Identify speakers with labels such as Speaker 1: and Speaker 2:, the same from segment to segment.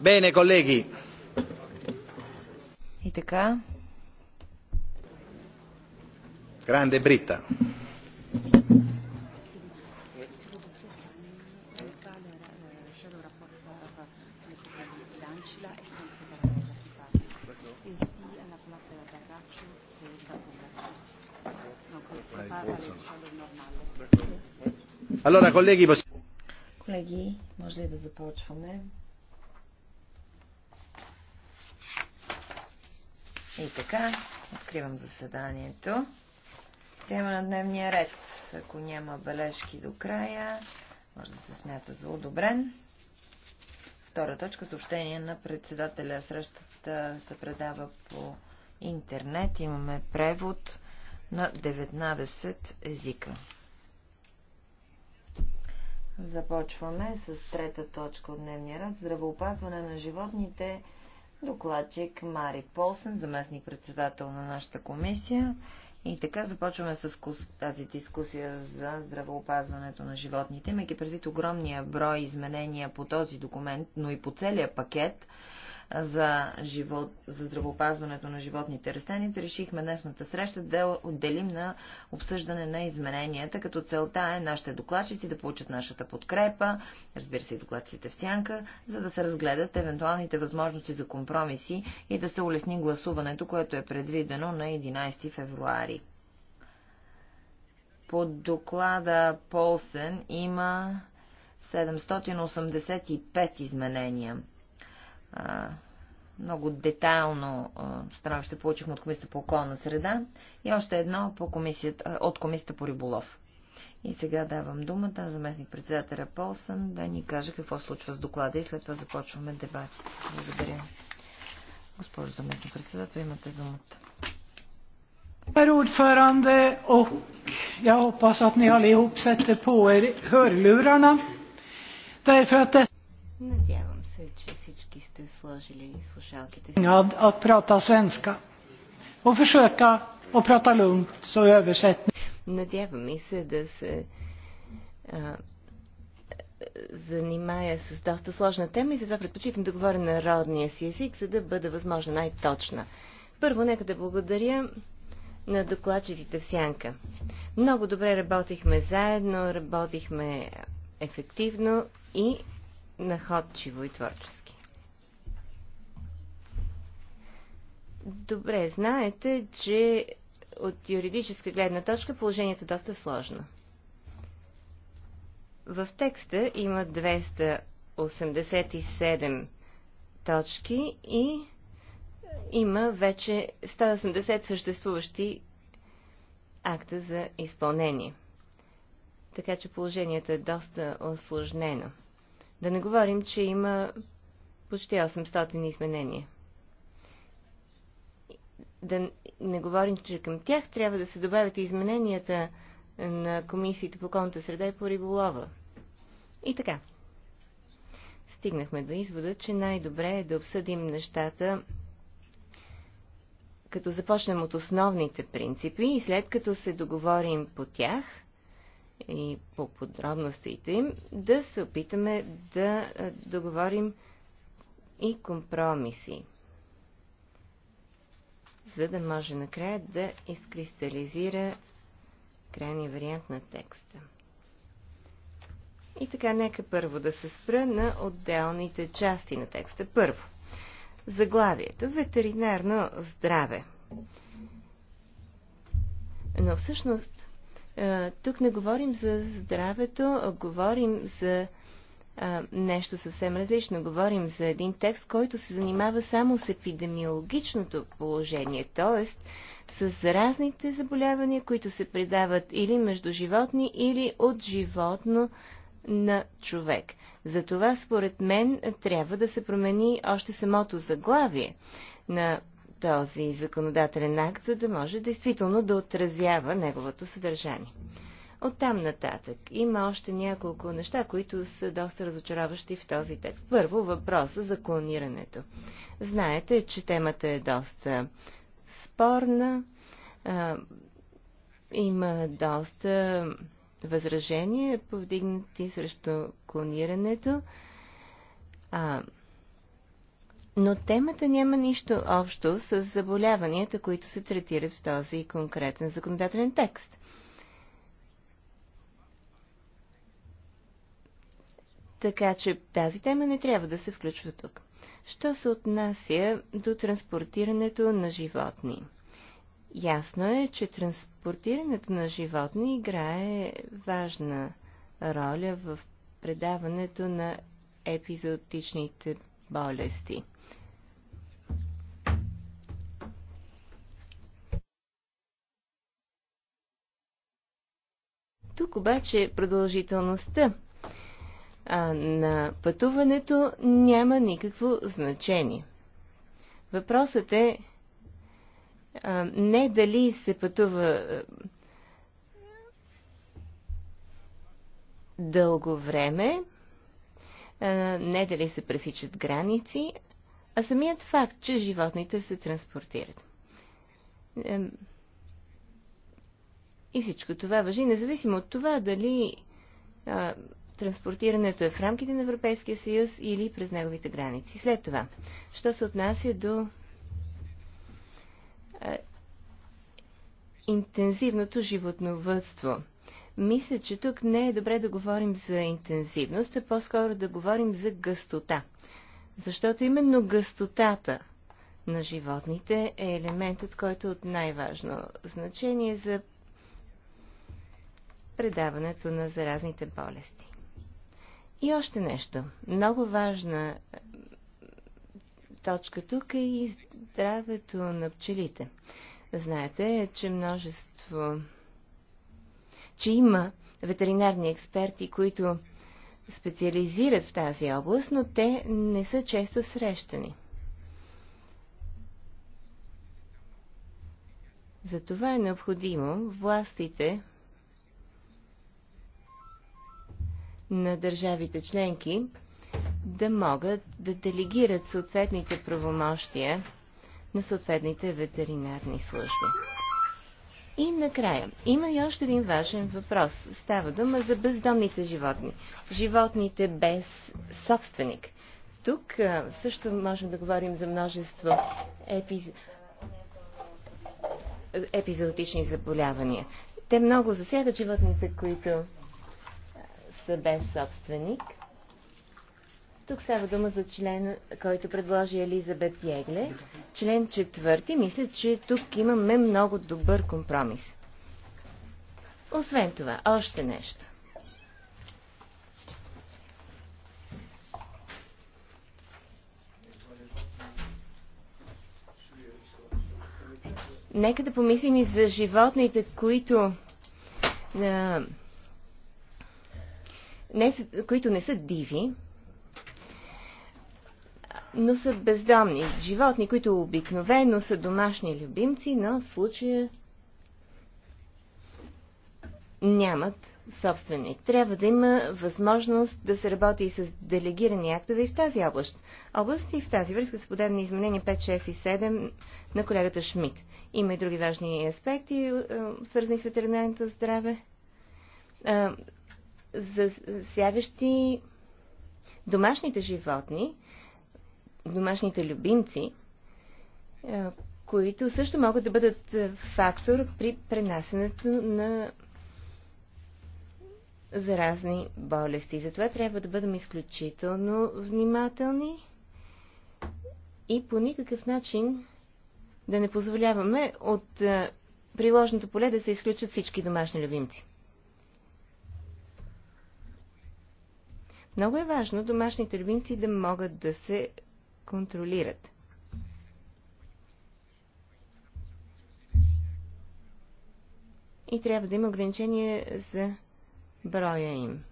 Speaker 1: Bene, колеги. И така. Гранде Брита. Allora, colleghi, possiamo...
Speaker 2: Колеги, може ли да започваме? И така, откривам заседанието. Тема на дневния ред. Ако няма бележки до края, може да се смята за одобрен. Втора точка съобщение на председателя. Срещата се предава по интернет. Имаме превод на 19 езика. Започваме с трета точка от дневния ред. Здравоопазване на животните докладчик Мари Полсен, заместник председател на нашата комисия. И така започваме с тази дискусия за здравеопазването на животните, имайки предвид огромния брой изменения по този документ, но и по целия пакет, за, живот, за здравопазването на животните растените, решихме днешната среща да отделим на обсъждане на измененията, като целта е нашите докладчици да получат нашата подкрепа, разбира се и докладчиците в сянка, за да се разгледат евентуалните възможности за компромиси и да се улесни гласуването, което е предвидено на 11 февруари. По доклада Полсен има 785 изменения а, много детайлно становище получихме от Комисията по околна среда и още едно по комисията, от Комисията по риболов. И сега давам думата на заместник председателя Полсън да ни каже какво случва с доклада и след това започваме дебатите. Благодаря. Госпожо заместник председател, имате думата.
Speaker 3: Herr ordförande
Speaker 1: och jag hoppas att ni allihop sätter på er hörlurarna.
Speaker 3: Därför att det
Speaker 4: сте сложили слушалките си. От, от прата свенска. Försöka och prata lugnt så översättning. Надявам се да се а, занимая с доста сложна тема и затова предпочитам да говоря на родния си език, за да бъда възможно най-точна. Първо, нека да благодаря на докладчиците в Сянка. Много добре работихме заедно, работихме ефективно и находчиво и творчески. Добре, знаете, че от юридическа гледна точка положението е доста сложно. В текста има 287 точки и има вече 180 съществуващи акта за изпълнение. Така че положението е доста осложнено. Да не говорим, че има почти 800 изменения да не говорим, че към тях трябва да се добавят и измененията на комисиите по околната среда и по риболова. И така. Стигнахме до извода, че най-добре е да обсъдим нещата като започнем от основните принципи и след като се договорим по тях и по подробностите им, да се опитаме да договорим и компромиси за да може накрая да изкристализира крайния вариант на текста. И така, нека първо да се спра на отделните части на текста. Първо, заглавието ветеринарно здраве. Но всъщност, е, тук не говорим за здравето, а говорим за а, нещо съвсем различно. Говорим за един текст, който се занимава само с епидемиологичното положение, т.е. с заразните заболявания, които се предават или между животни, или от животно на човек. Затова, според мен, трябва да се промени още самото заглавие на този законодателен акт, за да може действително да отразява неговото съдържание. Оттам нататък има още няколко неща, които са доста разочароващи в този текст. Първо, въпроса за клонирането. Знаете, че темата е доста спорна. А, има доста възражения, повдигнати срещу клонирането. А, но темата няма нищо общо с заболяванията, които се третират в този конкретен законодателен текст. Така че тази тема не трябва да се включва тук. Що се отнася до транспортирането на животни? Ясно е, че транспортирането на животни играе важна роля в предаването на епизодичните болести. Тук обаче продължителността а, на пътуването няма никакво значение. Въпросът е а, не дали се пътува а, дълго време, а, не дали се пресичат граници, а самият факт, че животните се транспортират. И всичко това въжи, независимо от това дали транспортирането е в рамките на Европейския съюз или през неговите граници. След това, що се отнася до а, интензивното животновътство. Мисля, че тук не е добре да говорим за интензивност, а по-скоро да говорим за гъстота. Защото именно гъстотата на животните е елементът, който е от най-важно значение за предаването на заразните болести. И още нещо. Много важна е, точка тук е и здравето на пчелите. Знаете, че множество... че има ветеринарни експерти, които специализират в тази област, но те не са често срещани. Затова е необходимо властите на държавите членки да могат да делегират съответните правомощия на съответните ветеринарни служби. И накрая, има и още един важен въпрос. Става дума за бездомните животни. Животните без собственик. Тук също можем да говорим за множество епиз... епизодични заболявания. Те много засягат животните, които са без собственик. Тук става дума за член, който предложи Елизабет Егле. Член четвърти. Мисля, че тук имаме много добър компромис. Освен това, още нещо. Нека да помислим и за животните, които а, не, които не са диви, но са бездомни. Животни, които обикновено са домашни любимци, но в случая нямат собственик. Трябва да има възможност да се работи и с делегирани актове и в тази област. Област и в тази връзка са подадени изменения 5, 6 и 7 на колегата Шмидт. Има и други важни аспекти, е, свързани с ветеринарното здраве. Е, засягащи домашните животни, домашните любимци, е, които също могат да бъдат е, фактор при пренасенето на заразни болести. Затова трябва да бъдем изключително внимателни и по никакъв начин да не позволяваме от е, приложното поле да се изключат всички домашни любимци. Много е важно домашните любимци да могат да се контролират. И трябва да има ограничения за броя им.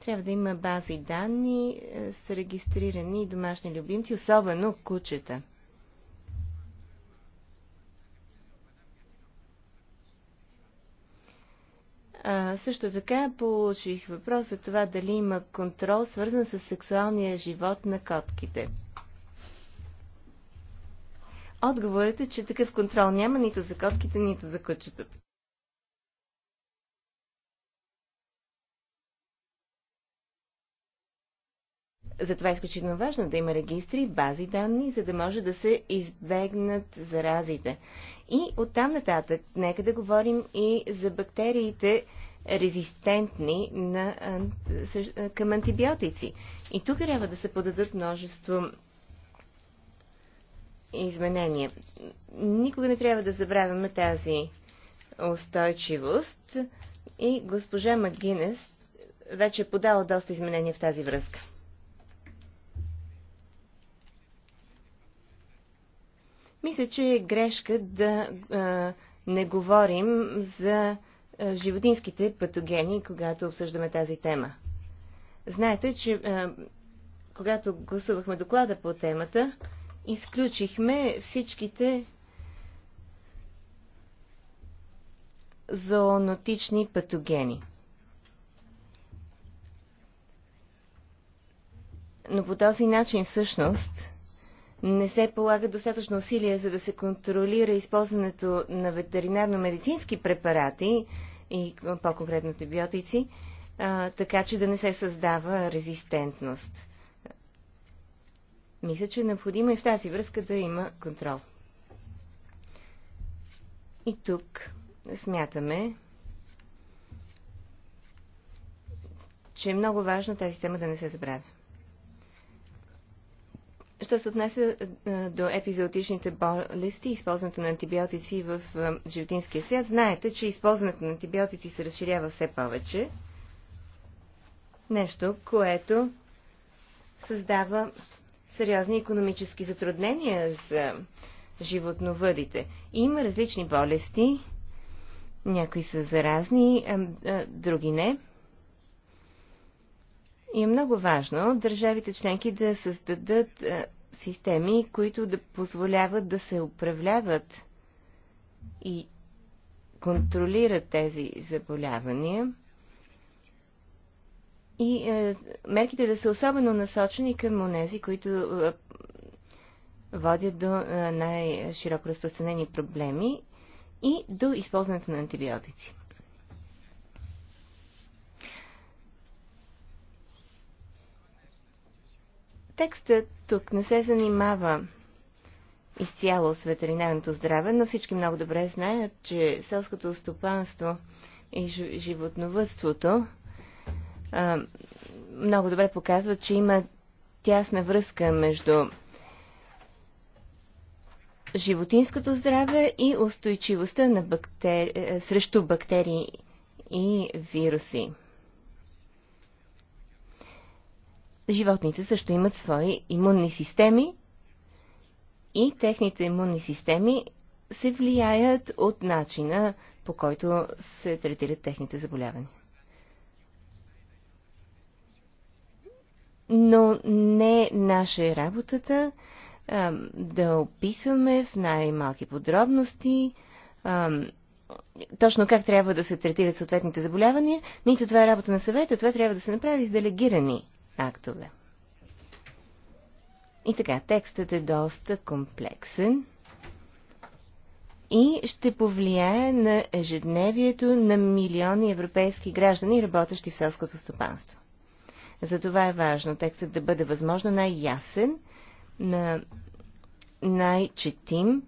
Speaker 4: Трябва да има бази данни е, с регистрирани домашни любимци, особено кучета – А, също така получих въпрос за това дали има контрол, свързан с сексуалния живот на котките. Отговорът е, че такъв контрол няма нито за котките, нито за кучетата. Затова е изключително важно да има регистри, бази данни, за да може да се избегнат заразите. И оттам нататък, нека да говорим и за бактериите, резистентни на, към антибиотици. И тук трябва да се подадат множество изменения. Никога не трябва да забравяме тази устойчивост и госпожа Магинес вече е подала доста изменения в тази връзка. Мисля, че е грешка да а, не говорим за животинските патогени, когато обсъждаме тази тема. Знаете, че а, когато гласувахме доклада по темата, изключихме всичките зоонотични патогени. Но по този начин всъщност не се полагат достатъчно усилия за да се контролира използването на ветеринарно-медицински препарати и по-конкретно антибиотици, а, така че да не се създава резистентност. Мисля, че е необходимо и в тази връзка да има контрол. И тук смятаме, че е много важно тази тема да не се забравя. Що се отнася е, е, до епизоотичните болести, използването на антибиотици в е, животинския свят, знаете, че използването на антибиотици се разширява все повече. Нещо, което създава сериозни економически затруднения за животновъдите. Има различни болести, някои са заразни, други не. И е много важно държавите членки да създадат е, системи, които да позволяват да се управляват и контролират тези заболявания. И е, мерките да са особено насочени към онези, които е, водят до е, най-широко разпространени проблеми и до използването на антибиотици. Текстът тук не се занимава изцяло с ветеринарното здраве, но всички много добре знаят, че селското стопанство и животновътството а, много добре показват, че има тясна връзка между животинското здраве и устойчивостта на бактери... срещу бактерии и вируси. животните също имат свои имунни системи и техните имунни системи се влияят от начина по който се третират техните заболявания. Но не наша е работата а, да описваме в най-малки подробности а, точно как трябва да се третират съответните заболявания, нито това е работа на съвета, това трябва да се направи с делегирани актове. И така, текстът е доста комплексен и ще повлияе на ежедневието на милиони европейски граждани, работещи в селското стопанство. Затова е важно текстът да бъде възможно най-ясен, най-четим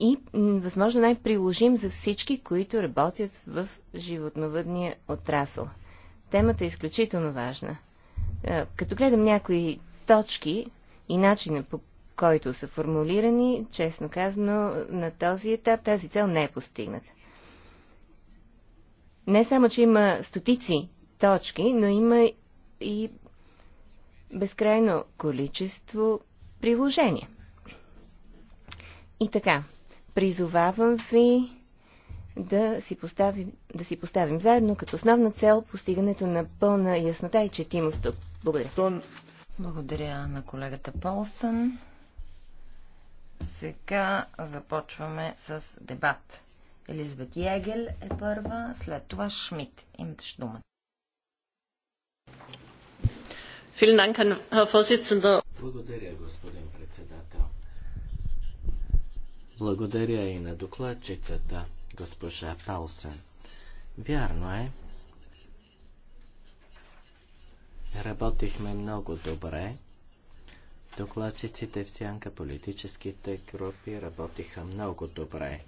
Speaker 4: и възможно най-приложим за всички, които работят в животновъдния отрасъл. Темата е изключително важна. Е, като гледам някои точки и начина по който са формулирани, честно казано, на този етап тази цел не е постигната. Не само, че има стотици точки, но има и безкрайно количество приложения. И така, призовавам ви да си, поставим, да си поставим заедно като основна цел постигането на пълна яснота и четимост от благодаря.
Speaker 2: Благодаря на колегата Полсън. Сега започваме с дебат. Елизабет Ягел е първа, след това Шмидт. Имате думата.
Speaker 3: Благодаря, господин председател. Благодаря и на докладчицата, госпожа Паусен. Вярно е, Работихме много добре. Докладчиците в сянка политическите групи работиха много добре.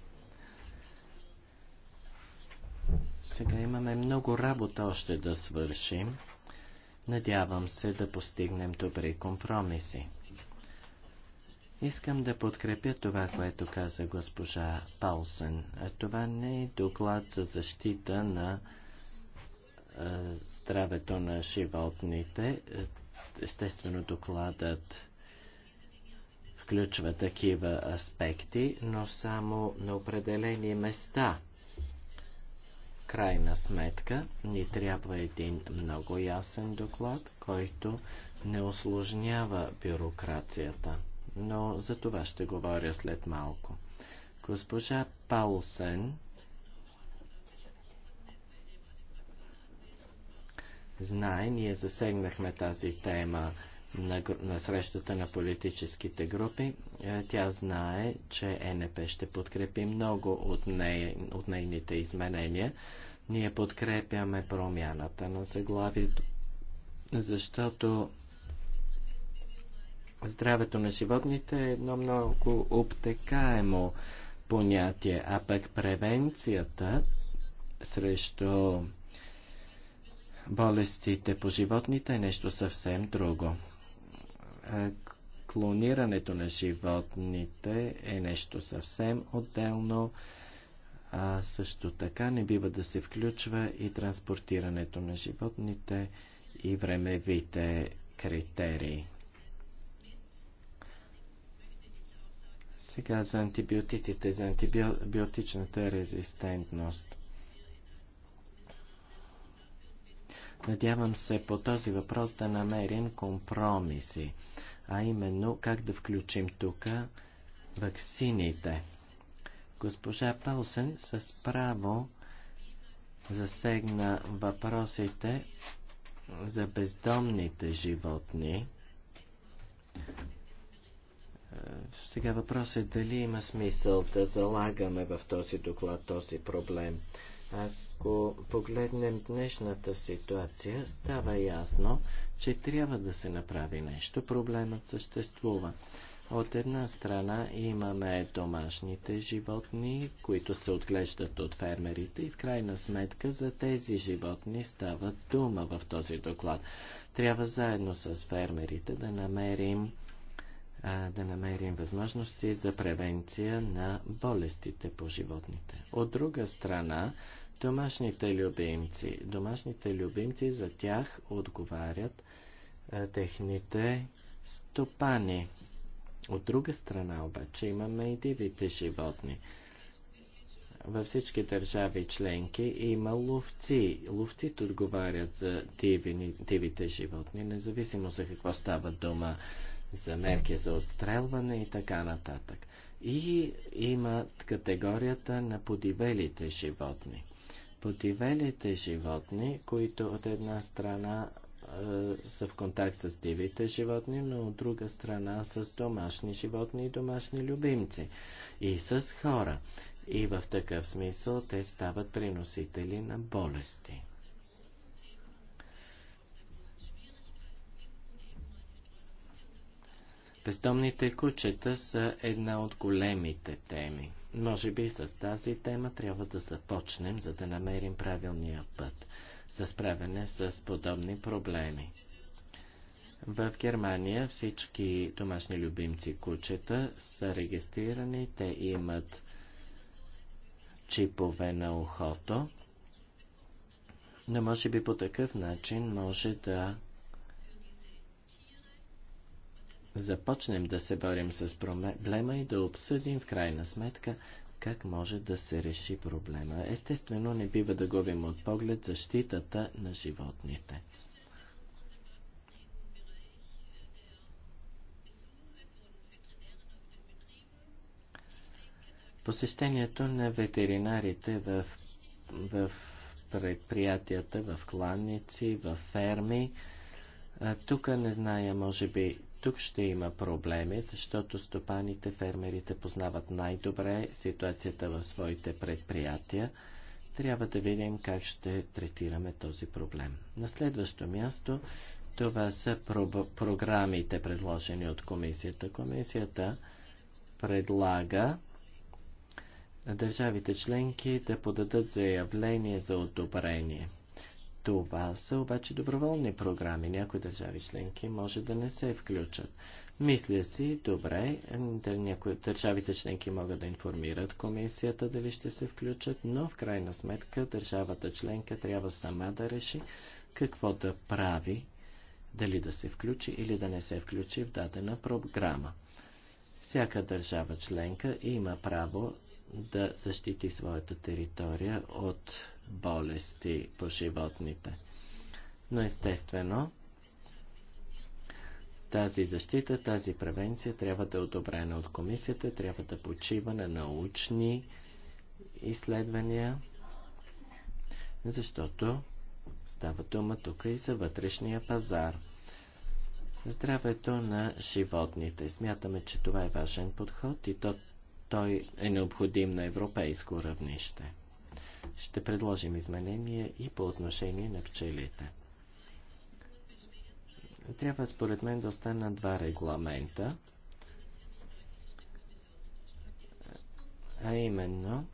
Speaker 3: Сега имаме много работа още да свършим. Надявам се да постигнем добри компромиси. Искам да подкрепя това, което каза госпожа Паулсен. Това не е доклад за защита на здравето на животните. Естествено докладът включва такива аспекти, но само на определени места. Крайна сметка ни трябва един много ясен доклад, който не осложнява бюрокрацията. Но за това ще говоря след малко. Госпожа Паусен знае, ние засегнахме тази тема на, на срещата на политическите групи. Е, тя знае, че е НП ще подкрепи много от, не, от нейните изменения. Ние подкрепяме промяната на заглавието, защото здравето на животните е едно много обтекаемо понятие, а пък превенцията срещу Болестите по животните е нещо съвсем друго. Е, клонирането на животните е нещо съвсем отделно. А също така не бива да се включва и транспортирането на животните и времевите критерии. Сега за антибиотиците, за антибиотичната резистентност. Надявам се по този въпрос да намерим компромиси, а именно как да включим тук ваксините. Госпожа Паусен с право засегна въпросите за бездомните животни. Сега въпрос е дали има смисъл да залагаме в този доклад този проблем. Аз ако погледнем днешната ситуация, става ясно, че трябва да се направи нещо. Проблемът съществува. От една страна имаме домашните животни, които се отглеждат от фермерите и в крайна сметка за тези животни става дума в този доклад. Трябва заедно с фермерите да намерим да намерим възможности за превенция на болестите по животните. От друга страна, домашните любимци. Домашните любимци за тях отговарят е, техните стопани. От друга страна обаче имаме и дивите животни. Във всички държави членки има ловци. Ловците отговарят за дивини, дивите животни, независимо за какво става дума, за мерки за отстрелване и така нататък. И има категорията на подивелите животни – Потивелите животни, които от една страна е, са в контакт с дивите животни, но от друга страна с домашни животни и домашни любимци и с хора. И в такъв смисъл те стават приносители на болести. Бездомните кучета са една от големите теми. Може би с тази тема трябва да започнем, за да намерим правилния път за справяне с подобни проблеми. В Германия всички домашни любимци кучета са регистрирани, те имат чипове на ухото, но може би по такъв начин може да започнем да се борим с проблема и да обсъдим в крайна сметка как може да се реши проблема. Естествено, не бива да губим от поглед защитата на животните. Посещението на ветеринарите в, в предприятията, в кланници, в ферми. Тук не зная, може би тук ще има проблеми, защото стопаните, фермерите познават най-добре ситуацията в своите предприятия. Трябва да видим как ще третираме този проблем. На следващо място това са про- програмите, предложени от комисията. Комисията предлага държавите членки да подадат заявление за одобрение – това са обаче доброволни програми. Някои държави членки може да не се включат. Мисля си, добре, някои държавите членки могат да информират комисията дали ще се включат, но в крайна сметка държавата членка трябва сама да реши какво да прави, дали да се включи или да не се включи в дадена програма. Всяка държава членка има право да защити своята територия от болести по животните. Но естествено, тази защита, тази превенция трябва да е одобрена от комисията, трябва да почива на научни изследвания, защото става дума тук и за вътрешния пазар. Здравето на животните. Смятаме, че това е важен подход и то, той е необходим на европейско равнище ще предложим изменения и по отношение на пчелите. Трябва според мен да остана два регламента, а именно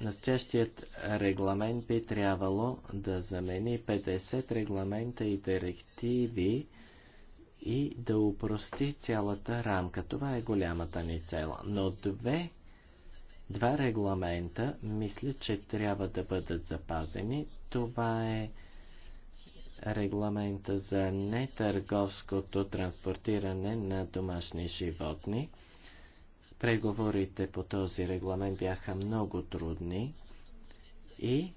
Speaker 3: Настоящият регламент би трябвало да замени 50 регламента и директиви и да упрости цялата рамка. Това е голямата ни цела. Но две Два регламента мисля, че трябва да бъдат запазени. Това е регламента за нетърговското транспортиране на домашни животни. Преговорите по този регламент бяха много трудни и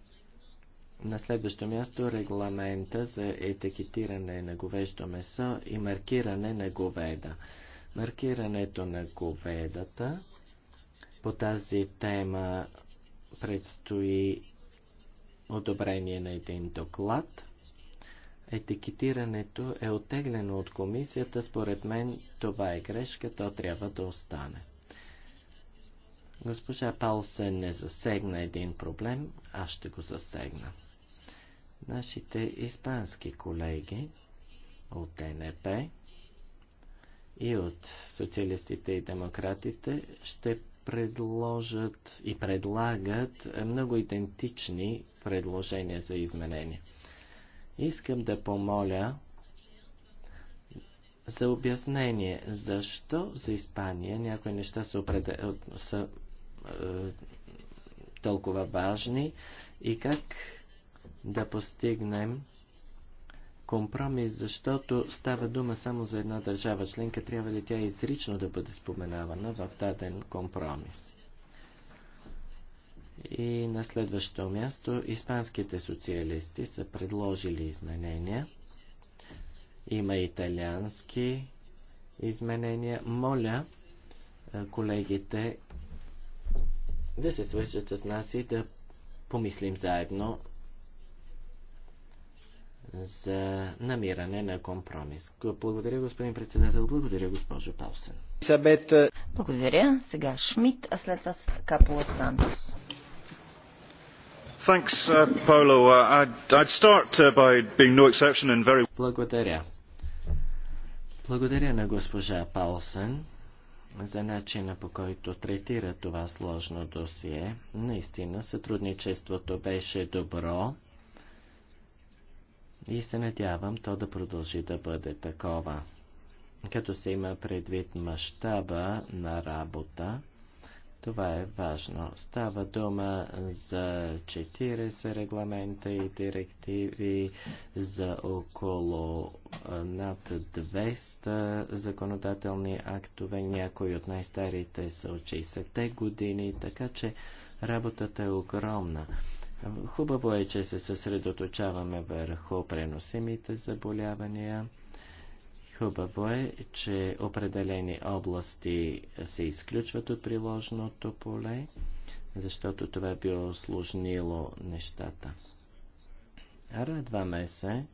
Speaker 3: на следващо място регламента за етикетиране на говеждо месо и маркиране на говеда. Маркирането на говедата по тази тема предстои одобрение на един доклад. Етикетирането е отеглено от комисията. Според мен това е грешка, то трябва да остане. Госпожа Палсен не засегна един проблем, аз ще го засегна. Нашите испански колеги от НП и от социалистите и демократите ще предложат и предлагат много идентични предложения за изменения. Искам да помоля за обяснение, защо за Испания някои неща са, определ... са е, толкова важни и как да постигнем компромис, защото става дума само за една държава членка, трябва ли тя изрично да бъде споменавана в даден компромис. И на следващото място, испанските социалисти са предложили изменения. Има италиански изменения. Моля колегите да се свържат с нас и да помислим заедно за намиране на компромис. Благодаря, господин председател. Благодаря, госпожо
Speaker 2: Паусен. Сабета. Благодаря. Сега Шмидт, а след това Капола Стандус.
Speaker 1: Thanks, uh, Paolo. Uh, I'd, I'd start uh, by
Speaker 3: being no exception and very... Благодаря. Благодаря на госпожа Паусен за начина по който третира това сложно досие. Наистина сътрудничеството беше добро и се надявам то да продължи да бъде такова. Като се има предвид мащаба на работа, това е важно. Става дума за 40 регламента и директиви, за около над 200 законодателни актове, някои от най-старите са от 60-те години, така че работата е огромна. Хубаво е, че се съсредоточаваме върху преносимите заболявания. Хубаво е, че определени области се изключват от приложното поле, защото това би осложнило нещата. Радваме се,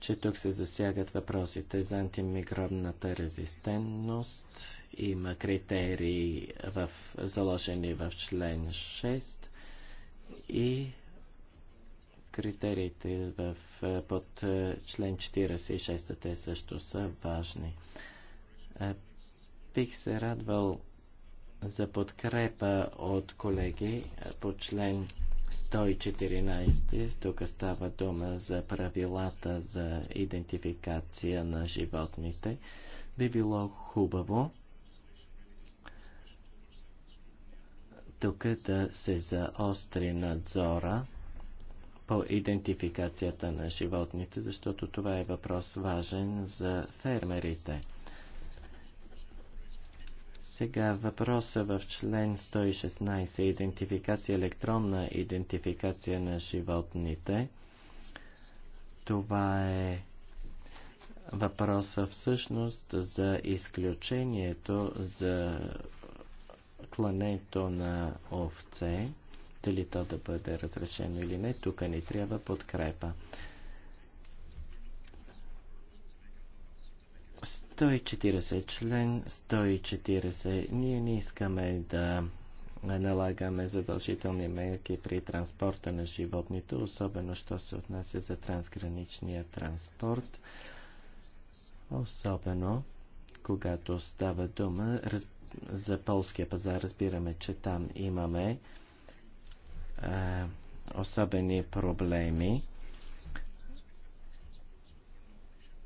Speaker 3: че тук се засягат въпросите за антимикробната резистентност. Има критерии в, заложени в член 6 и критериите в, е, под е, член 46 те също са важни. Е, бих се радвал за подкрепа от колеги по член 114. Тук става дума за правилата за идентификация на животните. Би било хубаво тук да се заостри надзора по идентификацията на животните, защото това е въпрос важен за фермерите. Сега въпроса в член 116 идентификация, електронна идентификация на животните. Това е въпроса всъщност за изключението за клането на овце, дали то да бъде разрешено или не, тук ни трябва подкрепа. 140 член, 140. Ние не искаме да налагаме задължителни мерки при транспорта на животните, особено що се отнася за трансграничния транспорт. Особено когато става дума, за полския пазар разбираме, че там имаме е, особени проблеми.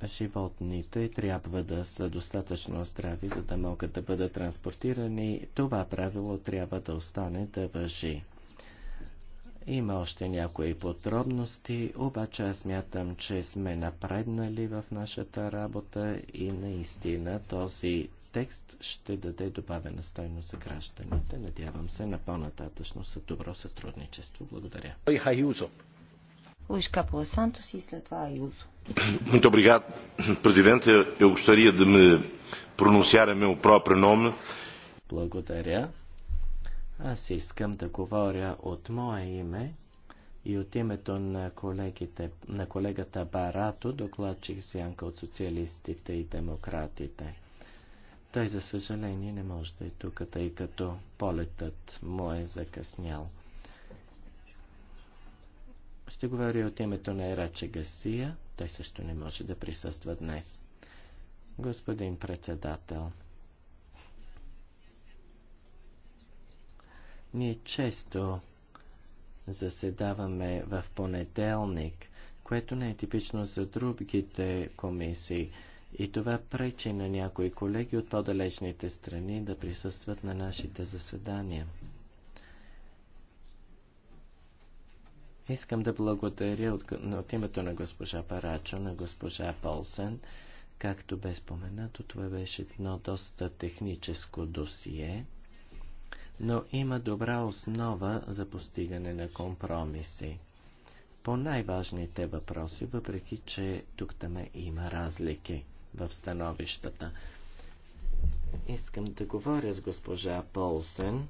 Speaker 3: Животните трябва да са достатъчно здрави, за да могат да бъдат транспортирани. Това правило трябва да остане да въжи. Има още някои подробности, обаче аз мятам, че сме напреднали в нашата работа и наистина този текст ще даде добавена стойност за гражданите. Надявам се на по-нататъчно с добро сътрудничество. Благодаря.
Speaker 2: Луиш Капола Сантос и след това Аюзо.
Speaker 1: Muito obrigado, Presidente. Eu gostaria de me pronunciar a meu próprio nome. Благодаря.
Speaker 3: Аз искам да говоря от мое име и от името на, колегите, на колегата Барато, докладчик Сянка от социалистите и демократите. Той, за съжаление, не може да е тук, тъй като полетът му е закъснял. Ще говоря от името на Ераче Гасия. Той също не може да присъства днес. Господин председател, ние често заседаваме в понеделник, което не е типично за другите комисии. И това пречи на някои колеги от по-далечните страни да присъстват на нашите заседания. Искам да благодаря от, от името на госпожа Парачо, на госпожа Полсен. Както бе споменато, това беше едно доста техническо досие, но има добра основа за постигане на компромиси. По най-важните въпроси, въпреки че тук там има разлики в становищата. Искам да говоря с госпожа Полсен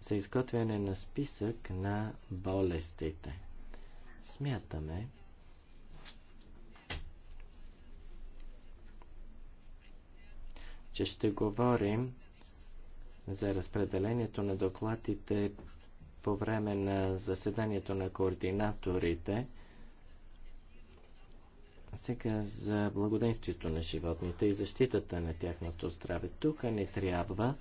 Speaker 3: за изготвяне на списък на болестите. Смятаме, че ще говорим за разпределението на докладите по време на заседанието на координаторите – сега за благоденствието на животните и защитата на тяхното здраве. Тук не трябва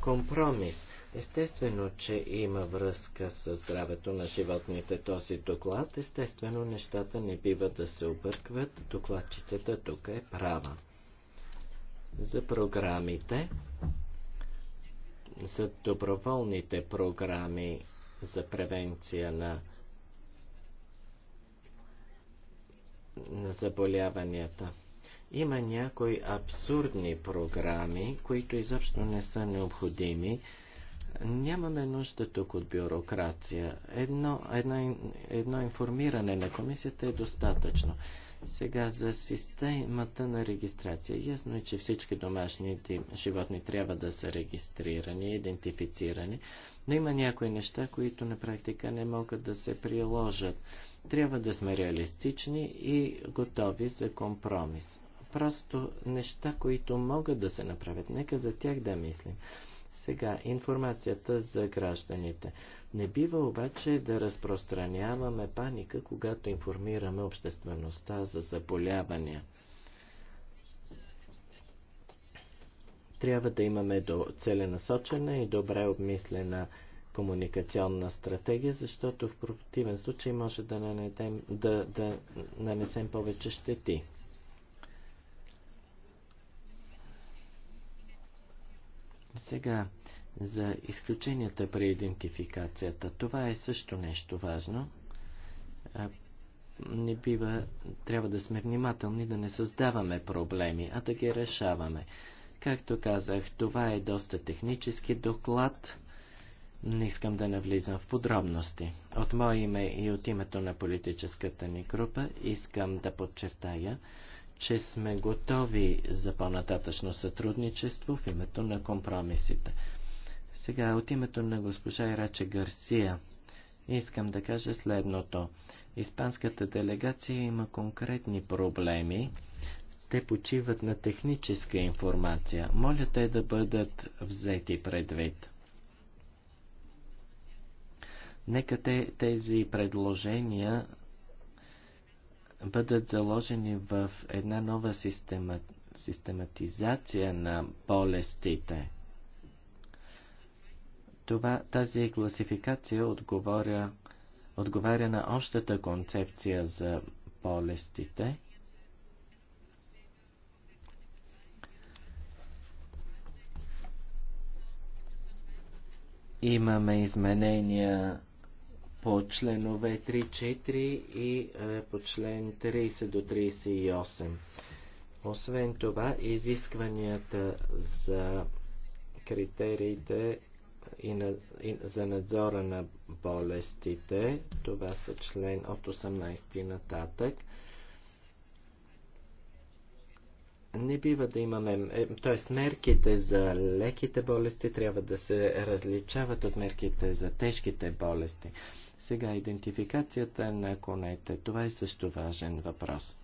Speaker 3: компромис. Естествено, че има връзка с здравето на животните този доклад. Естествено, нещата не бива да се объркват. Докладчицата тук е права. За програмите, за доброволните програми за превенция на на заболяванията. Има някои абсурдни програми, които изобщо не са необходими. Нямаме нужда тук от бюрокрация. Едно, една, едно информиране на комисията е достатъчно. Сега за системата на регистрация. Ясно е, че всички домашни животни трябва да са регистрирани, идентифицирани, но има някои неща, които на практика не могат да се приложат. Трябва да сме реалистични и готови за компромис. Просто неща, които могат да се направят, нека за тях да мислим. Сега, информацията за гражданите. Не бива обаче да разпространяваме паника, когато информираме обществеността за заболявания. Трябва да имаме до целенасочена и добре обмислена комуникационна стратегия, защото в противен случай може да нанесем, да, да нанесем повече щети. Сега, за изключенията при идентификацията. Това е също нещо важно. Не бива, трябва да сме внимателни да не създаваме проблеми, а да ги решаваме. Както казах, това е доста технически доклад. Не искам да навлизам в подробности. От мое име и от името на политическата ни група искам да подчертая, че сме готови за по-нататъчно сътрудничество в името на компромисите. Сега от името на госпожа Ираче Гарсия искам да кажа следното. Испанската делегация има конкретни проблеми. Те почиват на техническа информация. Моля те да бъдат взети предвид. Нека те, тези предложения бъдат заложени в една нова система, систематизация на болестите. Това, тази класификация отговоря, отговаря на общата концепция за болестите. Имаме изменения по членове 3-4 и е, по член 30 до 38. Освен това, изискванията за критериите и, на, и за надзора на болестите, това са член от 18 нататък, не бива да имаме, т.е. мерките за леките болести трябва да се различават от мерките за тежките болести. Сега идентификацията на конете. Това е също важен въпрос.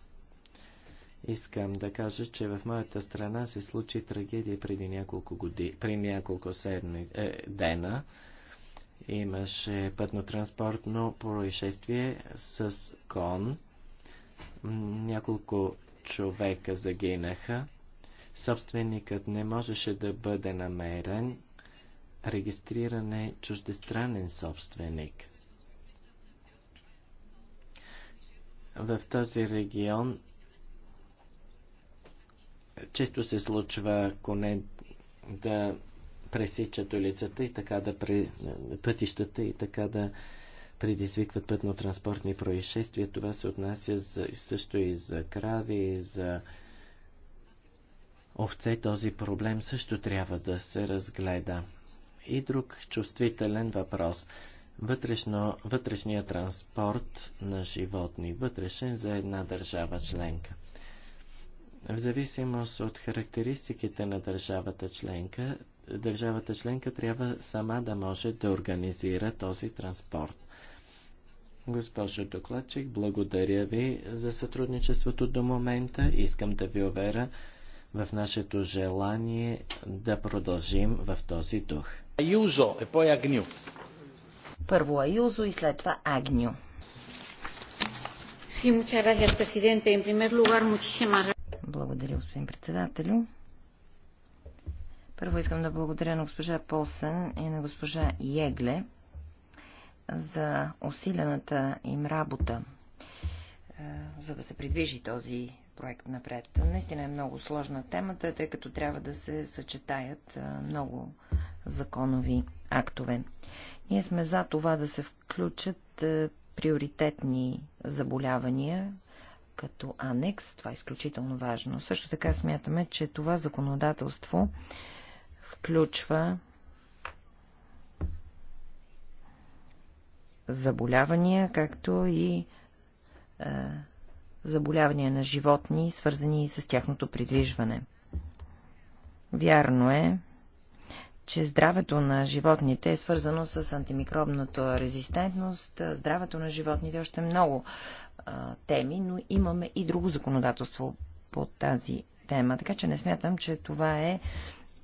Speaker 3: Искам да кажа, че в моята страна се случи трагедия преди няколко, годи... при няколко седми... е, дена. Имаше пътно-транспортно происшествие с кон. Няколко човека загинаха. Собственикът не можеше да бъде намерен. Регистриране чуждестранен собственик – В този регион често се случва коне да пресичат улицата и така да при... пътищата и така да предизвикват пътно-транспортни происшествия. Това се отнася за, също и за крави, и за овце. Този проблем също трябва да се разгледа. И друг чувствителен въпрос вътрешно, вътрешния транспорт на животни, вътрешен за една държава членка. В зависимост от характеристиките на държавата членка, държавата членка трябва сама да може да организира този транспорт. Госпожо докладчик, благодаря ви за сътрудничеството до момента. Искам да ви уверя в нашето желание да продължим в този дух. Юзо, е по-ягню. Първо
Speaker 2: Аюзо и след това Агню. Благодаря, господин председателю. Първо искам да благодаря на госпожа Полсен и на госпожа Егле за усилената им работа, е, за да се придвижи този проект напред. Наистина е много сложна темата, тъй като трябва да се съчетаят е, много законови актове. Ние сме за това да се включат е, приоритетни заболявания като анекс. Това е изключително важно. Също така смятаме, че това законодателство включва заболявания, както и е, заболявания на животни, свързани с тяхното придвижване. Вярно е, че здравето на животните е свързано с антимикробната резистентност. Здравето на животните е още много а, теми, но имаме и друго законодателство по тази тема. Така че не смятам, че това е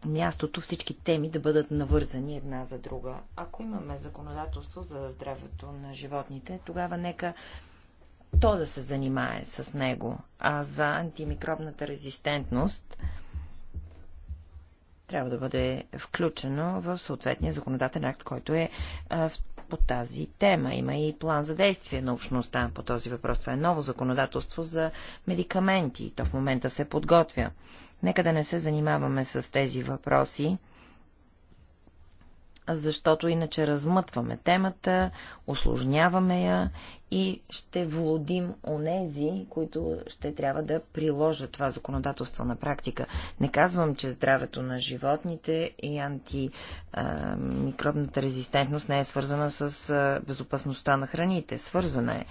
Speaker 2: мястото всички теми да бъдат навързани една за друга. Ако имаме законодателство за здравето на животните, тогава нека то да се занимае с него. А за антимикробната резистентност, трябва да бъде включено в съответния законодателен акт, който е по тази тема. Има и план за действие на общността по този въпрос. Това е ново законодателство за медикаменти. То в момента се подготвя. Нека да не се занимаваме с тези въпроси защото иначе размътваме темата, осложняваме я и ще влодим онези, които ще трябва да приложат това законодателство на практика. Не казвам, че здравето на животните и антимикробната резистентност не е свързана с безопасността на храните. Свързана е.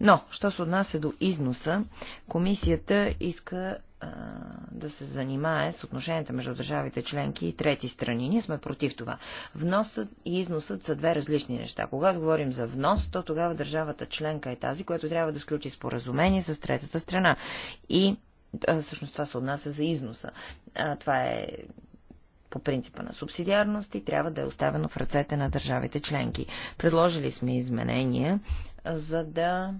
Speaker 2: Но, що се отнася до износа, комисията иска да се занимае с отношенията между държавите членки и трети страни. Ние сме против това. Вносът и износът са две различни неща. Когато говорим за внос, то тогава държавата членка е тази, която трябва да сключи споразумение с третата страна. И всъщност това се отнася за износа. Това е по принципа на субсидиарност и трябва да е оставено в ръцете на държавите членки. Предложили сме изменения, за да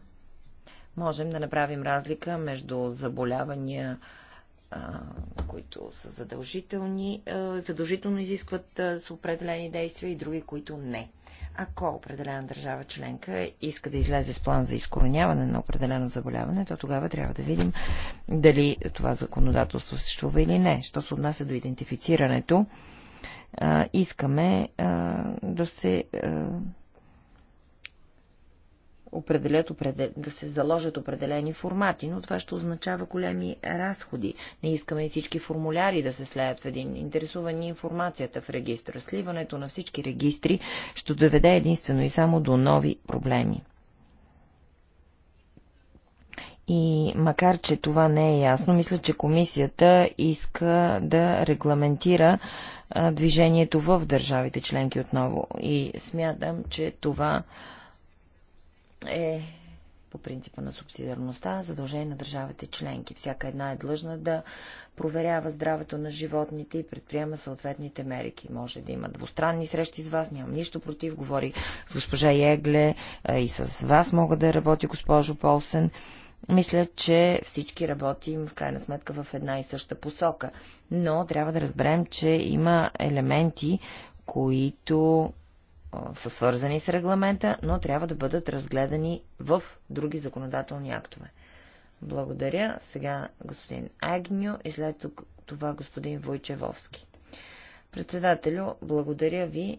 Speaker 2: можем да направим разлика между заболявания, които са задължителни, задължително изискват с определени действия и други, които не. Ако определена държава членка иска да излезе с план за изкореняване на определено заболяване, то тогава трябва да видим дали това законодателство съществува или не. Що се отнася до идентифицирането, искаме да се определят, да се заложат определени формати, но това ще означава големи разходи. Не искаме и всички формуляри да се слеят в един. Интересува ни информацията в регистра. Сливането на всички регистри ще доведе единствено и само до нови проблеми. И макар, че това не е ясно, мисля, че комисията иска да регламентира движението в държавите членки отново. И смятам, че това е по принципа на субсидиарността, задължение на държавите членки. Всяка една е длъжна да проверява здравето на животните и предприема съответните мерики. Може да има двустранни срещи с вас, нямам нищо против. Говори с госпожа Егле и с вас мога да работи госпожо Полсен. Мисля, че всички работим в крайна сметка в една и съща посока. Но трябва да разберем, че има елементи, които са свързани с регламента, но трябва да бъдат разгледани в други законодателни актове. Благодаря. Сега господин Агню и след това господин Войчевовски. Председателю, благодаря ви.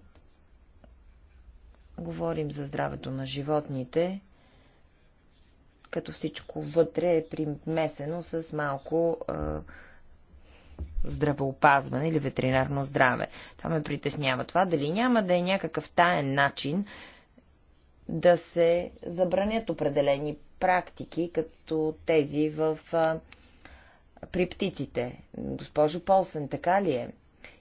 Speaker 2: Говорим за здравето на животните, като всичко вътре е примесено с малко е, здравеопазване или ветеринарно здраве. Това ме притеснява. Това дали няма да е някакъв таен начин да се забранят определени практики, като тези в, а, при птиците. Госпожо Полсен, така ли е?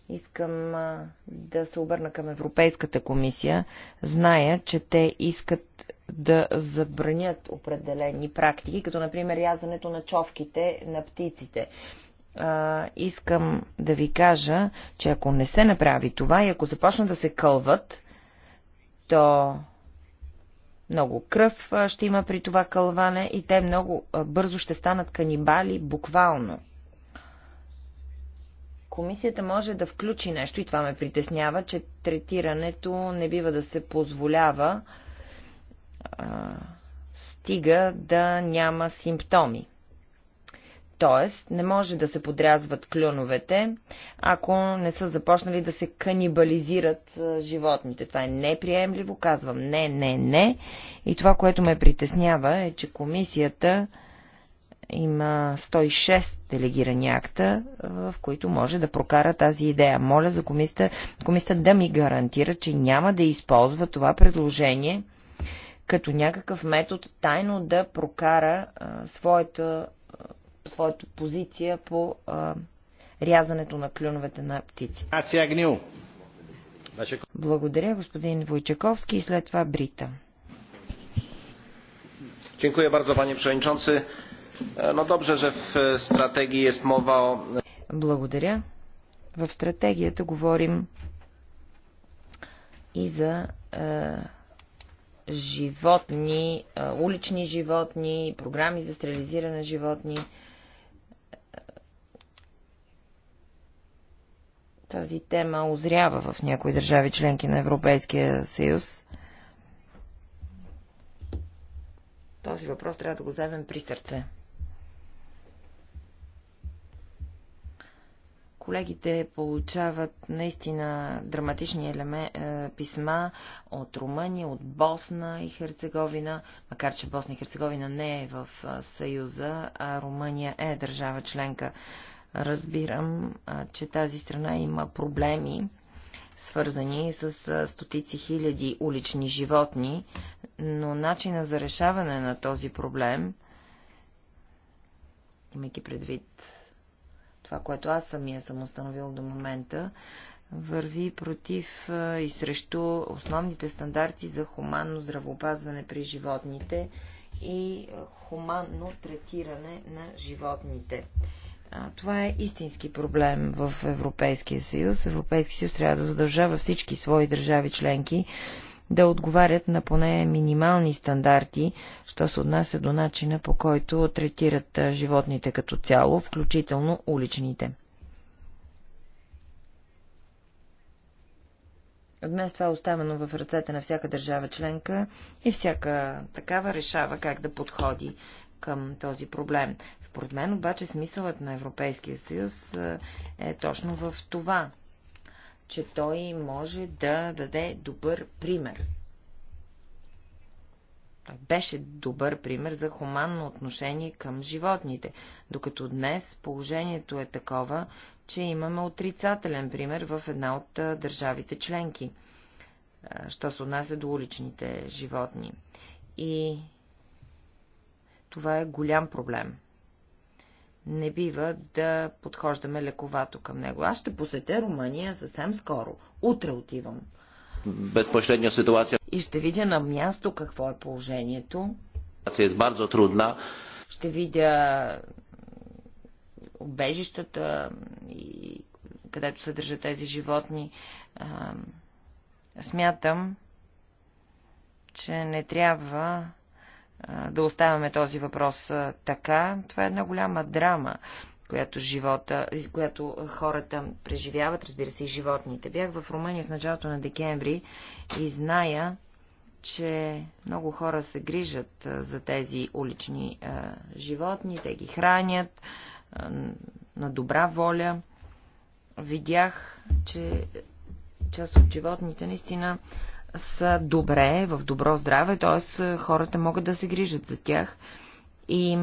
Speaker 2: Искам а, да се обърна към Европейската комисия. Зная, че те искат да забранят определени практики, като например язането на човките на птиците а, искам да ви кажа, че ако не се направи това и ако започна да се кълват, то много кръв ще има при това кълване и те много бързо ще станат канибали, буквално. Комисията може да включи нещо и това ме притеснява, че третирането не бива да се позволява а, стига да няма симптоми. Т.е. не може да се подрязват клюновете, ако не са започнали да се канибализират животните. Това е неприемливо, казвам не, не, не. И това, което ме притеснява е, че комисията има 106 делегирани акта, в които може да прокара тази идея. Моля за комисията, комисията да ми гарантира, че няма да използва това предложение като някакъв метод тайно да прокара а, своята своята позиция по а, рязането на клюновете на птици. Благодаря, господин Войчаковски и след това Брита.
Speaker 1: Dziękuję bardzo, panie przewodniczący. E, no добре, че в стратегии е мова о...
Speaker 2: Благодаря. В стратегията говорим и за е, животни, е, улични животни, програми за стерилизиране животни. Е, Тази тема озрява в някои държави членки на Европейския съюз. Този въпрос трябва да го вземем при сърце. колегите получават наистина драматични елеме, е, писма от Румъния, от Босна и Херцеговина, макар че Босна и Херцеговина не е в е, Съюза, а Румъния е държава членка Разбирам, че тази страна има проблеми, свързани с стотици хиляди улични животни, но начина за решаване на този проблем, имайки предвид това, което аз самия съм установил до момента, върви против и срещу основните стандарти за хуманно здравоопазване при животните и хуманно третиране на животните. Това е истински проблем в Европейския съюз. Европейския съюз трябва да задължава всички свои държави членки да отговарят на поне минимални стандарти, що се отнася до начина по който третират животните като цяло, включително уличните. Днес това е оставено в ръцете на всяка държава членка и всяка такава решава как да подходи към този проблем. Според мен обаче смисълът на Европейския съюз е, е точно в това, че той може да даде добър пример. Той беше добър пример за хуманно отношение към животните, докато днес положението е такова, че имаме отрицателен пример в една от държавите членки, що се отнася до уличните животни. И това е голям проблем. Не бива да подхождаме лековато към него. Аз ще посетя Румъния съвсем скоро. Утре отивам. Безпоследна ситуация. И ще видя на място какво е положението.
Speaker 3: Ситуация е бързо трудна.
Speaker 2: Ще видя обежищата и където се държат тези животни. Смятам, че не трябва да оставяме този въпрос така. Това е една голяма драма, която, живота, която хората преживяват, разбира се, и животните. Бях в Румъния в началото на декември и зная, че много хора се грижат за тези улични животни, те ги хранят на добра воля. Видях, че част от животните наистина са добре, в добро здраве, т.е. хората могат да се грижат за тях. И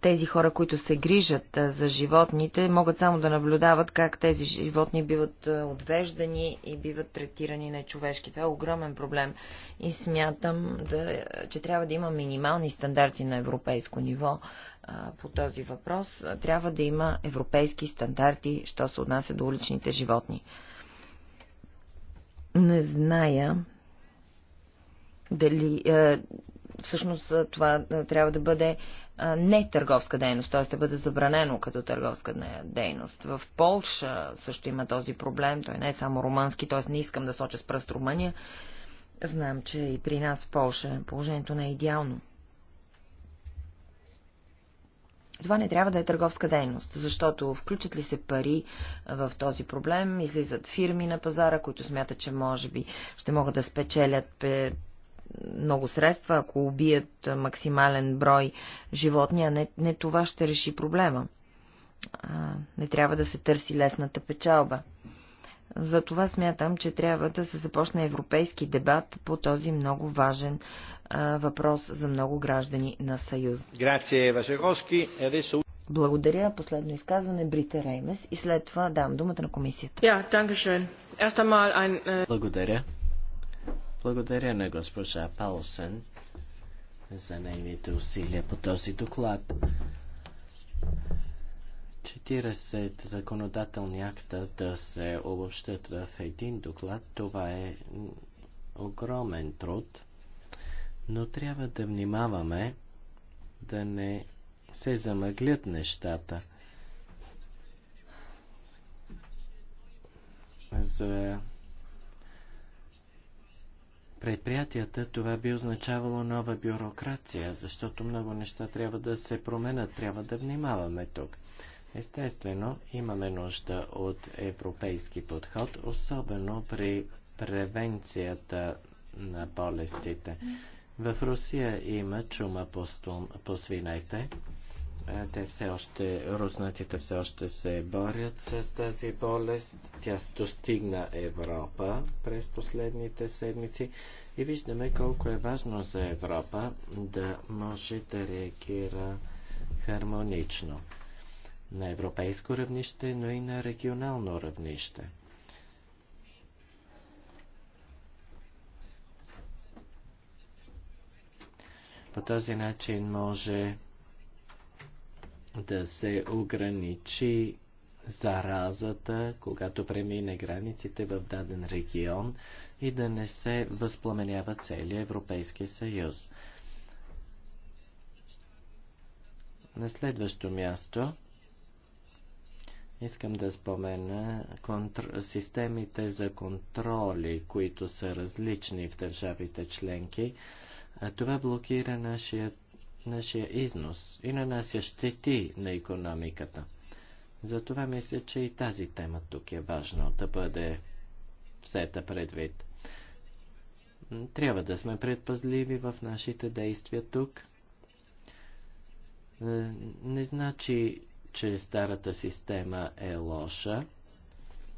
Speaker 2: тези хора, които се грижат за животните, могат само да наблюдават как тези животни биват отвеждани и биват третирани на човешки. Това е огромен проблем и смятам, да, че трябва да има минимални стандарти на европейско ниво по този въпрос. Трябва да има европейски стандарти, що се отнася до уличните животни. Не зная дали е, всъщност е, това е, трябва да бъде е, не търговска дейност, т.е. да бъде забранено като търговска дейност. В Полша също има този проблем, той не е само румънски, т.е. не искам да соча с пръст Румъния. Знам, че и при нас в Полша положението не е идеално. Това не трябва да е търговска дейност, защото включат ли се пари в този проблем, излизат фирми на пазара, които смятат, че може би ще могат да спечелят много средства, ако убият максимален брой животни, а не, не това ще реши проблема. А, не трябва да се търси лесната печалба. За това смятам, че трябва да се започне европейски дебат по този много важен а, въпрос за много граждани на Съюз. Благодаря. Последно изказване Брита Реймес и след това дам думата на комисията. Yeah,
Speaker 4: äh,
Speaker 3: Благодаря. Благодаря на госпожа Паулсен за нейните усилия по този доклад. 40 законодателни акта да се обобщат в един доклад, това е огромен труд, но трябва да внимаваме да не се замъглят нещата. За предприятията това би означавало нова бюрокрация, защото много неща трябва да се променят, трябва да внимаваме тук. Естествено, имаме нужда от европейски подход, особено при превенцията на болестите. В Русия има чума по, стум, по свинете. Е, те все още, руснаците все още се борят с тази болест. Тя достигна Европа през последните седмици и виждаме колко е важно за Европа да може да реагира хармонично на европейско равнище, но и на регионално равнище. По този начин може да се ограничи заразата, когато премине границите в даден регион и да не се възпламенява целият Европейски съюз. На следващо място Искам да спомена контр... системите за контроли, които са различни в държавите членки. Това блокира нашия, нашия износ и нанася щети на економиката. Затова мисля, че и тази тема тук е важно да бъде взета предвид. Трябва да сме предпазливи в нашите действия тук. Е, не значи че старата система е лоша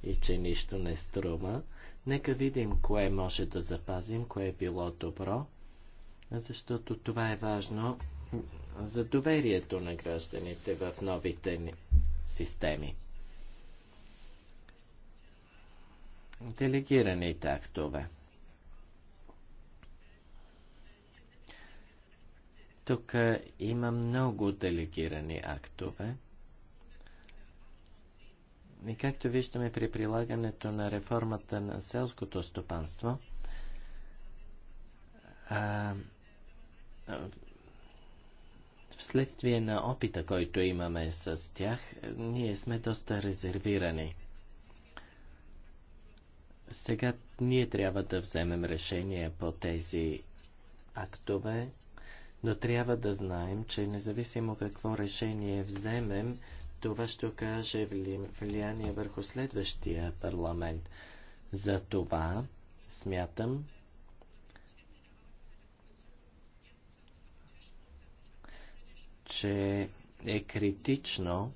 Speaker 3: и че нищо не струва. Нека видим кое може да запазим, кое е било добро, защото това е важно за доверието на гражданите в новите системи. Делегираните актове. Тук има много делегирани актове – и както виждаме при прилагането на реформата на селското стопанство, а, вследствие на опита, който имаме с тях, ние сме доста резервирани. Сега ние трябва да вземем решение по тези актове, но трябва да знаем, че независимо какво решение вземем, това ще окаже влияние върху следващия парламент. За това смятам, че е критично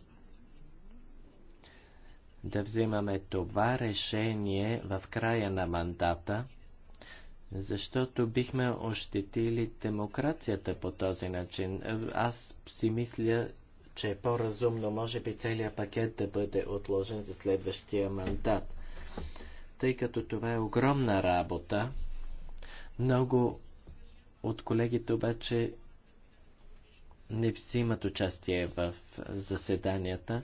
Speaker 3: да взимаме това решение в края на мандата, защото бихме ощетили демокрацията по този начин. Аз си мисля, че е по-разумно, може би, целият пакет да бъде отложен за следващия мандат. Тъй като това е огромна работа, много от колегите обаче не взимат участие в заседанията.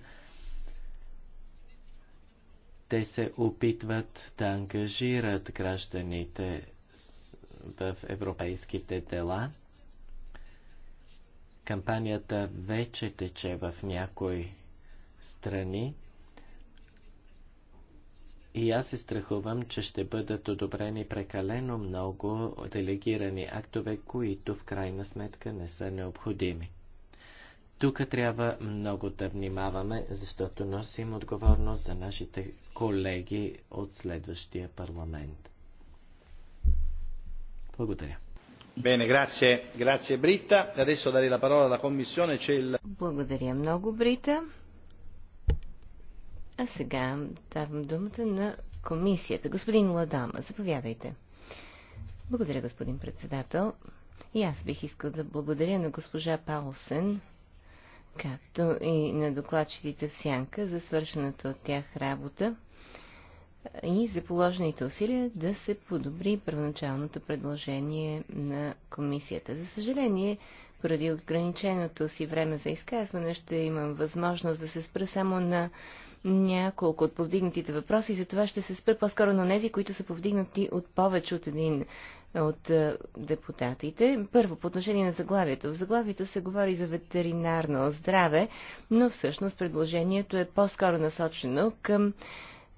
Speaker 3: Те се опитват да ангажират гражданите в европейските дела. Кампанията вече тече в някои страни и аз се страхувам, че ще бъдат одобрени прекалено много делегирани актове, които в крайна сметка не са необходими. Тук трябва много да внимаваме, защото носим отговорност за нашите колеги от следващия парламент. Благодаря.
Speaker 1: Благодаря
Speaker 4: много, Брита. А сега давам думата на комисията. Господин Ладама, заповядайте. Благодаря, господин председател. И аз бих искал да благодаря на госпожа Паулсен, както и на докладчиците в Сянка за свършената от тях работа и за положените усилия да се подобри първоначалното предложение на комисията. За съжаление, поради ограниченото си време за изказване, ще имам възможност да се спра само на няколко от повдигнатите въпроси, затова ще се спра по-скоро на тези, които са повдигнати от повече от един от е, депутатите. Първо, по отношение на заглавието. В заглавието се говори за ветеринарно здраве, но всъщност предложението е по-скоро насочено към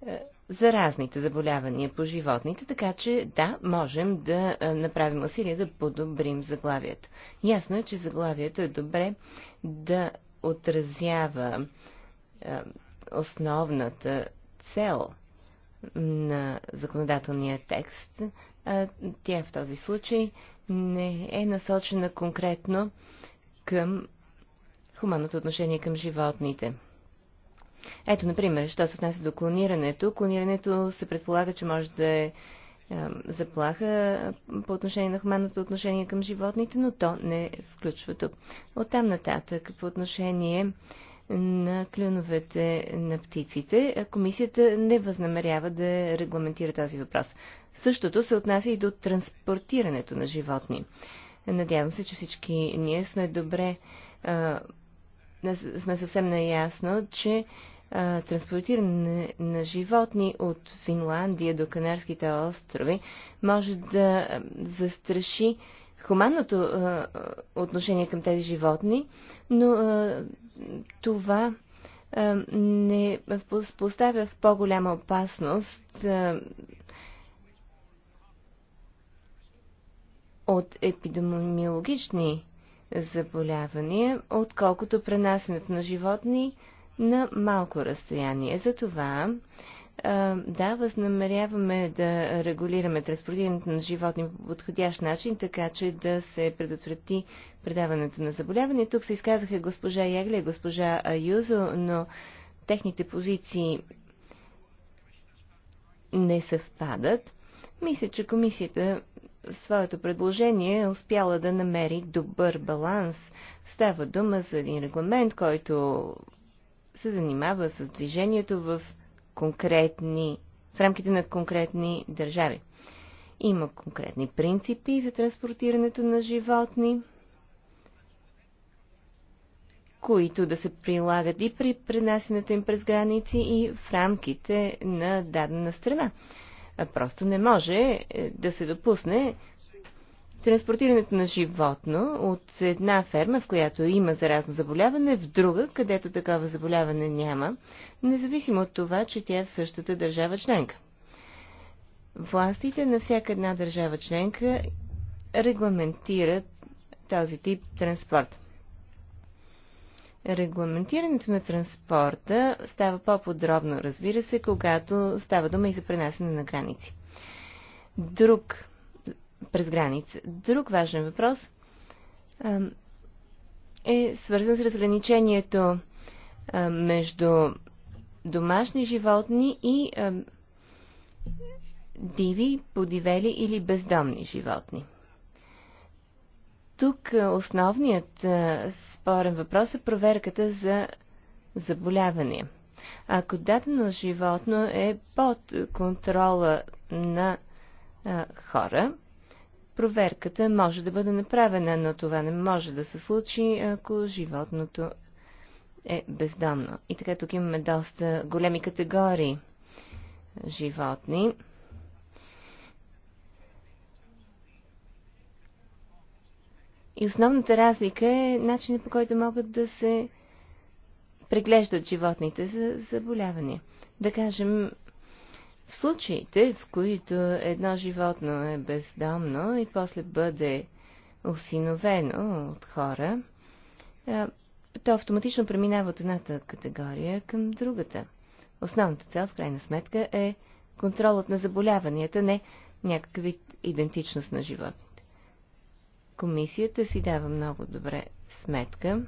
Speaker 4: е, заразните заболявания по животните, така че да, можем да направим усилия да подобрим заглавието. Ясно е, че заглавието е добре да отразява основната цел на законодателния текст. А тя в този случай не е насочена конкретно към хуманното отношение към животните. Ето, например, що се отнася до клонирането. Клонирането се предполага, че може да е заплаха по отношение на хуманното отношение към животните, но то не включва тук. Оттам нататък по отношение на клюновете на птиците, комисията не възнамерява да регламентира този въпрос. Същото се отнася и до транспортирането на животни. Надявам се, че всички ние сме добре сме съвсем наясно, че а, транспортиране на животни от Финландия до Канарските острови може да застраши хуманното а, отношение към тези животни, но а, това а, не поставя в по-голяма опасност а, от епидемиологични заболявания, отколкото пренасенето на животни на малко разстояние. Затова да, възнамеряваме да регулираме транспортирането на животни по подходящ начин, така че да се предотврати предаването на заболяване. Тук се изказаха госпожа Ягля и госпожа Юзо, но техните позиции не съвпадат. Мисля, че комисията своето предложение е успяла да намери добър баланс. Става дума за един регламент, който се занимава с движението в конкретни, в рамките на конкретни държави. Има конкретни принципи за транспортирането на животни, които да се прилагат и при пренасенето им през граници и в рамките на дадена страна. Просто не може е, да се допусне транспортирането на животно от една ферма, в която има заразно заболяване, в друга, където такова заболяване няма, независимо от това, че тя е в същата държава членка. Властите на всяка една държава членка регламентират този тип транспорт. Регламентирането на транспорта става по-подробно, разбира се, когато става дума и за пренасене на граници. Друг през граница. Друг важен въпрос е свързан с разграничението между домашни животни и диви, подивели или бездомни животни. Тук е, основният е, спорен въпрос е проверката за заболявания. Ако дадено животно е под контрола на а, е, хора, проверката може да бъде направена, но това не може да се случи, ако животното е бездомно. И така тук имаме доста големи категории животни. И основната разлика е начинът по който могат да се преглеждат животните за заболявания. Да кажем, в случаите, в които едно животно е бездомно и после бъде осиновено от хора, то автоматично преминава от едната категория към другата. Основната цел, в крайна сметка, е контролът на заболяванията, не някакъв вид идентичност на животни. Комисията си дава много добре сметка,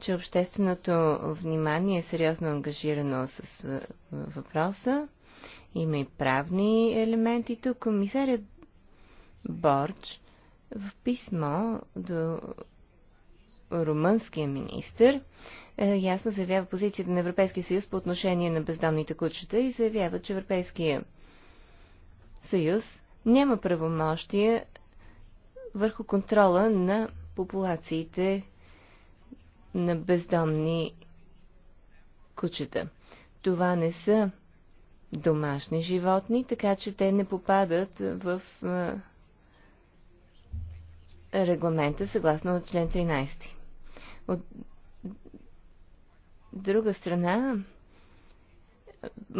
Speaker 4: че общественото внимание е сериозно ангажирано с въпроса. Има и правни елементи. Тук комисарят Борч в писмо до румънския министр е, ясно заявява позицията на Европейския съюз по отношение на бездомните кучета и заявява, че Европейския съюз няма правомощия върху контрола на популациите на бездомни кучета. Това не са домашни животни, така че те не попадат в регламента съгласно член 13. От друга страна,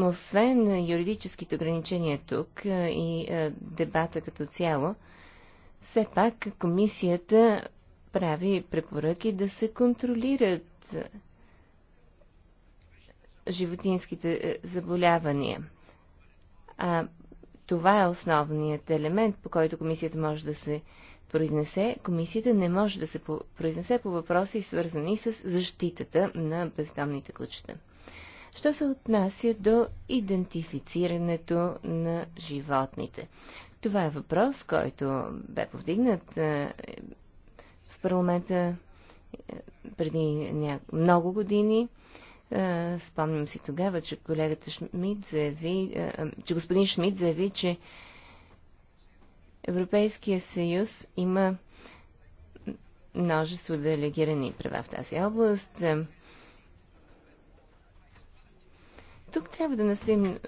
Speaker 4: освен юридическите ограничения тук и дебата като цяло, все пак комисията прави препоръки да се контролират животинските заболявания. А това е основният елемент, по който комисията може да се произнесе. Комисията не може да се произнесе по въпроси, свързани с защитата на бездомните кучета що се отнася до идентифицирането на животните. Това е въпрос, който бе повдигнат е, в парламента е, преди много години. Е, спомням си тогава, че колегата Шмидт заяви, че господин Шмидт заяви, че Европейския съюз има множество делегирани права в тази област. Тук трябва да настоим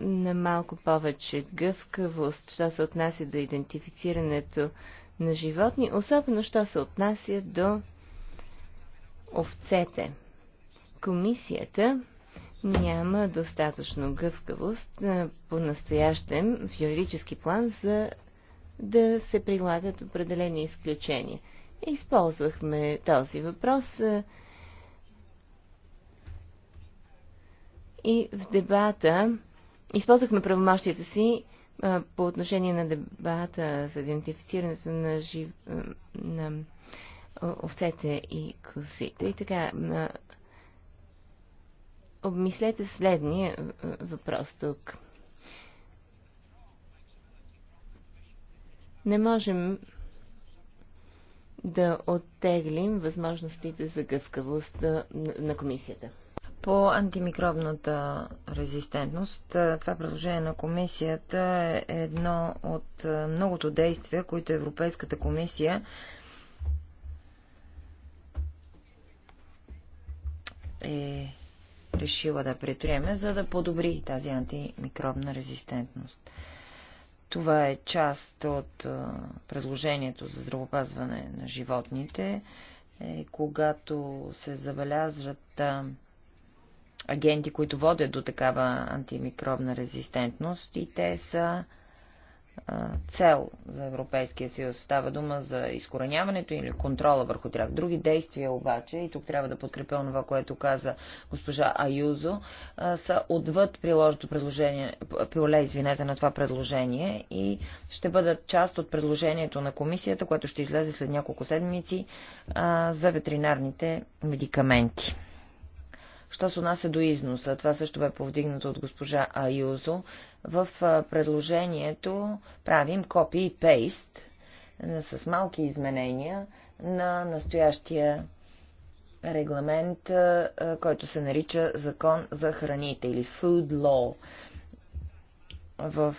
Speaker 4: на малко повече гъвкавост, що се отнася до идентифицирането на животни, особено що се отнася до овцете. Комисията няма достатъчно гъвкавост по-настоящем в юридически план за да се прилагат определени изключения. Използвахме този въпрос и в дебата използвахме правомощията си а, по отношение на дебата за идентифицирането на, жив... на овцете и косите. И така, а, обмислете следния въпрос тук. Не можем да оттеглим възможностите за гъвкавост на комисията.
Speaker 2: По антимикробната резистентност, е, това предложение на комисията е едно от е, многото действия, които Европейската комисия е решила да предприеме, за да подобри тази антимикробна резистентност. Това е част от е, предложението за здравопазване на животните, е, когато се забелязват агенти, които водят до такава антимикробна резистентност и те са цел за Европейския съюз. Става дума за изкореняването или контрола върху тях. Други действия обаче, и тук трябва да подкрепя това, което каза госпожа Аюзо, са отвъд приложното предложение, пиоле, извинете, на това предложение и ще бъдат част от предложението на комисията, което ще излезе след няколко седмици за ветеринарните медикаменти. Що се отнася до износа, това също бе повдигнато от госпожа Аюзо, в предложението правим копи и пейст с малки изменения на настоящия регламент, който се нарича Закон за храните или Food Law. В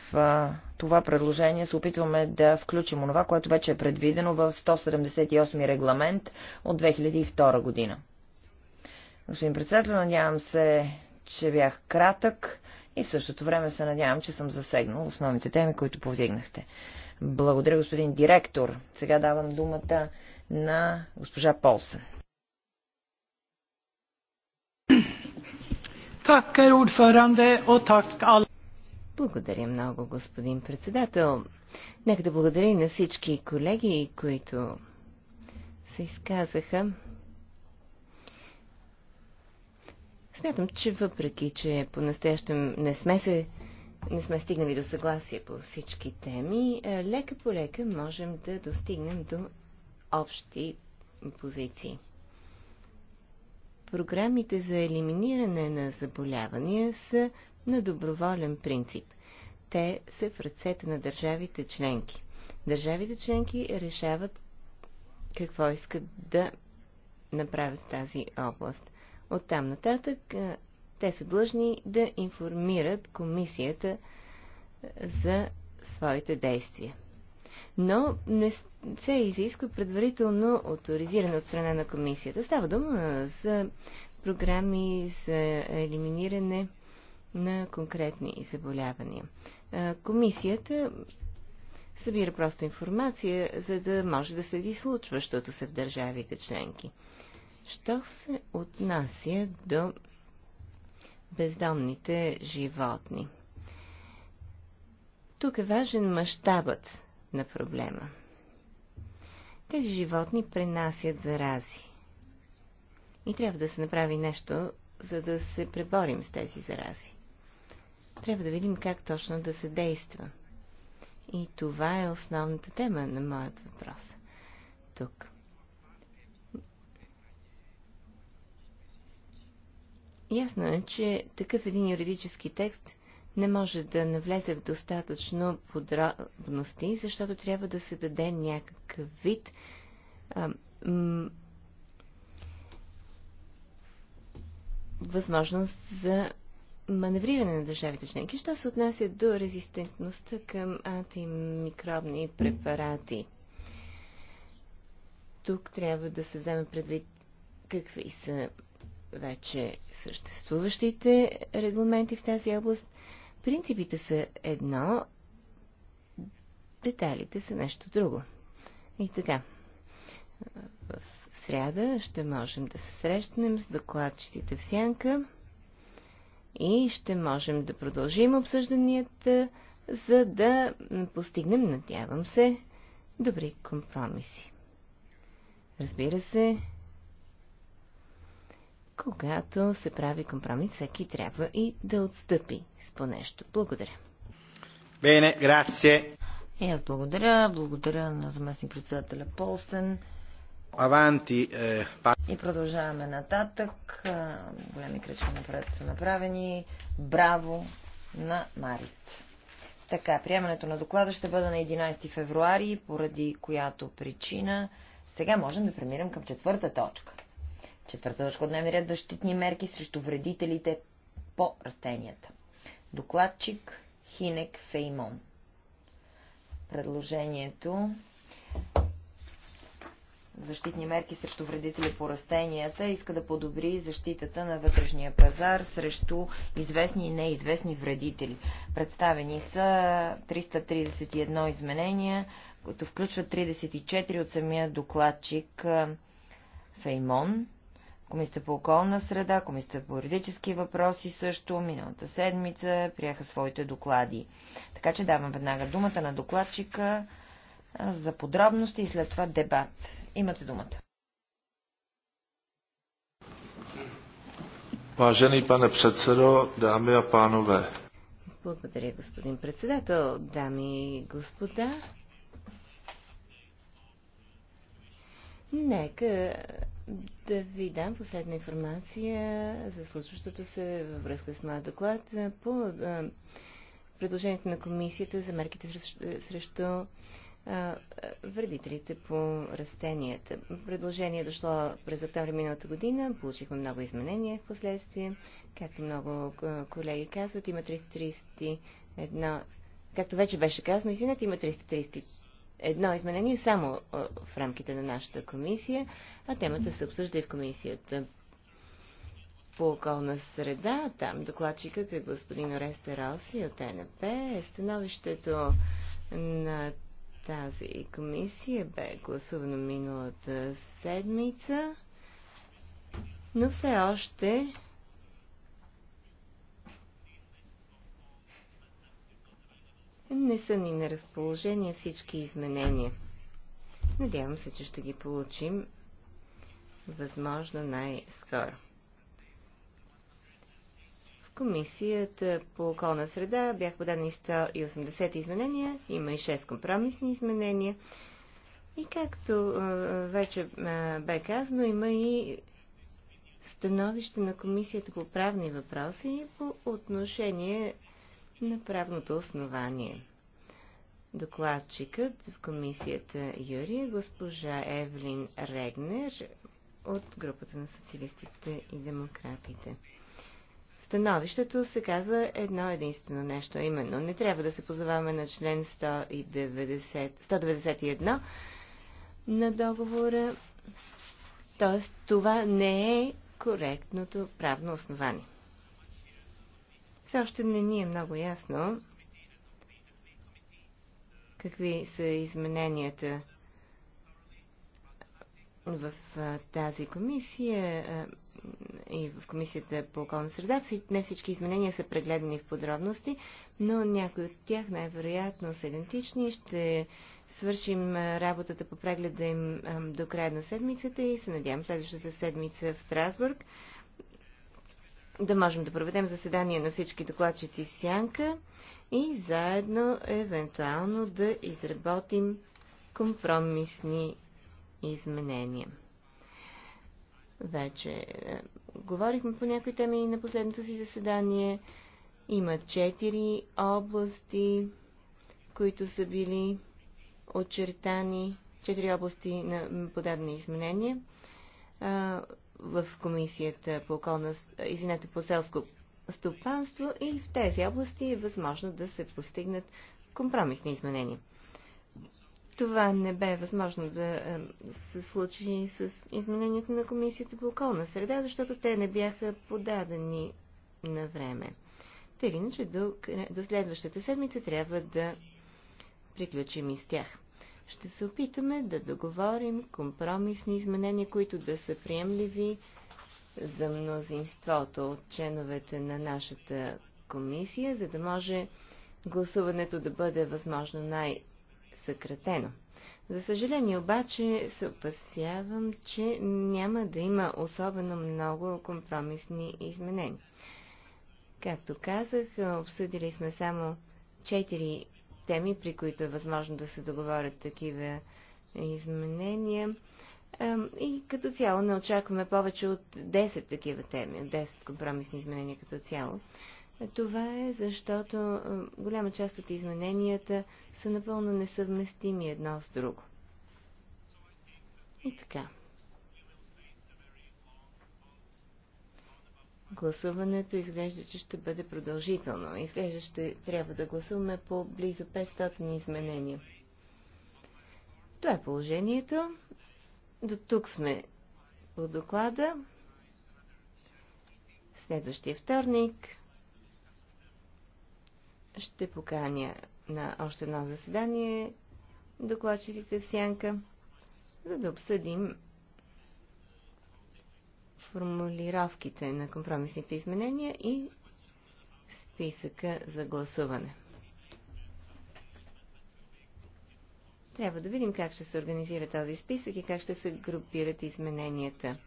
Speaker 2: това предложение се опитваме да включим онова, което вече е предвидено в 178 регламент от 2002 година. Господин председател, надявам се, че бях кратък и в същото време се надявам, че съм засегнал основните теми, които повдигнахте. Благодаря, господин директор. Сега давам думата на госпожа Полсен.
Speaker 4: Благодаря много, господин председател. Нека да благодаря и на всички колеги, които се изказаха. Смятам, че въпреки, че по-настоящем не сме се не сме стигнали до съгласие по всички теми, е, лека по лека можем да достигнем до общи позиции. Програмите за елиминиране на заболявания са на доброволен принцип. Те са в ръцете на държавите членки. Държавите членки решават какво искат да направят в тази област. От там нататък те са длъжни да информират комисията за своите действия. Но не се изисква предварително авторизиране от страна на комисията. Става дума за програми за елиминиране на конкретни заболявания. Комисията събира просто информация, за да може да следи случващото се в държавите членки. Що се отнася до бездомните животни? Тук е важен мащабът на проблема. Тези животни пренасят зарази. И трябва да се направи нещо, за да се преборим с тези зарази. Трябва да видим как точно да се действа. И това е основната тема на моят въпрос. Тук. Ясно е, че такъв един юридически текст не може да навлезе в достатъчно подробности, защото трябва да се даде някакъв вид а, възможност за маневриране на държавите членки, що се отнася до резистентността към антимикробни препарати. Тук трябва да се вземе предвид какви са вече съществуващите регламенти в тази област. Принципите са едно, деталите са нещо друго. И така, в сряда ще можем да се срещнем с докладчетите в Сянка и ще можем да продължим обсъжданията, за да постигнем, надявам се, добри компромиси. Разбира се, когато се прави компромис, всеки трябва и да отстъпи с по нещо. Благодаря.
Speaker 1: Бене, грация.
Speaker 2: И аз благодаря. Благодаря на заместник председателя Полсен. Аванти. Е, па... И продължаваме нататък. Големи кръчки напред са направени. Браво на Марит. Така, приемането на доклада ще бъде на 11 февруари, поради която причина сега можем да преминем към четвърта точка – Четвърта точка от дневния ред – защитни мерки срещу вредителите по растенията. Докладчик Хинек Феймон. Предложението защитни мерки срещу вредители по растенията, иска да подобри защитата на вътрешния пазар срещу известни и неизвестни вредители. Представени са 331 изменения, които включват 34 от самия докладчик Феймон. Комисията по околна среда, Комисията по юридически въпроси също, миналата седмица приеха своите доклади. Така че давам веднага думата на докладчика за подробности и след това дебат. Имате думата. Важени пане председател, дами и панове.
Speaker 4: Благодаря, господин председател, дами и господа. Нека да ви дам последна информация за случващото се във връзка с моят доклад по предложението на комисията за мерките срещу вредителите по растенията. Предложение дошло през октомври миналата година, получихме много изменения в последствие. Както много колеги казват, има 331, както вече беше казано, извинете, има 331 едно изменение само в рамките на нашата комисия, а темата се обсъжда и в комисията по околна среда. Там докладчикът е господин Оресте Роси от НП. Становището на тази комисия бе гласувано миналата седмица, но все още Не са ни на разположение всички изменения. Надявам се, че ще ги получим възможно най-скоро. В Комисията по околна среда бях подадени 180 изменения, има и 6 компромисни изменения. И както вече бе казано, има и становище на Комисията по правни въпроси по отношение на правното основание. Докладчикът в комисията Юрия е госпожа Евлин Регнер от групата на социалистите и демократите. Становището се казва едно единствено нещо, именно не трябва да се позоваваме на член 190, 191 на договора, т.е. това не е коректното правно основание. Все още не ни е много ясно какви са измененията в тази комисия и в комисията по околна среда. Не всички изменения са прегледани в подробности, но някои от тях най-вероятно са идентични. Ще свършим работата по прегледа им до края на седмицата и се надявам следващата седмица в Страсбург да можем да проведем заседание на всички докладчици в сянка и заедно евентуално да изработим компромисни изменения. Вече е, говорихме по някои теми на последното си заседание. Има четири области, които са били очертани, четири области на подадени изменения в Комисията по, околна, извинете, по селско стопанство и в тези области е възможно да се постигнат компромисни изменения. Това не бе възможно да е, се случи с измененията на Комисията по околна среда, защото те не бяха подадени на време. Тъй иначе до, до следващата седмица трябва да приключим и с тях. Ще се опитаме да договорим компромисни изменения, които да са приемливи за мнозинството от членовете на нашата комисия, за да може гласуването да бъде възможно най-съкратено. За съжаление обаче се опасявам, че няма да има особено много компромисни изменения. Както казах, обсъдили сме само четири теми, при които е възможно да се договорят такива изменения. И като цяло не очакваме повече от 10 такива теми, от 10 компромисни изменения като цяло. Това е защото голяма част от измененията са напълно несъвместими едно с друго. И така. Гласуването изглежда, че ще бъде продължително. Изглежда, ще трябва да гласуваме по близо 500 изменения. Това е положението. До тук сме по доклада. Следващия вторник ще поканя на още едно заседание докладчиците в Сянка, за да обсъдим формулировките на компромисните изменения и списъка за гласуване. Трябва да видим как ще се организира този списък и как ще се групират измененията.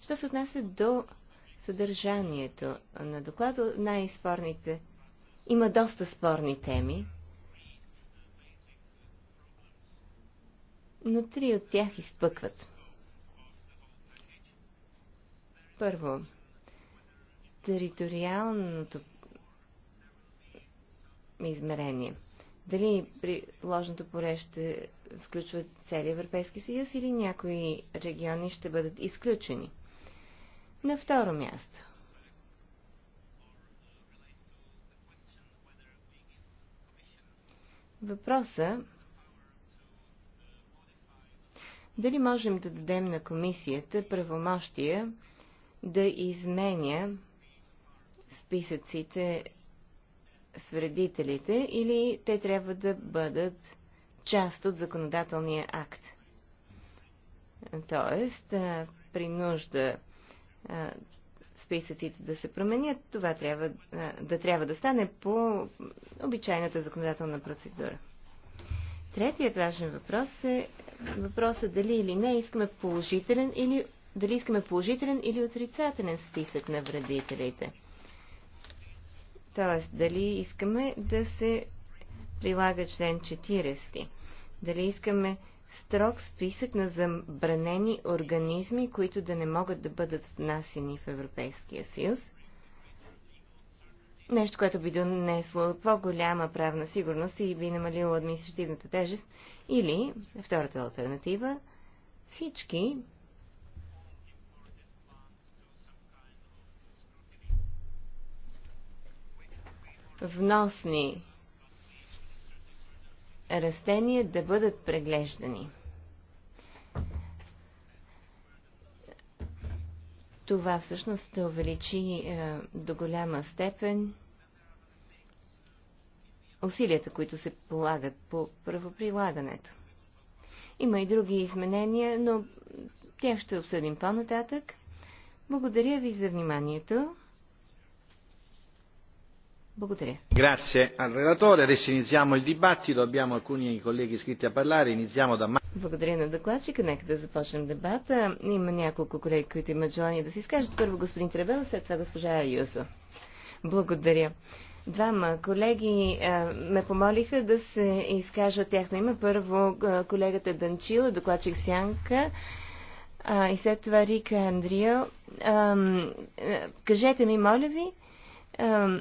Speaker 4: Що се отнася до съдържанието на доклада, най-спорните има доста спорни теми, но три от тях изпъкват. Първо, териториалното измерение. Дали приложното поле ще включва целият Европейски съюз или някои региони ще бъдат изключени? На второ място. Въпроса дали можем да дадем на комисията правомощия да изменя списъците с вредителите или те трябва да бъдат част от законодателния акт. Тоест, при нужда списъците да се променят, това трябва да трябва да стане по обичайната законодателна процедура. Третият важен въпрос е въпроса дали или не искаме положителен или дали искаме положителен или отрицателен списък на вредителите. Тоест, дали искаме да се прилага член 40. Дали искаме строг списък на забранени организми, които да не могат да бъдат внасени в Европейския съюз. Нещо, което би донесло по-голяма правна сигурност и би намалило административната тежест. Или, втората альтернатива, всички вносни растения да бъдат преглеждани. Това всъщност ще увеличи е, до голяма степен усилията, които се полагат по правоприлагането. Има и други изменения, но тях ще обсъдим по-нататък. Благодаря ви за вниманието. Благодаря. Благодаря на докладчика. Нека да започнем дебата. Има няколко колеги, които имат желание да се изкажат. Първо господин Требел, след това госпожа Юсо. Благодаря. Двама колеги а, ме помолиха да се изкажа от тяхно има. Първо колегата Данчила, докладчик Сянка а, и след това Рика Андрио. а, кажете ми, моля ви, а,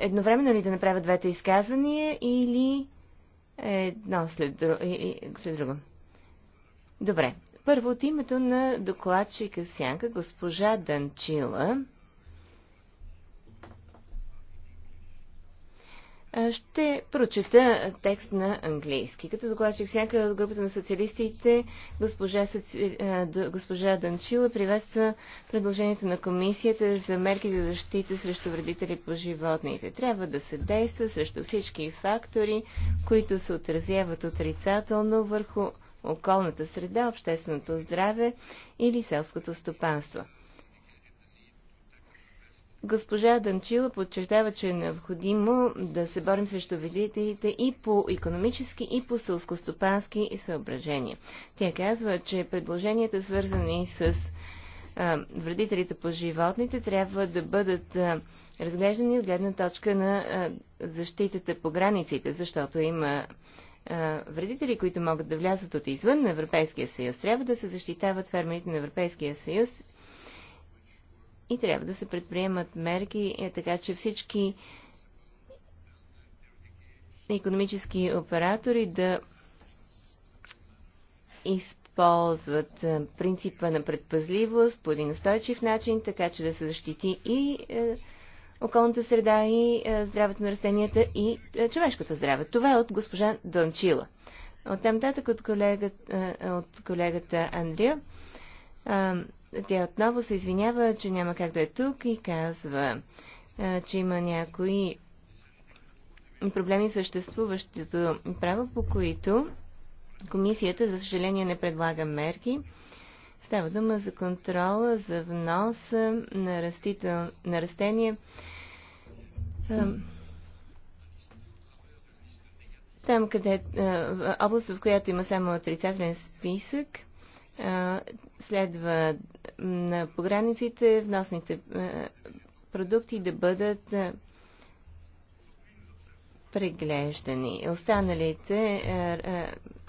Speaker 4: едновременно ли да направя двете изказвания или едно след, друго, след друго? Добре. Първо от името на докладчика Сянка, госпожа Данчила, Ще прочета текст на английски. Като докладчик всяка от групата на социалистите, госпожа, соци... госпожа Данчила приветства предложението на комисията за мерки за защита срещу вредители по животните. Трябва да се действа срещу всички фактори, които се отразяват отрицателно върху околната среда, общественото здраве или селското стопанство. Госпожа Данчила подчертава, че е необходимо да се борим срещу вредителите и по економически, и по сълскостопански съображения. Тя казва, че предложенията, свързани с а, вредителите по животните, трябва да бъдат а, разглеждани от гледна точка на а, защитата по границите, защото има вредители, които могат да влязат от извън на Европейския съюз. Трябва да се защитават фермерите на Европейския съюз и трябва да се предприемат мерки, е, така че всички економически оператори да използват е, принципа на предпазливост по един устойчив начин, така че да се защити и е, околната среда, и здравето на растенията, и човешкото здраве. Това е от госпожа Дончила. От там татък от колегата, от колегата тя отново се извинява, че няма как да е тук и казва, че има някои проблеми съществуващото право, по които комисията, за съжаление, не предлага мерки. Става дума за контрола, за внос на, растител, на растения. Там, къде област, в която има само отрицателен списък, следва на пограниците вносните е, продукти да бъдат е, преглеждани. Останалите е,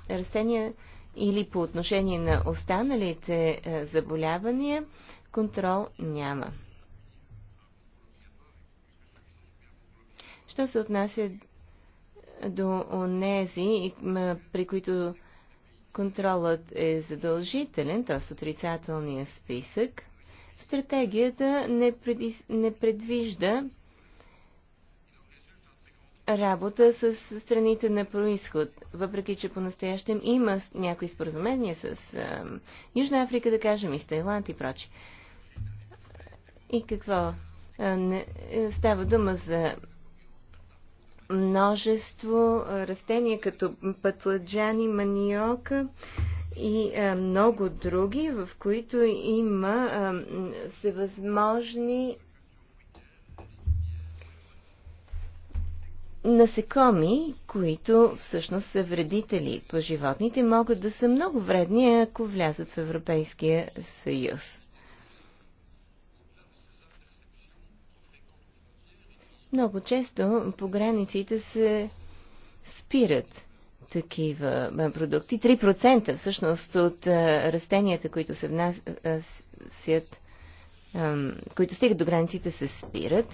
Speaker 4: растения или по отношение на останалите заболявания контрол няма. Що се отнася до онези, при които Контролът е задължителен, т.е. отрицателния списък. Стратегията не, предис... не предвижда работа с страните на происход, въпреки че по-настоящем има някои споразумения с а, Южна Африка, да кажем, и с Тайланд и прочи. И какво? А, не, е, става дума за множество растения, като пътладжани, маниока и много други, в които има всевъзможни насекоми, които всъщност са вредители по животните, могат да са много вредни, ако влязат в Европейския съюз. Много често по границите се спират такива продукти. 3% всъщност от растенията, които се внасят, които стигат до границите, се спират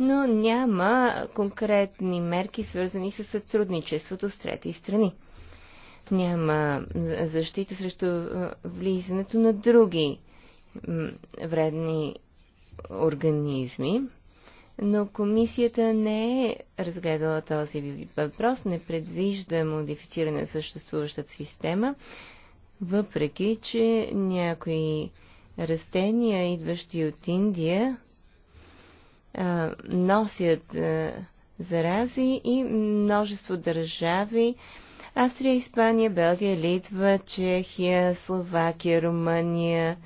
Speaker 4: но няма конкретни мерки, свързани с сътрудничеството с трети страни. Няма защита срещу влизането на други вредни организми но комисията не е разгледала този въпрос, не предвижда модифициране на съществуващата система, въпреки че някои растения, идващи от Индия, носят зарази и множество държави Австрия, Испания, Белгия, Литва, Чехия, Словакия, Румъния,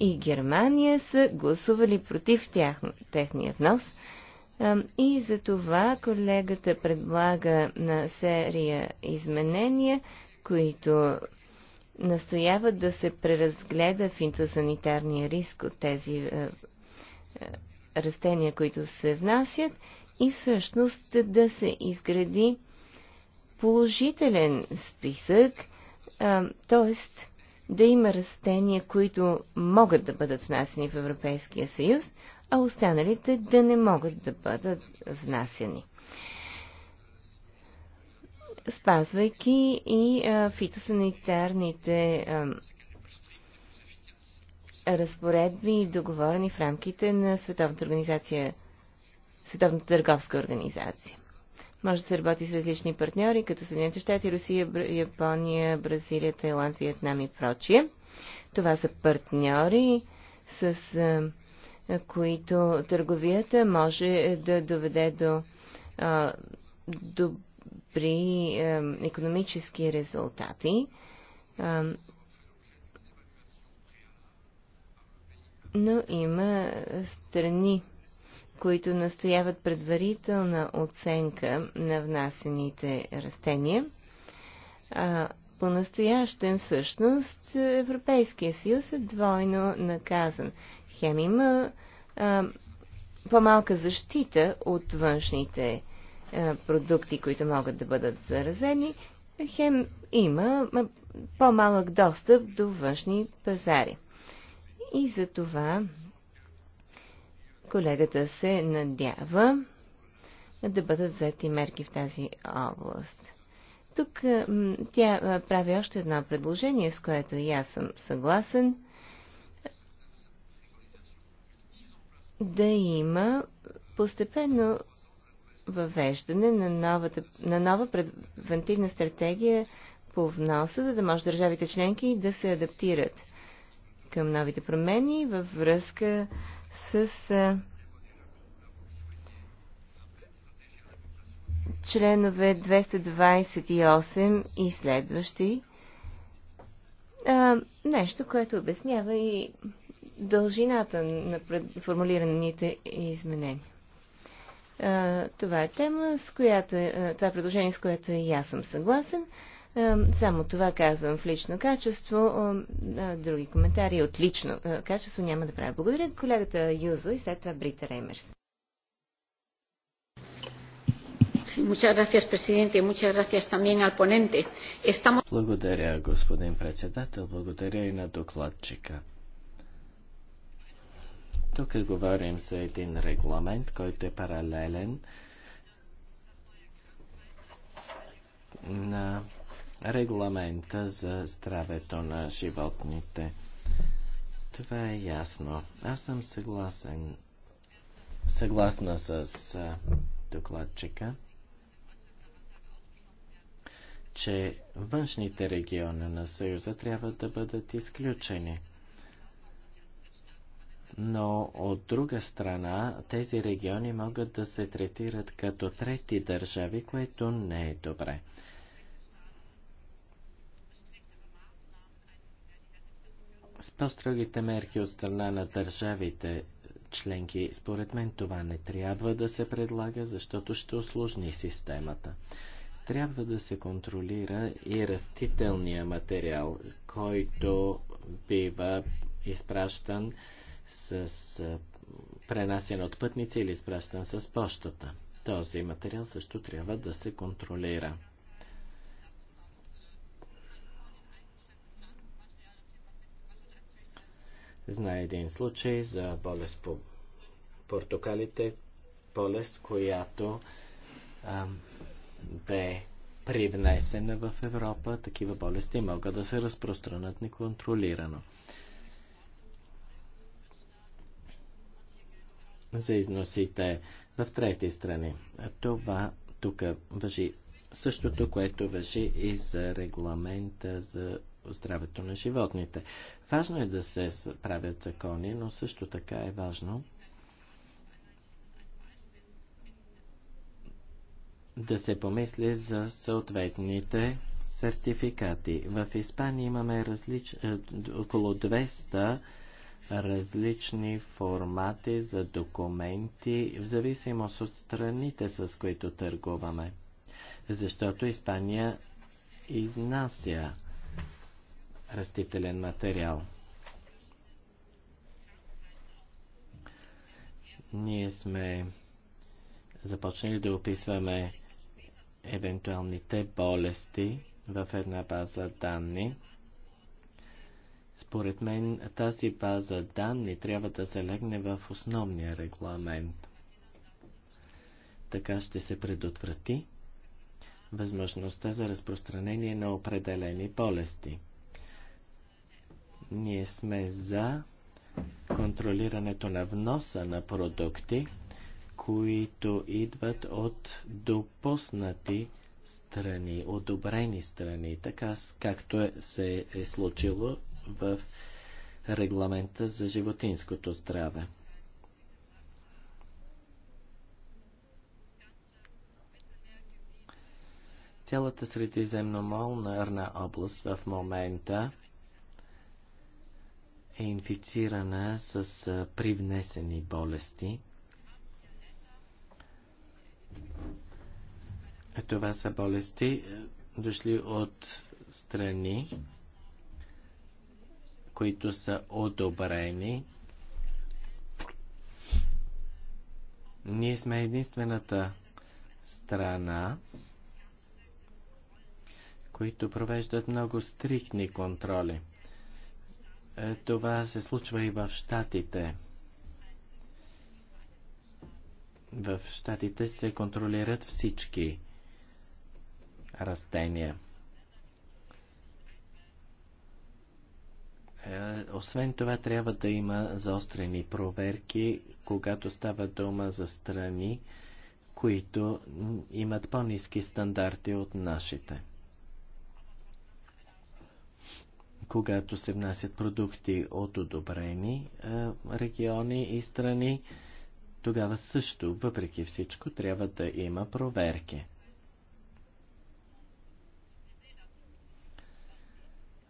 Speaker 4: и Германия са гласували против тях, техния внос. И за това колегата предлага на серия изменения, които настояват да се преразгледа фитосанитарния риск от тези е, е, растения, които се внасят и всъщност да се изгради положителен списък, т.е да има растения, които могат да бъдат внасени в Европейския съюз, а останалите да не могат да бъдат внасени. Спазвайки и фитосанитарните разпоредби, договорени в рамките на Световната организация, Световната търговска организация. Може да се работи с различни партньори, като Съединените щати, Русия, Япония, Бразилия, Тайланд, Виетнам и прочие. Това са партньори, с които търговията може да доведе до добри економически резултати. но има страни, които настояват предварителна оценка на внасените растения. А, по-настоящем всъщност Европейския съюз е двойно наказан. Хем има а, по-малка защита от външните а, продукти, които могат да бъдат заразени, хем има по-малък достъп до външни пазари. И за това Колегата се надява да бъдат взети мерки в тази област. Тук тя прави още едно предложение, с което и аз съм съгласен. Да има постепенно въвеждане на, новата, на нова превентивна стратегия по вноса, за да може държавите членки да се адаптират към новите промени във връзка с членове 228 и следващи. А, нещо, което обяснява и дължината на формулираните изменения. А, това е тема, с която, е, това е предложение, с което и аз съм съгласен. Е, само това казвам в лично качество. Е, е, други коментари от лично качество няма да правя. Благодаря колегата Юзо и след това Брита Реймерс.
Speaker 3: Благодаря, господин председател. Благодаря и на докладчика. Тук говорим за един регламент, който е паралелен на регламента за здравето на животните. Това е ясно. Аз съм съгласен. Съгласна с докладчика, че външните региони на Съюза трябва да бъдат изключени. Но от друга страна, тези региони могат да се третират като трети държави, което не е добре. с по-строгите мерки от страна на държавите членки. Според мен това не трябва да се предлага, защото ще осложни системата. Трябва да се контролира и растителния материал, който бива изпращан с пренасен от пътници или изпращан с почтата. Този материал също трябва да се контролира. Знае един случай за болест по портокалите, болест, която ам, бе привнесена в Европа. Такива болести могат да се разпространят неконтролирано. За износите в трети страни. Това тук въжи същото, което въжи и за регламента за здравето на животните. Важно е да се правят закони, но също така е важно да се помисли за съответните сертификати. В Испания имаме различ... Е, около 200 различни формати за документи, в зависимост от страните, с които търгуваме. Защото Испания изнася растителен материал. Ние сме започнали да описваме евентуалните болести в една база данни. Според мен тази база данни трябва да залегне в основния регламент. Така ще се предотврати възможността за разпространение на определени болести. Ние сме за контролирането на вноса на продукти, които идват от допуснати страни, одобрени страни, така както е, се е случило в регламента за животинското здраве. Цялата средиземномолна област в момента е инфицирана с привнесени болести. Е, това са болести, дошли от страни, които са одобрени. Ние сме единствената страна, които провеждат много стрикни контроли. Е, това се случва и в Штатите. В Штатите се контролират всички растения. Е, освен това, трябва да има заострени проверки, когато става дума за страни, които имат по-низки стандарти от нашите. когато се внасят продукти от одобрени региони и страни, тогава също, въпреки всичко, трябва да има проверки.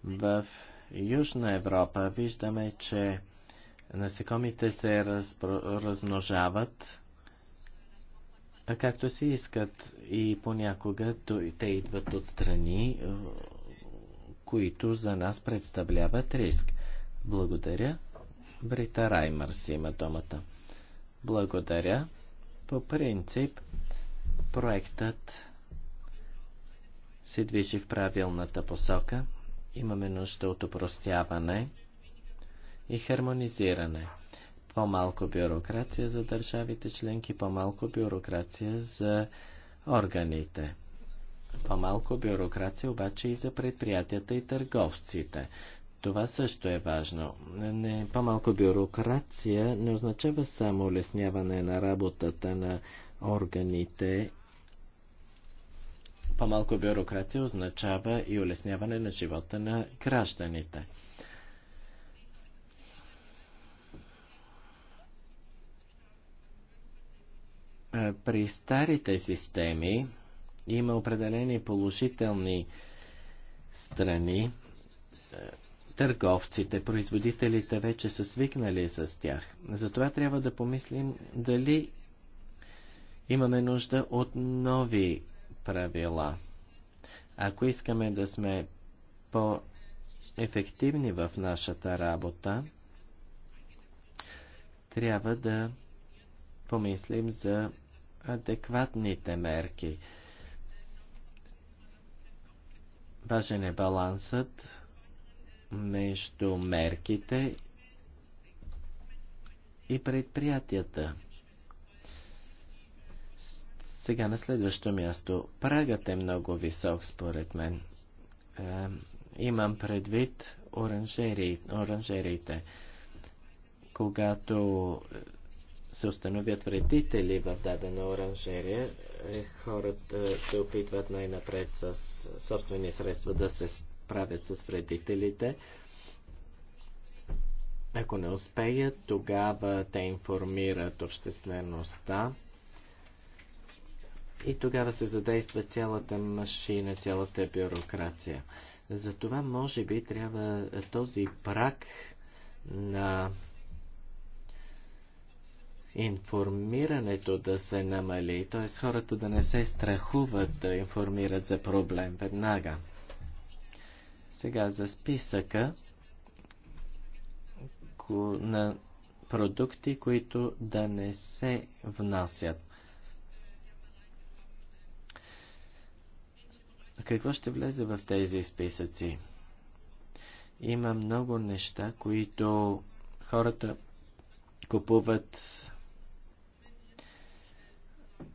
Speaker 3: В Южна Европа виждаме, че насекомите се разпро... размножават както си искат и понякога те идват от страни, които за нас представляват риск. Благодаря. Брита Раймърс има думата. Благодаря. По принцип, проектът се движи в правилната посока. Имаме нужда от упростяване и хармонизиране. По-малко бюрокрация за държавите членки, по-малко бюрокрация за органите. По-малко бюрокрация обаче и за предприятията и търговците. Това също е важно. Не, по-малко бюрокрация не означава само улесняване на работата на органите. По-малко бюрокрация означава и улесняване на живота на гражданите. При старите системи има определени положителни страни. Е, търговците, производителите вече са свикнали с тях. Затова трябва да помислим дали имаме нужда от нови правила. Ако искаме да сме по-ефективни в нашата работа, трябва да помислим за адекватните мерки. Важен е балансът между мерките и предприятията. Сега на следващо място. Прагът е много висок, според мен. Е, имам предвид оранжери, оранжериите. Когато се установят вредители в дадена оранжерия, е, хората е, се опитват най-напред с собствени средства да се справят с вредителите. Ако не успеят, тогава те информират обществеността и тогава се задейства цялата машина, цялата бюрокрация. Затова, може би, трябва този прак на информирането да се намали, т.е. хората да не се страхуват да информират за проблем веднага. Сега за списъка на продукти, които да не се внасят. Какво ще влезе в тези списъци? Има много неща, които хората купуват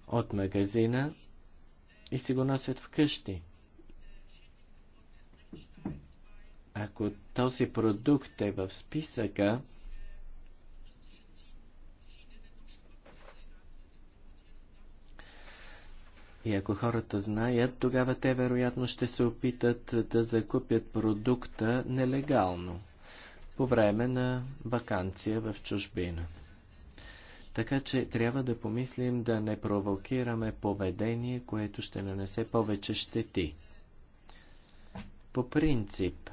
Speaker 3: от магазина и си го носят вкъщи. Ако този продукт е в списъка, И ако хората знаят, тогава те вероятно ще се опитат да закупят продукта нелегално по време на вакансия в чужбина. Така че трябва да помислим да не провокираме поведение, което ще нанесе повече щети. По принцип,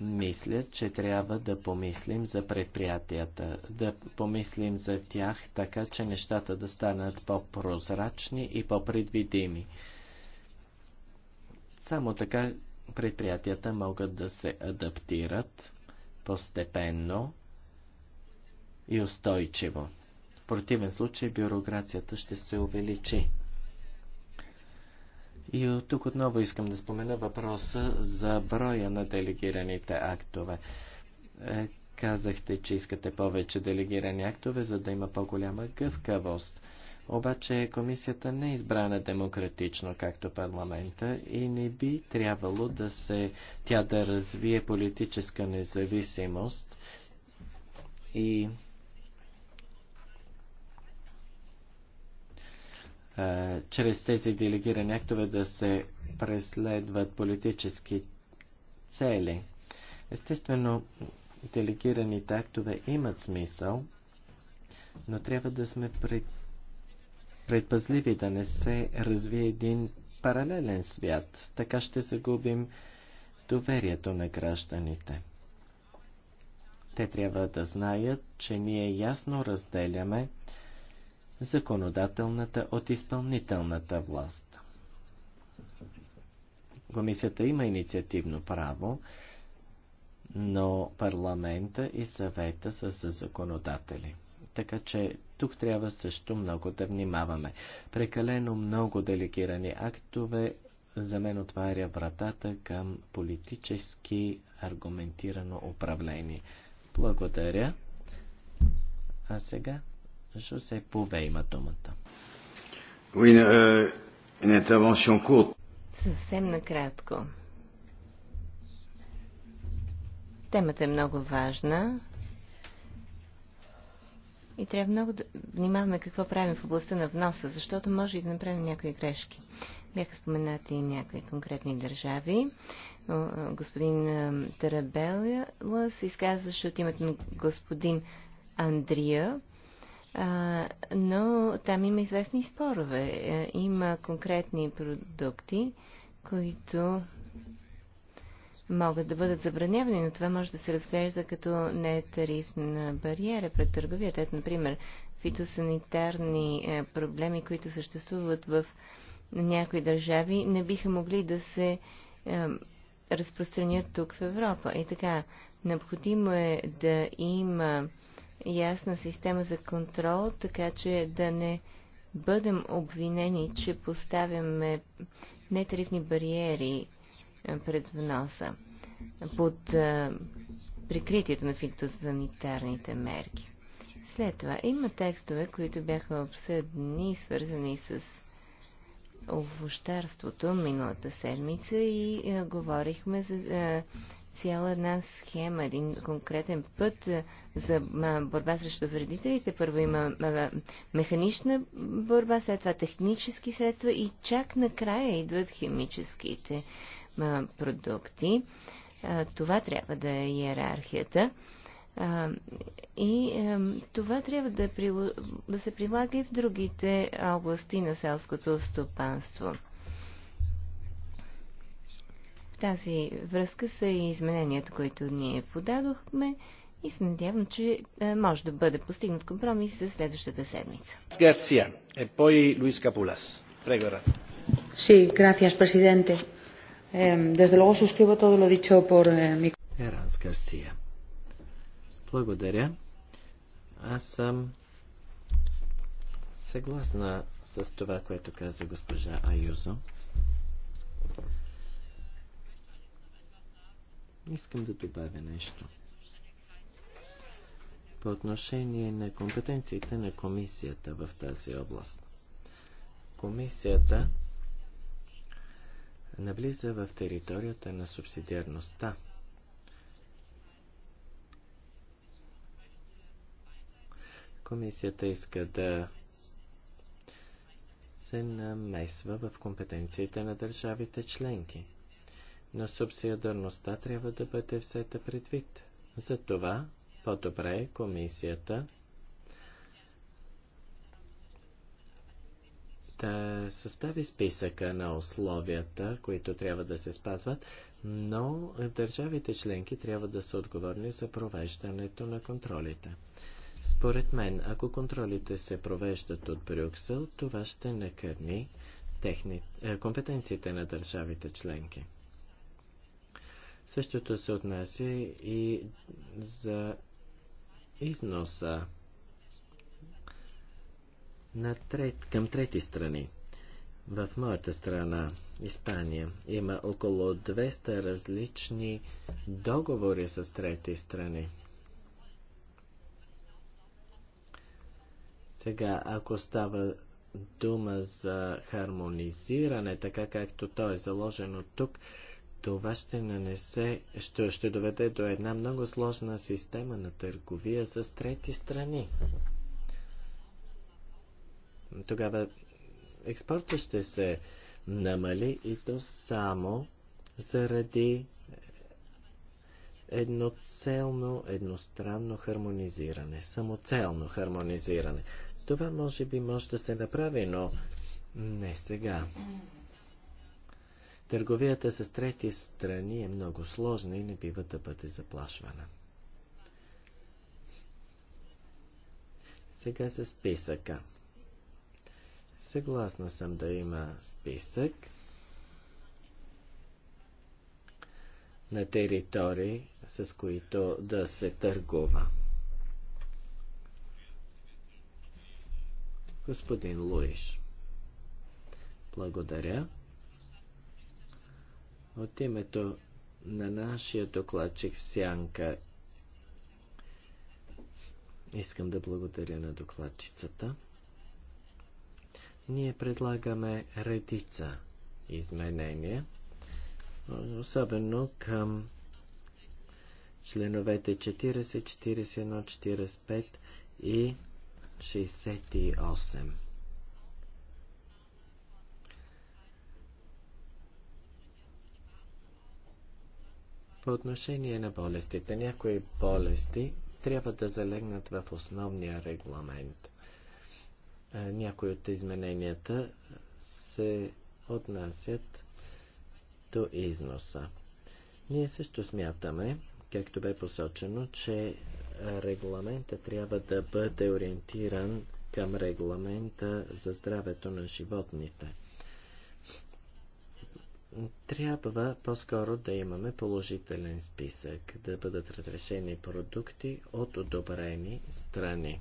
Speaker 3: мисля, че трябва да помислим за предприятията, да помислим за тях, така че нещата да станат по-прозрачни и по-предвидими. Само така предприятията могат да се адаптират постепенно и устойчиво. В противен случай бюрокрацията ще се увеличи. И от тук отново искам да спомена въпроса за броя на делегираните актове. Е, казахте, че искате повече делегирани актове, за да има по-голяма гъвкавост. Обаче комисията не е избрана демократично, както парламента, и не би трябвало да се тя да развие политическа независимост и Е, чрез тези делегирани актове да се преследват политически цели. Естествено, делегираните актове имат смисъл, но трябва да сме пред... предпазливи да не се развие един паралелен свят. Така ще загубим доверието на гражданите. Те трябва да знаят, че ние ясно разделяме законодателната от изпълнителната власт. Комисията има инициативно право, но парламента и съвета са със законодатели. Така че тук трябва също много да внимаваме. Прекалено много делегирани актове за мен отваря вратата към политически аргументирано управление. Благодаря. А сега Жозе Пове има думата.
Speaker 1: Euh,
Speaker 4: Съвсем накратко. Темата е много важна. И трябва много да внимаваме какво правим в областта на вноса, защото може и да направим някои грешки. Бяха споменати и някои конкретни държави. Господин е, Тарабела се изказваше от името на господин Андрия а, но там има известни спорове. Е, има конкретни продукти, които могат да бъдат забранявани, но това може да се разглежда като не тарифна бариера пред търговията. Ето, например, фитосанитарни е, проблеми, които съществуват в някои държави, не биха могли да се е, разпространят тук в Европа. И така, необходимо е да има ясна система за контрол, така че да не бъдем обвинени, че поставяме нетарифни бариери пред вноса под прикритието на фитосанитарните мерки. След това има текстове, които бяха обсъдни, свързани с овощарството миналата седмица и говорихме за цяла една схема, един конкретен път е, за борба срещу вредителите. Първо има механична борба, след това технически средства и чак накрая идват химическите продукти. Това трябва да е иерархията. И това трябва да, да се прилага и в другите области на селското стопанство тази връзка са и измененията, които ние подадохме и се надявам, че е, може да бъде постигнат компромис за следващата седмица.
Speaker 1: Гарсия, е пои Луис Капулас.
Speaker 3: Прегорът.
Speaker 2: Sí, gracias, presidente. Desde luego suscribo todo lo dicho por eh, mi...
Speaker 3: Еранс Гарсия. Благодаря. Аз съм съгласна с това, което каза госпожа Аюзо. Искам да добавя нещо. По отношение на компетенциите на комисията в тази област. Комисията навлиза в територията на субсидиарността. Комисията иска да се намесва в компетенциите на държавите членки. На субсидиарността трябва да бъде взета предвид. Затова по-добре е комисията да състави списъка на условията, които трябва да се спазват, но държавите членки трябва да са отговорни за провеждането на контролите. Според мен, ако контролите се провеждат от Брюксел, това ще накърни техни... Е, компетенциите на държавите членки. Същото се отнася и за износа на трет, към трети страни. В моята страна, Испания, има около 200 различни договори с трети страни. Сега, ако става дума за хармонизиране, така както то е заложено тук, това ще нанесе, ще, ще доведе до една много сложна система на търговия с трети страни. Тогава експорта ще се намали и то само заради едноцелно, едностранно хармонизиране, самоцелно хармонизиране. Това може би може да се направи, но не сега. Търговията с трети страни е много сложна и не бива да бъде заплашвана. Сега за списъка. Съгласна съм да има списък на територии, с които да се търгува. Господин Луиш, благодаря. От името на нашия докладчик в Сянка искам да благодаря на докладчицата. Ние предлагаме редица изменения, особено към членовете 40, 41, 45 и 68. По отношение на болестите, някои болести трябва да залегнат в основния регламент. Някои от измененията се отнасят до износа. Ние също смятаме, както бе посочено, че регламента трябва да бъде ориентиран към регламента за здравето на животните трябва по-скоро да имаме положителен списък, да бъдат разрешени продукти от одобрени страни.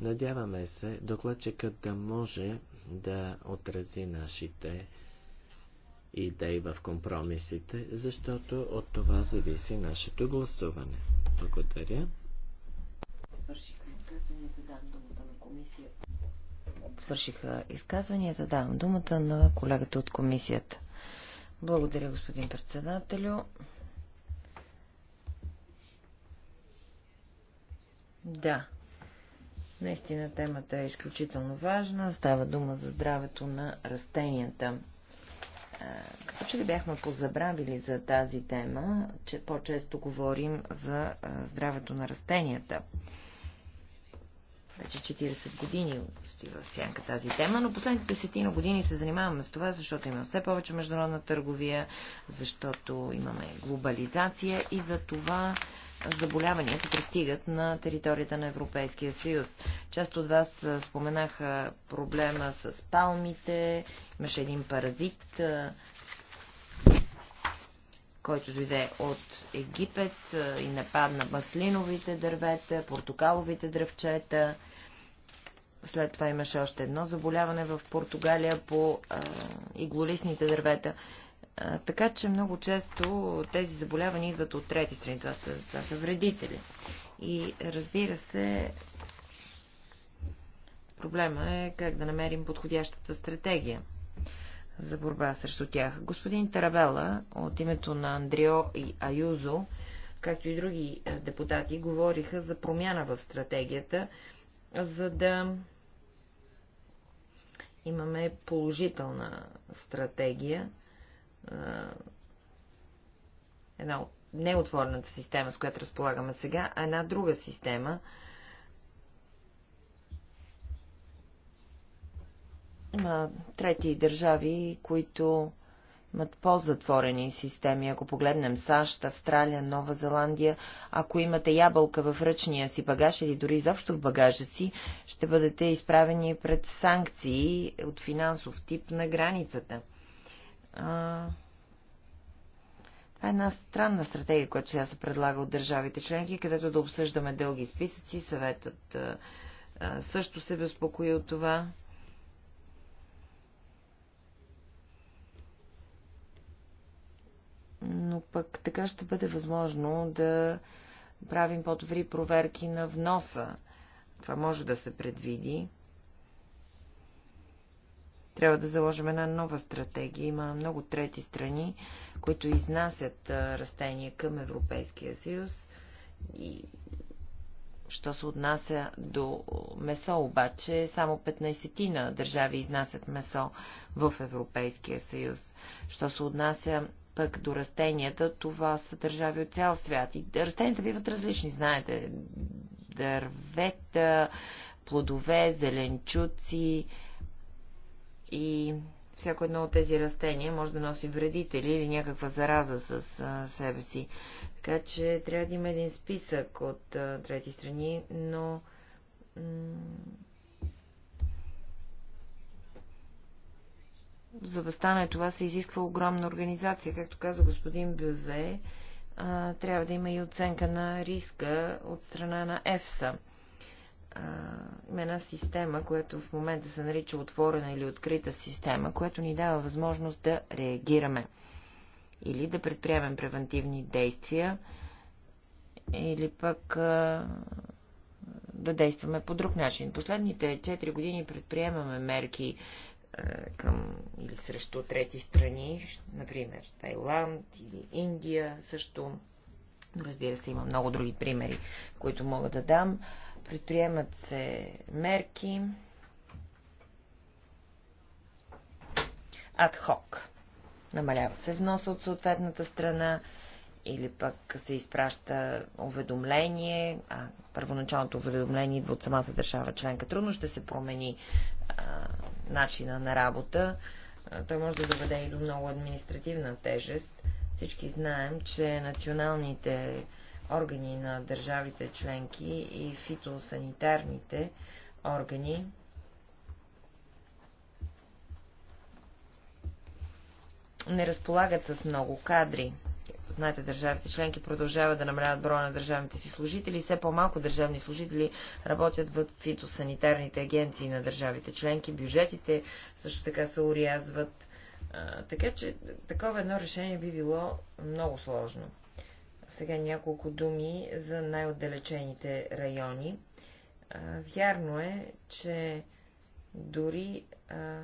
Speaker 3: Надяваме се докладчикът да може да отрази нашите идеи в компромисите, защото от това зависи нашето гласуване. Благодаря. Свършиха изказванията,
Speaker 2: давам думата на комисията. Свършиха думата на колегата от комисията. Благодаря, господин председателю. Да. Наистина темата е изключително важна. Става дума за здравето на растенията. Е, като че ли бяхме позабравили за тази тема, че по-често говорим за е, здравето на растенията. Вече 40 години стои в сянка тази тема, но последните десетина години се занимаваме с това, защото имаме все повече международна търговия, защото имаме глобализация и за това заболяванията пристигат на територията на Европейския съюз. Част от вас споменаха проблема с палмите. Имаше един паразит, който дойде от Египет и нападна маслиновите дървета, портокаловите дръвчета. След това имаше още едно заболяване в Португалия по а, иглолистните дървета. А, така че много често тези заболявания идват от трети страни. Това са, това са вредители. И разбира се, проблема е как да намерим подходящата стратегия за борба срещу тях. Господин Тарабела от името на Андрио и Аюзо, както и други депутати, говориха за промяна в стратегията, за да имаме положителна стратегия, една неотворната система, с която разполагаме сега, а една друга система, Има трети държави, които имат по-затворени системи. Ако погледнем САЩ, Австралия, Нова Зеландия, ако имате ябълка в ръчния си багаж или дори изобщо в багажа си, ще бъдете изправени пред санкции от финансов тип на границата. А... Това е една странна стратегия, която сега се предлага от държавите членки, където да обсъждаме дълги списъци. Съветът а, също се безпокои от това. но пък така ще бъде възможно да правим по-добри проверки на вноса. Това може да се предвиди. Трябва да заложим една нова стратегия. Има много трети страни, които изнасят растения към Европейския съюз. И що се отнася до месо, обаче само 15 на държави изнасят месо в Европейския съюз. Що се отнася пък до растенията, това са държави от цял свят. И растенията биват различни, знаете. Дървета, плодове, зеленчуци и всяко едно от тези растения може да носи вредители или някаква зараза с а, себе си. Така че трябва да има един списък от а, трети страни, но за да стане това се изисква огромна организация. Както каза господин Бюве, трябва да има и оценка на риска от страна на ЕФСА. Има една система, която в момента се нарича отворена или открита система, която ни дава възможност да реагираме или да предприемем превентивни действия, или пък да действаме по друг начин. Последните 4 години предприемаме мерки е, към или срещу трети страни, например Тайланд или Индия също. Разбира се, има много други примери, които мога да дам. Предприемат се мерки адхок. Намалява се вноса от съответната страна или пък се изпраща уведомление, а първоначалното уведомление идва от самата държава членка. Трудно ще се промени начина на работа. Той може да доведе и до много административна тежест. Всички знаем, че националните органи на държавите членки и фитосанитарните органи не разполагат с много кадри. Знаете, държавите членки продължават да намаляват броя на държавните си служители все по-малко държавни служители работят в фитосанитарните агенции на държавите членки. Бюджетите също така се урязват. А, така че такова едно решение би било много сложно. Сега няколко думи за най-отдалечените райони. А, вярно е, че дори а,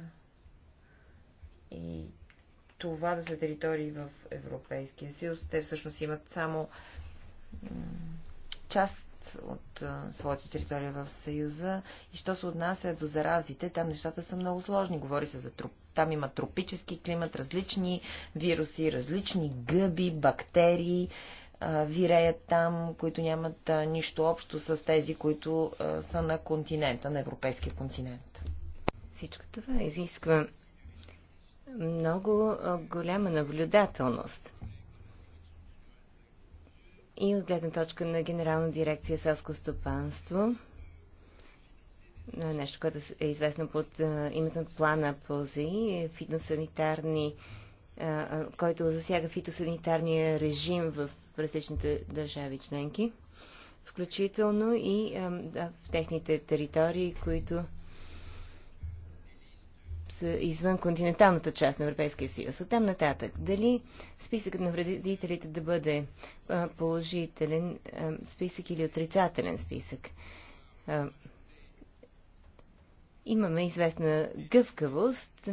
Speaker 2: и това да са територии в Европейския съюз. Те всъщност имат само част от своята територия в Съюза. И що се отнася до заразите, там нещата са много сложни. Говори се за труп. Там има тропически климат, различни вируси, различни гъби, бактерии виреят там, които нямат нищо общо с тези, които са на континента, на европейския континент. Всичко това изисква
Speaker 4: много голяма наблюдателност. И от гледна точка на Генерална дирекция селско стопанство, нещо, което е известно под името на плана ПОЗИ, е фитосанитарни, който засяга фитосанитарния режим в различните държави членки, включително и в техните територии, които извън континенталната част на Европейския съюз. Оттам нататък, дали списъкът на вредителите да бъде положителен списък или отрицателен списък? Имаме известна гъвкавост,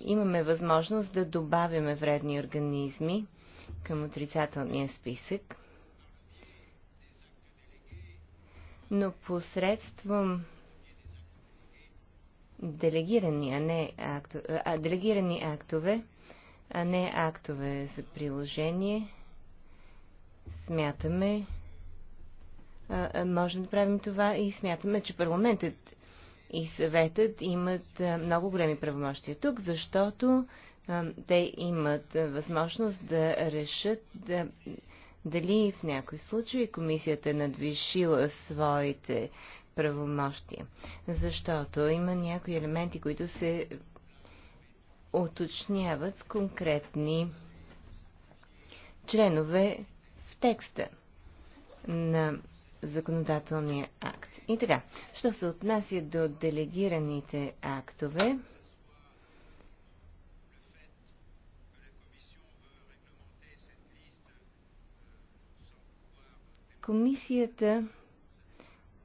Speaker 4: имаме възможност да добавяме вредни организми към отрицателния списък, но посредством делегирани, а не актове, а, делегирани актове, а не актове за приложение, смятаме, а, можем да правим това и смятаме, че парламентът и съветът имат много големи правомощия тук, защото а, те имат възможност да решат да, дали в някои случай комисията е надвишила своите правомощия. Защото има някои елементи, които се уточняват с конкретни членове в текста на законодателния акт. И така, що се отнася до делегираните актове, комисията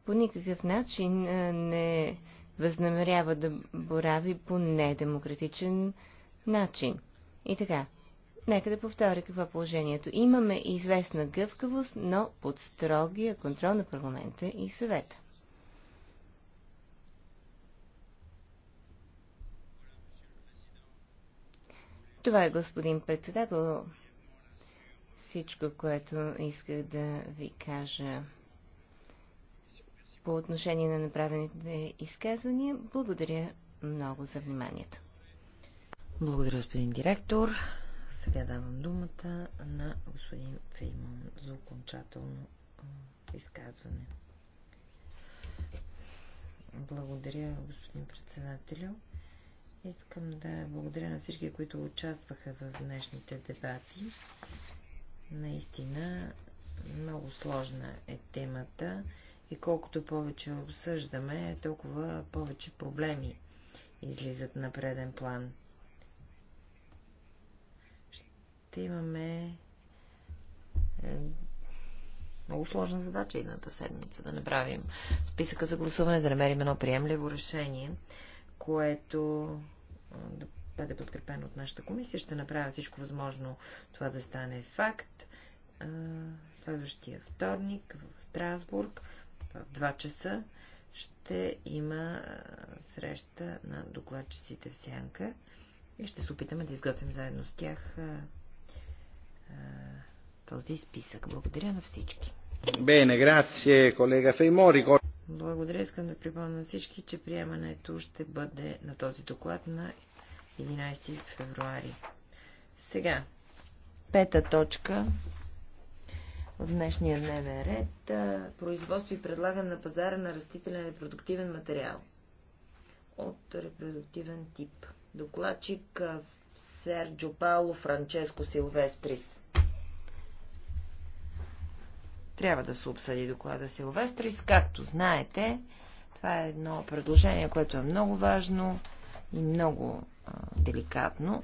Speaker 4: по никакъв начин не възнамерява да борави по недемократичен начин. И така, нека да повторя какво е положението. Имаме известна гъвкавост, но под строгия контрол на парламента и съвета. Това е, господин председател, всичко, което исках да ви кажа по отношение на направените изказвания. Благодаря много за вниманието.
Speaker 2: Благодаря, господин директор. Сега давам думата на господин Фейман за окончателно изказване. Благодаря, господин председателю. Искам да благодаря на всички, които участваха в днешните дебати. Наистина, много сложна е темата и колкото повече обсъждаме, толкова повече проблеми излизат на преден план. Ще имаме е, много сложна задача едната седмица, да направим списъка за гласуване, да намерим едно приемливо решение, което е, да бъде подкрепено от нашата комисия. Ще направя всичко възможно това да стане факт. Е, следващия вторник в Страсбург в 2 часа ще има среща на докладчиците в Сянка и ще се опитаме да изготвим заедно с тях този списък. Благодаря на всички.
Speaker 1: Бене, грация, колега Феймори.
Speaker 2: Благодаря. Искам да припомня на всички, че приемането ще бъде на този доклад на 11 февруари. Сега, пета точка от днешния дневен ред. Производство и предлагане на пазара на растителен репродуктивен материал от репродуктивен тип. Докладчик Серджо Пауло Франческо Силвестрис. Трябва да се обсъди доклада Силвестрис. Както знаете, това е едно предложение, което е много важно и много а, деликатно,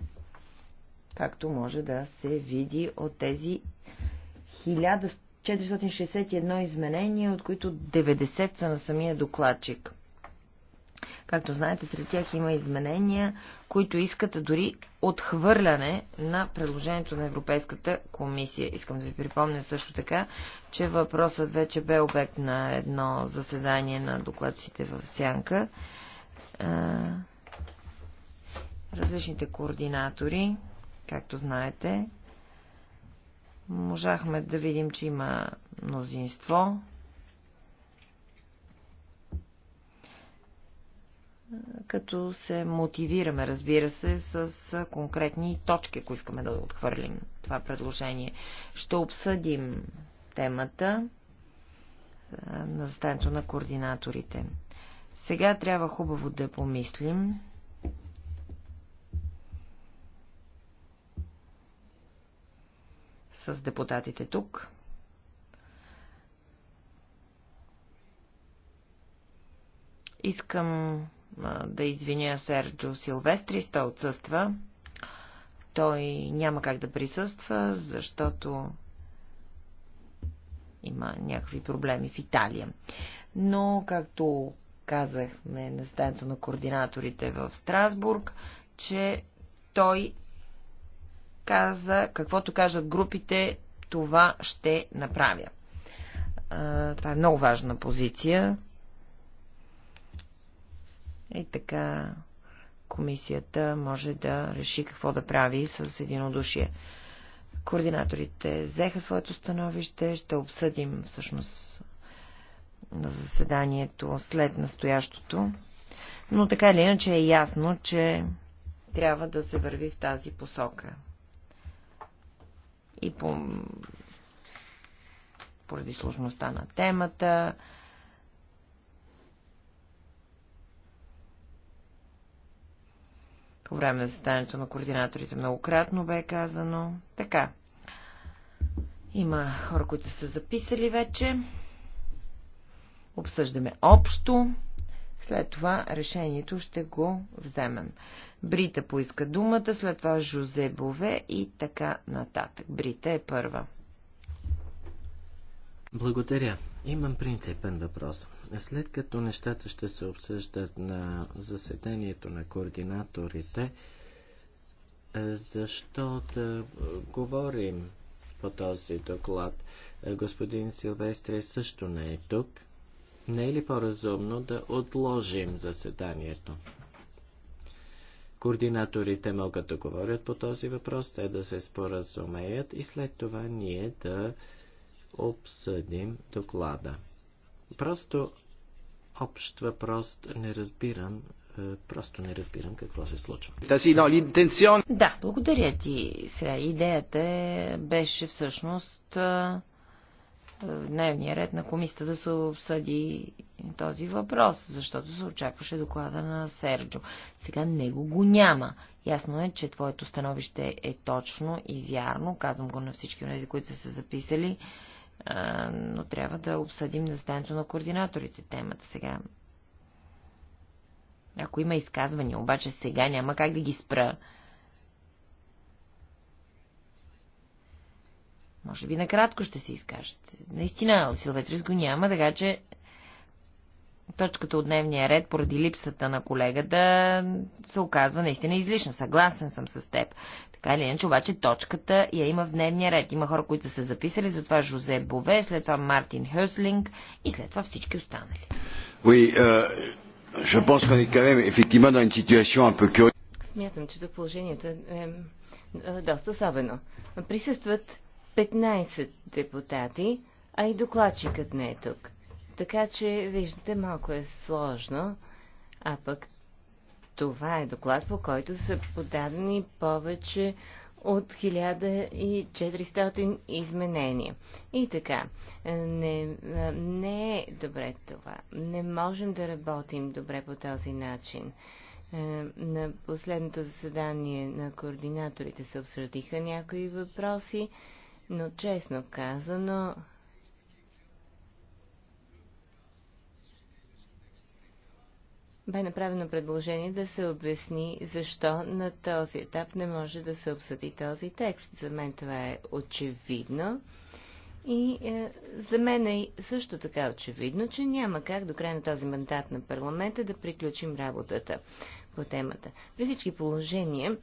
Speaker 2: както може да се види от тези 1461 изменения, от които 90 са на самия докладчик. Както знаете, сред тях има изменения, които искат дори отхвърляне на предложението на Европейската комисия. Искам да ви припомня също така, че въпросът вече бе обект на едно заседание на докладчите в Сянка. Различните координатори, както знаете, Можахме да видим, че има мнозинство. Като се мотивираме, разбира се, с конкретни точки, ако искаме да отхвърлим това предложение. Ще обсъдим темата е, на застанието на координаторите. Сега трябва хубаво да помислим с депутатите тук. Искам да извиня Серджо Силвестри, той отсъства. Той няма как да присъства, защото има някакви проблеми в Италия. Но, както казахме на станцията на координаторите в Страсбург, че той каза, каквото кажат групите, това ще направя. Това е много важна позиция. И така комисията може да реши какво да прави с единодушие. Координаторите взеха своето становище, ще обсъдим всъщност на заседанието след настоящото. Но така или иначе е ясно, че трябва да се върви в тази посока и по... поради сложността на темата. По време на състанието на координаторите многократно бе казано. Така. Има хора, които са се записали вече. Обсъждаме общо. След това решението ще го вземем. Брита поиска думата, след това Жозе Бове и така нататък. Брита е първа.
Speaker 3: Благодаря. Имам принципен въпрос. След като нещата ще се обсъждат на заседанието на координаторите, е, защо да говорим по този доклад? Е, господин Силвестри също не е тук. Не е ли по-разумно да отложим заседанието? Координаторите могат да говорят по този въпрос, те да се споразумеят и след това ние да обсъдим доклада. Просто общ въпрос не разбирам. Е, просто не разбирам какво се случва.
Speaker 1: Нали,
Speaker 2: да, благодаря ти. Сега идеята е, беше всъщност е, в дневния ред на комисията да се обсъди този въпрос, защото се очакваше доклада на Серджо. Сега него го няма. Ясно е, че твоето становище е точно и вярно. Казвам го на всички тези, които са се записали, но трябва да обсъдим заседанието на координаторите темата сега. Ако има изказвания, обаче сега няма как да ги спра. Може би накратко ще се изкажете. Наистина, Силветрис го няма, така че точката от дневния ред, поради липсата на колегата, се оказва наистина излишна. Съгласен съм с теб. Така или иначе, обаче точката я има в дневния ред. Има хора, които са се записали, затова Жозе Бове, след това Мартин Хюслинг и след това всички останали.
Speaker 1: Oui, uh, je pense qu'on est quand même effectivement dans une situation un peu curieuse.
Speaker 4: Смятам, че положението е, е, е доста особено. Присъстват 15 депутати, а и докладчикът не е тук. Така че, виждате, малко е сложно, а пък това е доклад, по който са подадени повече от 1400 изменения. И така, не, не е добре това. Не можем да работим добре по този начин. Е, на последното заседание на координаторите се обсъдиха някои въпроси. Но честно казано, бе направено предложение да се обясни защо на този етап не може да се обсъди този текст. За мен това е очевидно. И е, за мен е също така очевидно, че няма как до края на този мандат на парламента да приключим работата по темата. При всички положения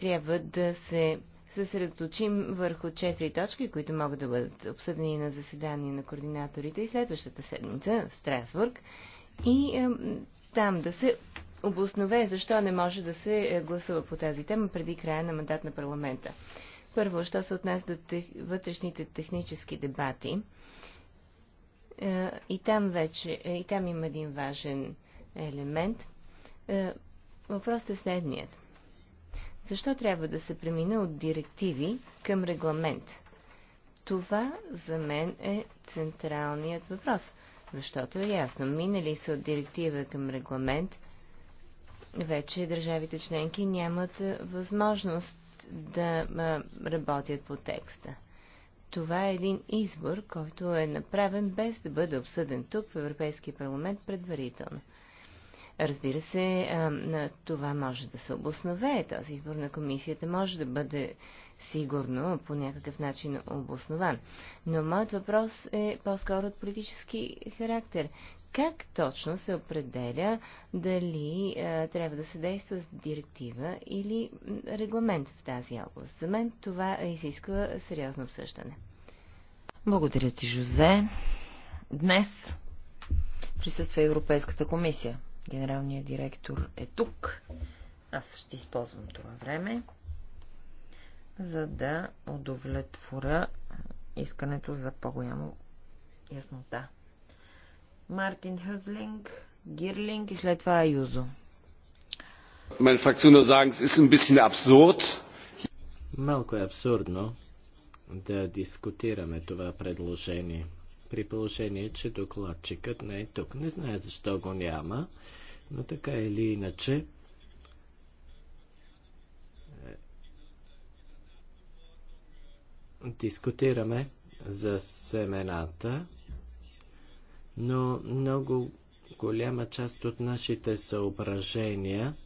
Speaker 4: трябва да се се съсредоточим върху четири точки, които могат да бъдат обсъдени на заседание на координаторите и следващата седмица в Страсбург. И е, там да се обоснове защо не може да се е, гласува по тази тема преди края на мандат на парламента. Първо, що се отнася до тех... вътрешните технически дебати, е, и там вече, е, и там има един важен елемент. Е, въпросът е следният – защо трябва да се премина от директиви към регламент? Това за мен е централният въпрос, защото е ясно, минали са от директива към регламент, вече държавите членки нямат възможност да работят по текста. Това е един избор, който е направен без да бъде обсъден тук в Европейския парламент предварително. Разбира се, това може да се обоснове. Този избор на комисията може да бъде сигурно по някакъв начин обоснован. Но моят въпрос е по-скоро от политически характер. Как точно се определя дали а, трябва да се действа с директива или регламент в тази област? За мен това изисква сериозно обсъждане.
Speaker 2: Благодаря ти, Жозе. Днес присъства Европейската комисия. Генералният директор е тук. Аз ще използвам това време, за да удовлетворя искането за по-голямо яснота. Мартин Хюзлинг, Гирлинг и след това юзо.
Speaker 3: Meine Fraktion nur sagen, е ist ein Малко е абсурдно да дискутираме това предложение при положение, че докладчикът не е тук. Не знае защо го няма, но така или иначе е, дискутираме за семената, но много голяма част от нашите съображения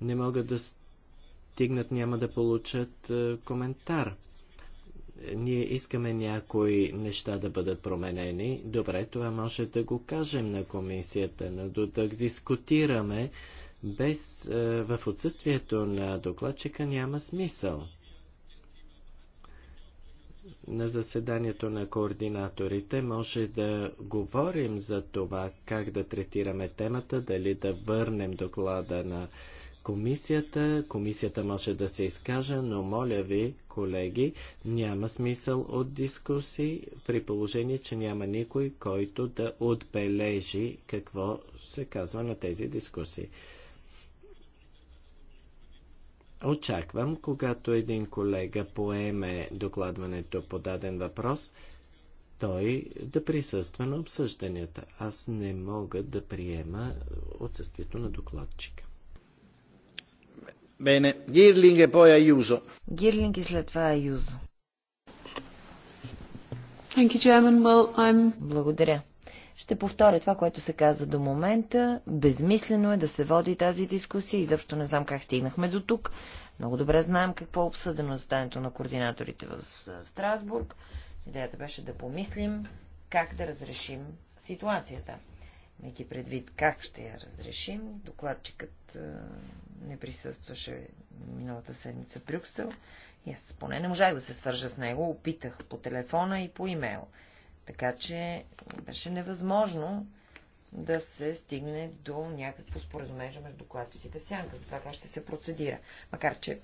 Speaker 3: не могат да стигнат, няма да получат е, коментар ние искаме някои неща да бъдат променени, добре, това може да го кажем на комисията, но да дискутираме без, е, в отсъствието на докладчика няма смисъл. На заседанието на координаторите може да говорим за това как да третираме темата, дали да върнем доклада на комисията. Комисията може да се изкаже, но моля ви, колеги, няма смисъл от дискусии, при положение, че няма никой, който да отбележи какво се казва на тези дискусии. Очаквам, когато един колега поеме докладването по даден въпрос, той да присъства на обсъжданията. Аз не мога да приема отсъствието на докладчика. Bene, Girling e poi Ayuso.
Speaker 2: Girling след e това Thank you, Well, I'm... Благодаря. Ще повторя това, което се каза до момента. Безмислено е да се води тази дискусия. Изобщо не знам как стигнахме до тук. Много добре знаем какво е обсъдено заседанието на координаторите в Страсбург. Идеята беше да помислим как да разрешим ситуацията имайки предвид как ще я разрешим. Докладчикът не присъстваше миналата седмица в Брюксел и аз поне не можах да се свържа с него. Опитах по телефона и по имейл. Така че беше невъзможно да се стигне до някакво споразумение между докладчиците в сянка за това как ще се процедира. Макар, че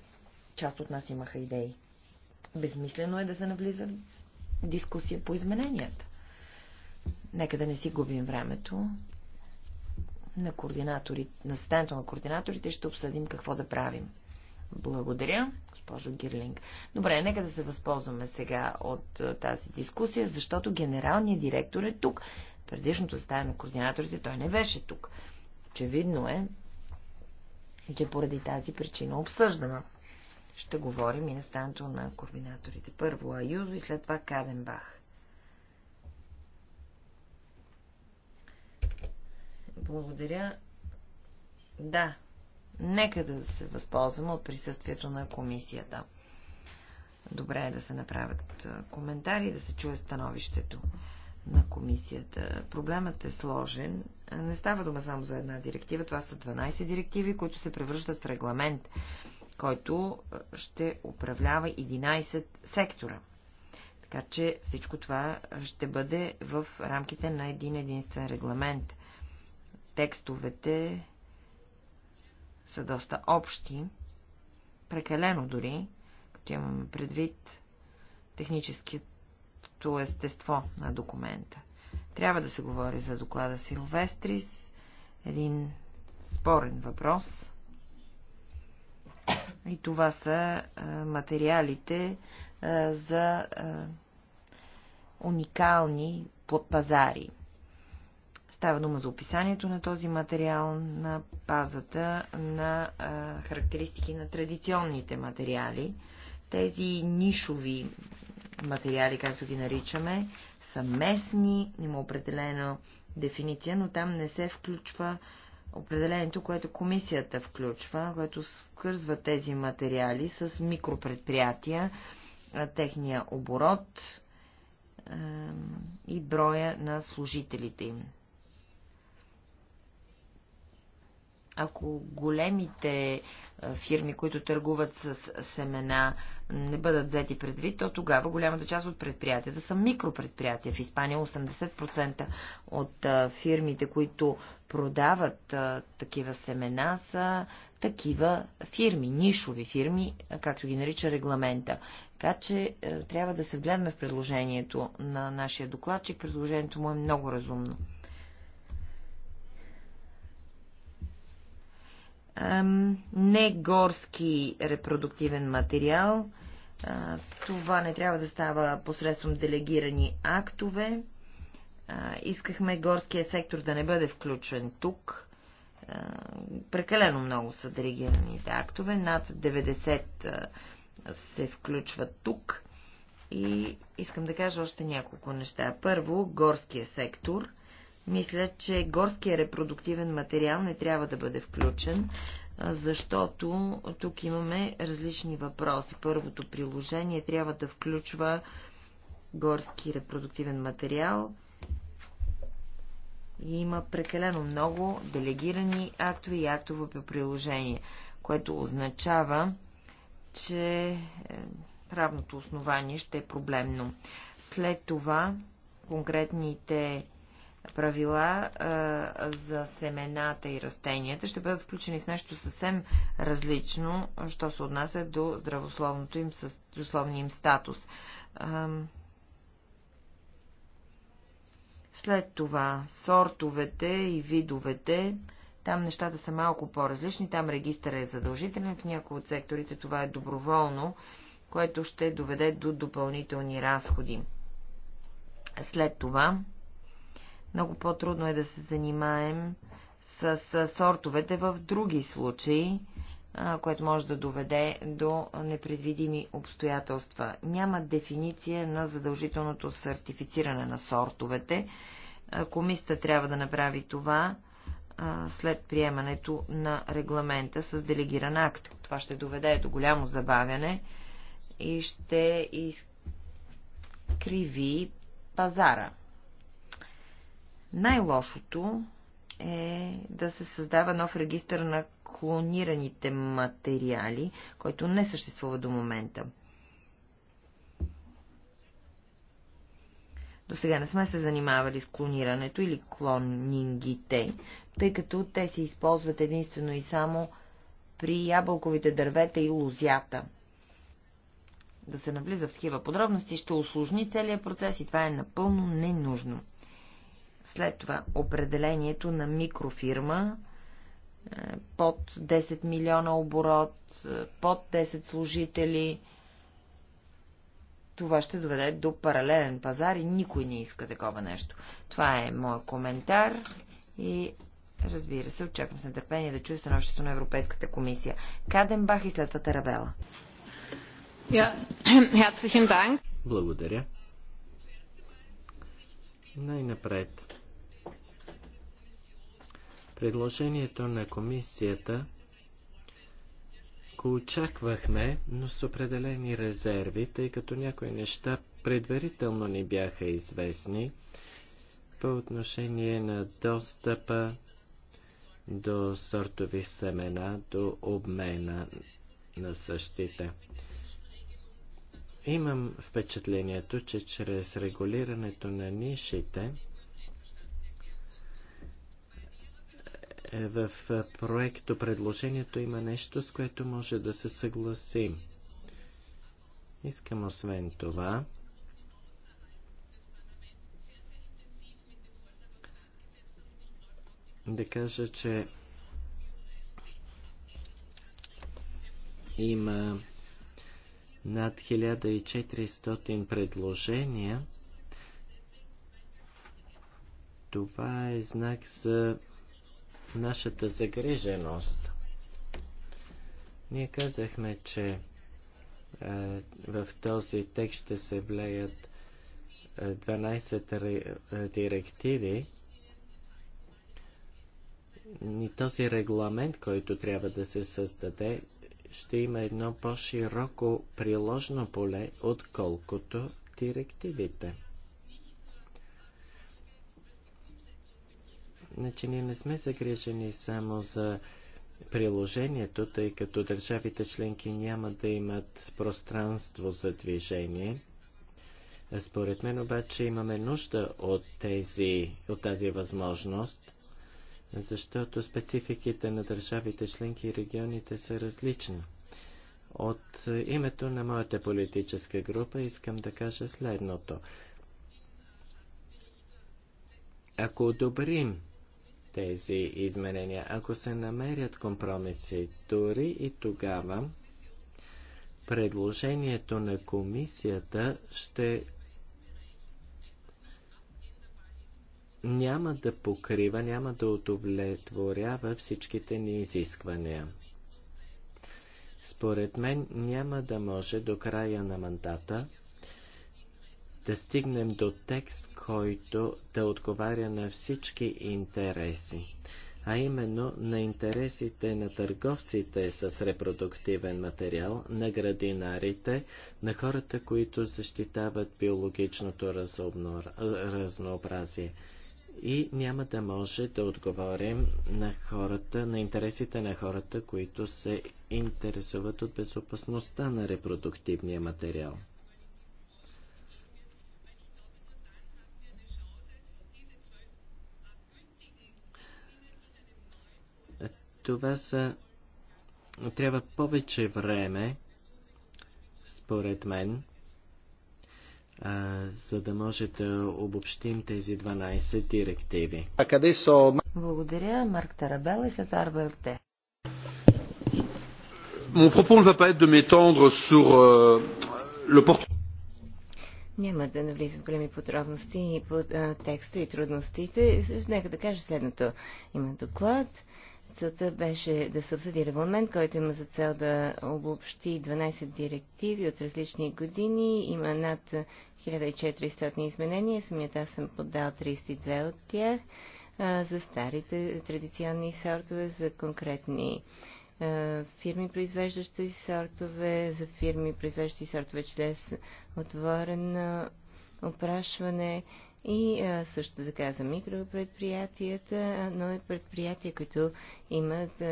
Speaker 2: част от нас имаха идеи. Безмислено е да се навлиза в дискусия по измененията. Нека да не си губим времето. На, координатори, на стенто на координаторите ще обсъдим какво да правим. Благодаря, госпожо Гирлинг. Добре, нека да се възползваме сега от тази дискусия, защото генералният директор е тук. Предишното стая на координаторите той не беше тук. Очевидно е, че поради тази причина обсъждаме. Ще говорим и на стането на координаторите. Първо Аюзо и след това Каденбах. Благодаря. Да, нека да се възползваме от присъствието на комисията. Добре е да се направят коментари, да се чуе становището на комисията. Проблемът е сложен. Не става дума само за една директива. Това са 12 директиви, които се превръщат в регламент, който ще управлява 11 сектора. Така че всичко това ще бъде в рамките на един единствен регламент. Текстовете са доста общи, прекалено дори, като имаме предвид техническото естество на документа. Трябва да се говори за доклада Силвестрис, един спорен въпрос. И това са а, материалите а, за а, уникални подпазари. Става дума за описанието на този материал на базата на а, характеристики на традиционните материали. Тези нишови материали, както ги наричаме, са местни, има определена дефиниция, но там не се включва определението, което комисията включва, което свързва тези материали с микропредприятия, техния оборот и броя на служителите им. Ако големите фирми, които търгуват с семена, не бъдат взети предвид, то тогава голямата част от предприятията са микропредприятия. В Испания 80% от фирмите, които продават такива семена, са такива фирми, нишови фирми, както ги нарича регламента. Така че трябва да се вгледаме в предложението на нашия докладчик. Предложението му е много разумно. Не горски репродуктивен материал. Това не трябва да става посредством делегирани актове. Искахме горския сектор да не бъде включен тук. Прекалено много са делегираните актове. Над 90 се включват тук. И искам да кажа още няколко неща. Първо, горския сектор. Мисля, че горския репродуктивен материал не трябва да бъде включен, защото тук имаме различни въпроси. Първото приложение трябва да включва горски репродуктивен материал и има прекалено много делегирани актове и актове по приложение, което означава, че е, правното основание ще е проблемно. След това конкретните правила а, за семената и растенията ще бъдат включени в нещо съвсем различно, що се отнася до здравословното им, здравословния им статус. А, след това сортовете и видовете, там нещата са малко по-различни, там регистъра е задължителен, в някои от секторите това е доброволно, което ще доведе до допълнителни разходи. След това много по-трудно е да се занимаем с, с сортовете в други случаи, което може да доведе до непредвидими обстоятелства. Няма дефиниция на задължителното сертифициране на сортовете. Комисията трябва да направи това след приемането на регламента с делегиран акт. Това ще доведе до голямо забавяне и ще изкриви пазара. Най-лошото е да се създава нов регистр на клонираните материали, който не съществува до момента. До сега не сме се занимавали с клонирането или клонингите, тъй като те се използват единствено и само при ябълковите дървета и лузята. Да се навлиза в такива подробности ще усложни целият процес и това е напълно ненужно. След това определението на микрофирма е, под 10 милиона оборот, е, под 10 служители. Това ще доведе до паралелен пазар и никой не иска такова нещо. Това е моят коментар и разбира се, очаквам с нетърпение да чуя становището на Европейската комисия. Каденбах и следва Тарабела.
Speaker 3: Благодаря. Най-напред Предложението на комисията го очаквахме, но с определени резерви, тъй като някои неща предварително ни бяха известни по отношение на достъпа до сортови семена, до обмена на същите. Имам впечатлението, че чрез регулирането на нишите Е, в е, проекто предложението има нещо, с което може да се съгласим. Искам освен това да кажа, че има над 1400 предложения. Това е знак за нашата загриженост. Ние казахме, че е, в този текст ще се влеят 12 е, е, директиви и този регламент, който трябва да се създаде, ще има едно по-широко приложно поле, отколкото директивите. Значи ние не сме загрижени само за приложението, тъй като държавите членки няма да имат пространство за движение. Според мен обаче имаме нужда от, тези, от тази възможност, защото спецификите на държавите членки и регионите са различни. От името на моята политическа група искам да кажа следното. Ако одобрим тези изменения. Ако се намерят компромиси, дори и тогава предложението на комисията ще няма да покрива, няма да удовлетворява всичките ни изисквания. Според мен няма да може до края на мандата да стигнем до текст, който да отговаря на всички интереси, а именно на интересите на търговците с репродуктивен материал, на градинарите, на хората, които защитават биологичното разумно, разнообразие. И няма да може да отговорим на хората, на интересите на хората, които се интересуват от безопасността на репродуктивния материал. това са... трябва повече време, според мен, а, за да може да обобщим тези 12 директиви.
Speaker 2: Благодаря, Марк Тарабел и след Арбелте.
Speaker 1: Mon propos ne va pas être de m'étendre sur euh, le
Speaker 4: Няма да навлизам в големи подробности и по а, текста и трудностите. Нека да кажа следното. Има доклад, Целта беше да се обсъди регламент, който има за цел да обобщи 12 директиви от различни години. Има над 1400 изменения. Самият аз съм поддал 32 от тях а, за старите традиционни сортове, за конкретни а, фирми, произвеждащи сортове, за фирми, произвеждащи сортове чрез отворено опрашване, и също така за микропредприятията, но и предприятия, които имат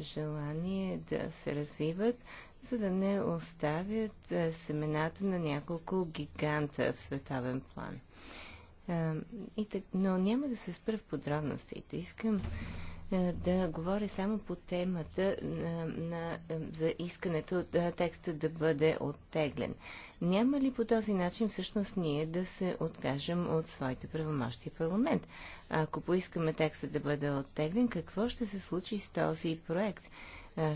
Speaker 4: желание да се развиват, за да не оставят семената на няколко гиганта в световен план. но няма да се спра в подробностите. Искам е, да говоря само по темата е, на, на, е, за искането да текста да бъде оттеглен. Няма ли по този начин всъщност ние да се откажем от своите правомощи парламент? Ако поискаме текста да бъде оттеглен, какво ще се случи с този проект?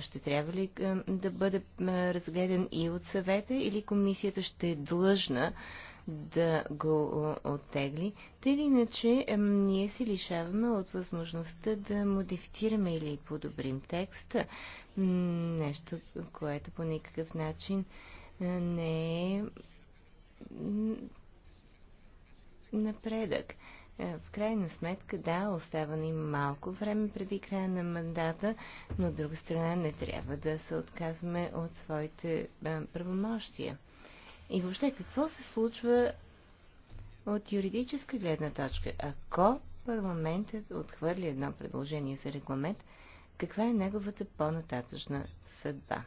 Speaker 4: Ще трябва ли да бъде разгледан и от съвета или комисията ще е длъжна да го оттегли. Тъй или иначе, ние се лишаваме от възможността да модифицираме или подобрим текста. Нещо, което по никакъв начин не е напредък. Е, в крайна сметка, да, остава ни малко време преди края на мандата, но от друга страна не трябва да се отказваме от своите правомощия. И въобще какво се случва от юридическа гледна точка? Ако парламентът отхвърли едно предложение за регламент, каква е неговата
Speaker 2: по-нататъчна съдба?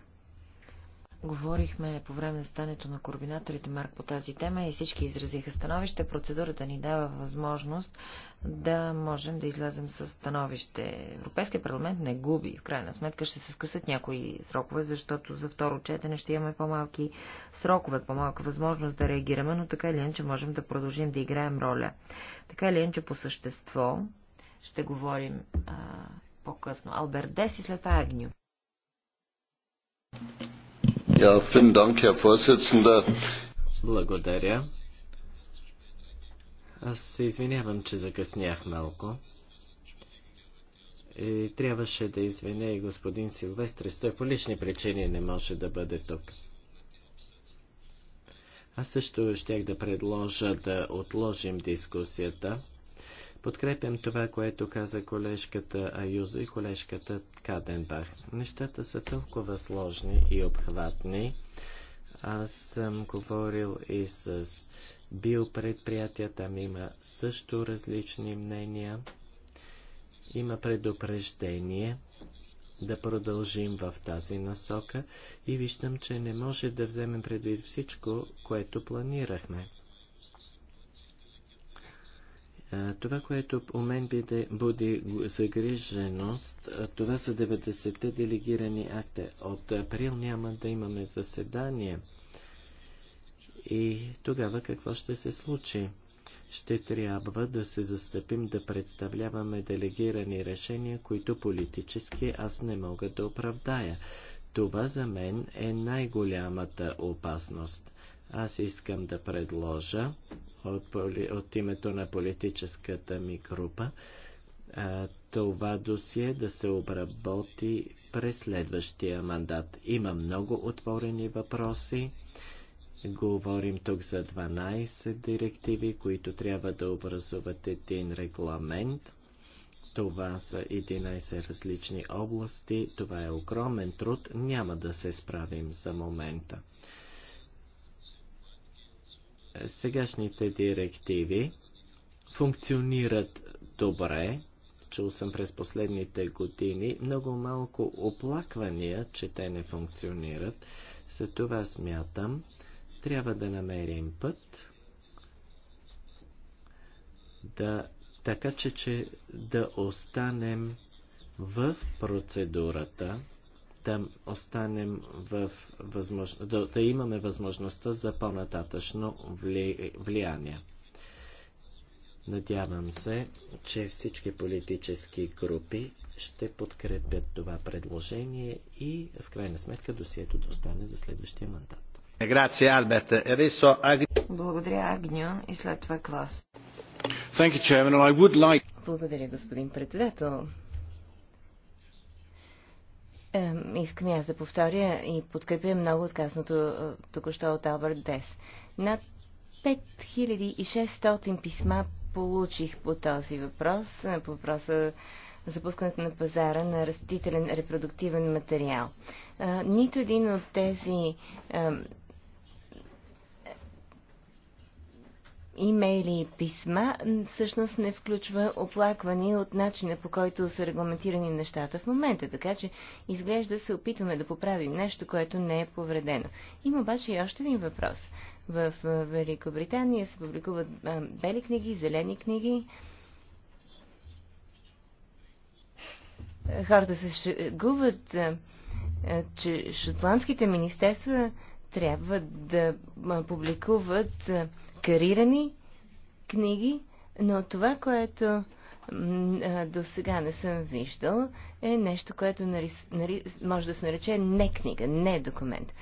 Speaker 2: Говорихме по време на стането на координаторите Марк по тази тема и всички изразиха становище. Процедурата ни дава възможност да можем да излезем с становище. Европейския парламент не губи. В крайна сметка ще се скъсат някои срокове, защото за второ четене ще имаме по-малки срокове, по-малка възможност да реагираме, но така или иначе можем да продължим да играем роля. Така или иначе по същество ще говорим по-късно. Алберт Деси и след това Агню.
Speaker 4: Ja, vielen Dank, Herr Vorsitzender.
Speaker 3: Благодаря. Аз се извинявам, че закъснях малко. И трябваше да извиня и господин с Той по лични причини не може да бъде тук. Аз също щях да предложа да отложим дискусията. Подкрепям това, което каза колежката Аюзо и колежката Каденбах. Нещата са толкова сложни и обхватни. Аз съм говорил и с биопредприятия, там ами има също различни мнения. Има предупреждение да продължим в тази насока и виждам, че не може да вземем предвид всичко, което планирахме. Това, което у мен биде, буди загриженост, това са 90-те делегирани акта. От април няма да имаме заседание. И тогава какво ще се случи? Ще трябва да се застъпим да представляваме делегирани решения, които политически аз не мога да оправдая. Това за мен е най-голямата опасност. Аз искам да предложа от, от името на политическата ми група а, това досие да се обработи през следващия мандат. Има много отворени въпроси. Говорим тук за 12 директиви, които трябва да образуват един регламент. Това са 11 различни области. Това е огромен труд. Няма да се справим за момента сегашните директиви функционират добре. Чул съм през последните години много малко оплаквания, че те не функционират. За това смятам, трябва да намерим път да, така че, че да останем в процедурата, да останем в възмож... да, да имаме възможността за по-нататъчно вли... влияние. Надявам се, че всички политически групи ще подкрепят това предложение и в крайна сметка досието да остане за следващия мандат.
Speaker 2: Благодаря, Агню, и след това клас.
Speaker 4: Благодаря, господин председател искам аз да повторя и подкрепя много отказното е, току-що от Алберт Дес. Над 5600 писма получих по този въпрос, е, по въпроса за пускането на пазара на растителен репродуктивен материал. Е, нито един от тези имейли и писма всъщност не включва оплаквания от начина по който са регламентирани нещата в момента. Така че изглежда се опитваме да поправим нещо, което не е повредено. Има обаче и още един въпрос. В е, Великобритания се публикуват е, бели книги, зелени книги. Хората се шегуват, е, че шотландските министерства трябва да публикуват карирани книги, но това, което до сега не съм виждал, е нещо, което нарис... Нарис... може да се нарече не книга, не документ.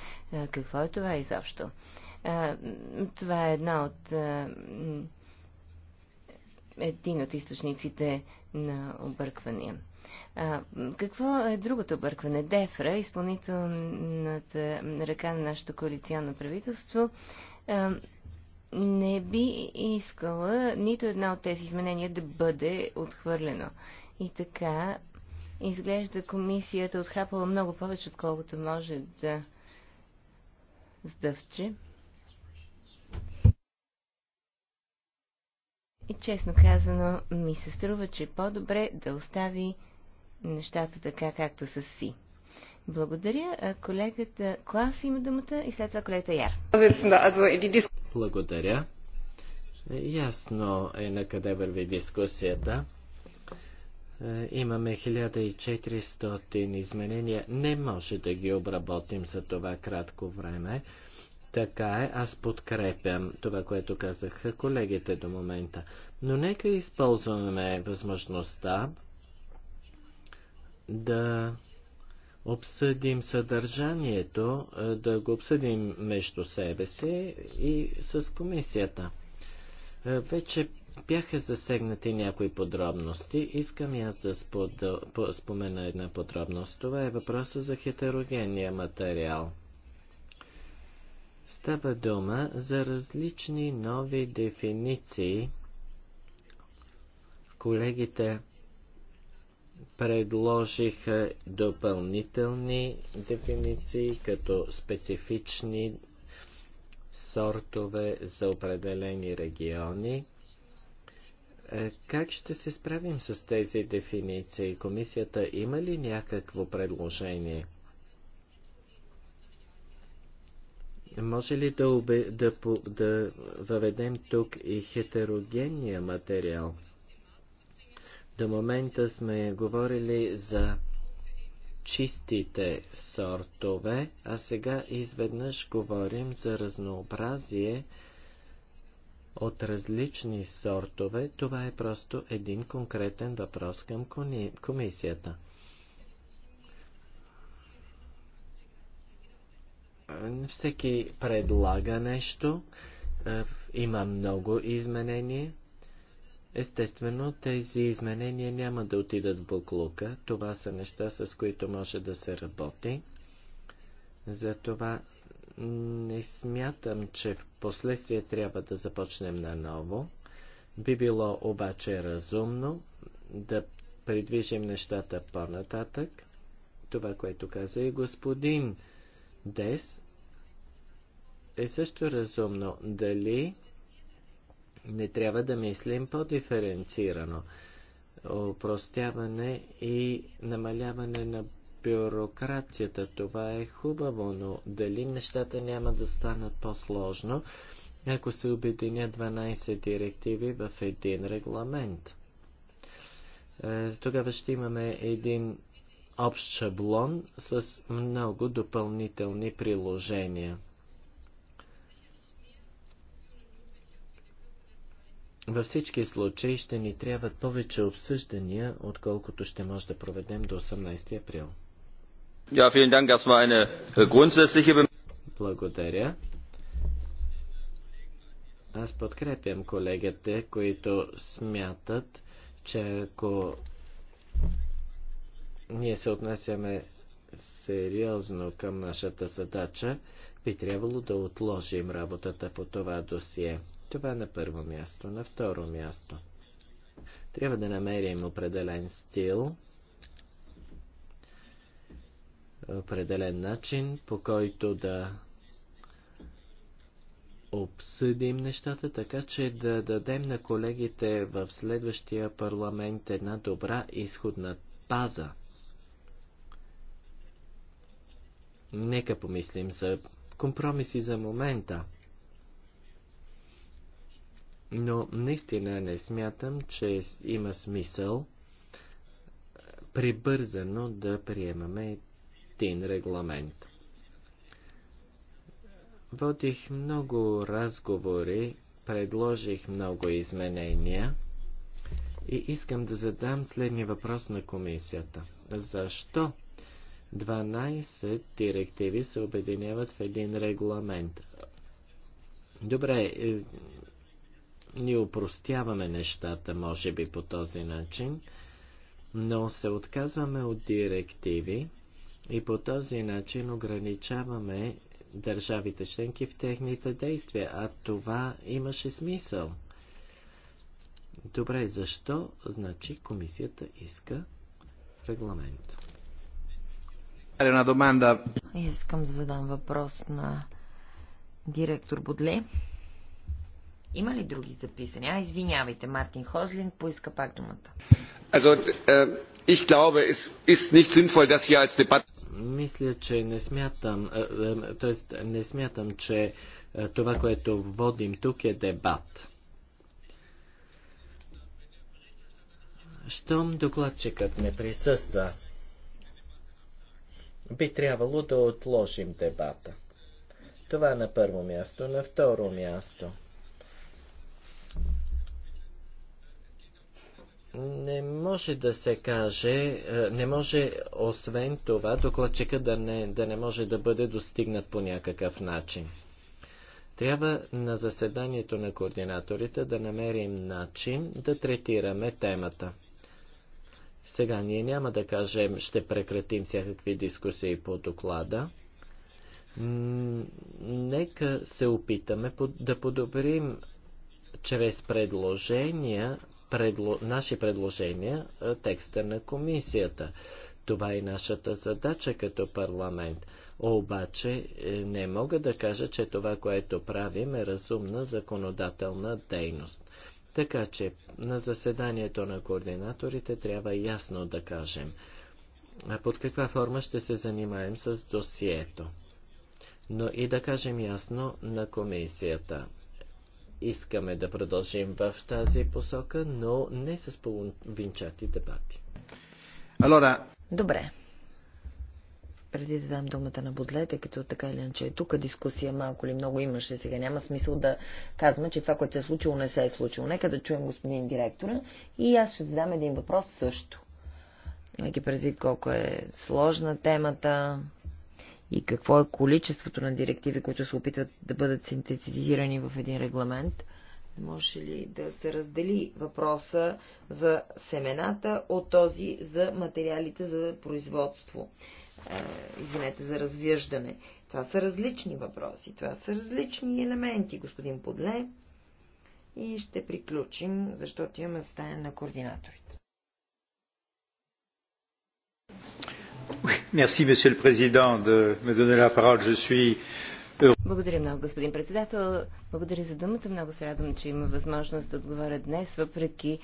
Speaker 4: Какво е това изобщо? Това е една от един от източниците на обърквания. А, какво е другото объркване? Дефра, изпълнителната ръка на нашето коалиционно правителство, а, не би искала нито една от тези изменения да бъде отхвърлено. И така, изглежда комисията отхапала много повече, отколкото може да сдъвче. И честно казано, ми се струва, че е по-добре да остави нещата така, както са си. Благодаря. Колегата Клас има думата и след това колегата Яр.
Speaker 3: Благодаря. Ясно е на къде върви дискусията. Е, имаме 1400 изменения. Не може да ги обработим за това кратко време. Така е, аз подкрепям това, което казаха колегите до момента. Но нека използваме възможността да обсъдим съдържанието, да го обсъдим между себе си и с комисията. Вече бяха засегнати някои подробности. Искам и аз да спомена една подробност. Това е въпроса за хетерогенния материал. Става дума за различни нови дефиниции. Колегите предложиха допълнителни дефиниции като специфични сортове за определени региони. Е, как ще се справим с тези дефиниции? Комисията има ли някакво предложение? Може ли да, обе, да, да въведем тук и хетерогенния материал? До момента сме говорили за чистите сортове, а сега изведнъж говорим за разнообразие от различни сортове. Това е просто един конкретен въпрос към комисията. Всеки предлага нещо, е, има много изменения. Естествено, тези изменения няма да отидат в буклука. Това са неща, с които може да се работи. Затова не смятам, че в последствие трябва да започнем наново. Би било обаче разумно да придвижим нещата по-нататък. Това, което каза и господин Дес, е също разумно дали не трябва да мислим по-диференцирано. Опростяване и намаляване на бюрокрацията, това е хубаво, но дали нещата няма да станат по-сложно, ако се обединят 12 директиви в един регламент? Е, тогава ще имаме един общ шаблон с много допълнителни приложения. Във всички случаи ще ни трябват повече обсъждания, отколкото ще може да проведем до 18 април.
Speaker 1: Äh,
Speaker 3: Благодаря. Аз подкрепям колегите, които смятат, че ако ние се отнасяме сериозно към нашата задача, би трябвало да отложим работата по това досие. Това е на първо място. На второ място. Трябва да намерим определен стил, определен начин, по който да обсъдим нещата, така че да дадем на колегите в следващия парламент една добра изходна база. Нека помислим за компромиси за момента но наистина не смятам, че има смисъл е, прибързано да приемаме тин регламент. Водих много разговори, предложих много изменения и искам да задам следния въпрос на комисията. Защо 12 директиви се обединяват в един регламент? Добре, е, ние упростяваме нещата, може би по този начин, но се отказваме от директиви и по този начин ограничаваме държавите членки в техните действия, а това имаше смисъл. Добре, защо значи комисията иска регламент?
Speaker 2: Искам да задам въпрос на директор Бодле. Има ли други записани? А, извинявайте, Мартин Хозлин поиска пак думата.
Speaker 1: Э,
Speaker 3: мисля, че не смятам, э, э, т.е. не смятам, че това, което водим тук е дебат. Щом докладчикът не присъства, би трябвало да отложим дебата. Това на първо място. На второ място. Не може да се каже, е, не може освен това докладчика да не, да не може да бъде достигнат по някакъв начин. Трябва на заседанието на координаторите да намерим начин да третираме темата. Сега ние няма да кажем, ще прекратим всякакви дискусии по доклада. Нека се опитаме да подобрим чрез предложения, предло, наши предложения, текста на комисията. Това е нашата задача като парламент. Обаче е, не мога да кажа, че това, което правим е разумна законодателна дейност. Така че на заседанието на координаторите трябва ясно да кажем под каква форма ще се занимаем с досието. Но и да кажем ясно на комисията искаме да продължим в тази посока, но не с половинчати дебати. Алора.
Speaker 2: Добре. Преди да дам думата на Бодле, тъй като така или иначе е тук дискусия малко ли много имаше сега. Няма смисъл да казваме, че това, което се е случило, не се е случило. Нека да чуем господин директора и аз ще задам един въпрос също. Имайки предвид колко е сложна темата, и какво е количеството на директиви, които се опитват да бъдат синтетизирани в един регламент, може ли да се раздели въпроса за семената от този за материалите за производство? Е, извинете, за развиждане. Това са различни въпроси, това са различни елементи, господин Подле. И ще приключим, защото имаме стане на координаторите.
Speaker 1: Merci, Monsieur le Président, de me donner la parole. Je suis
Speaker 4: благодаря много, господин председател. Благодаря за думата. Много се радвам, че има възможност да отговоря днес, въпреки,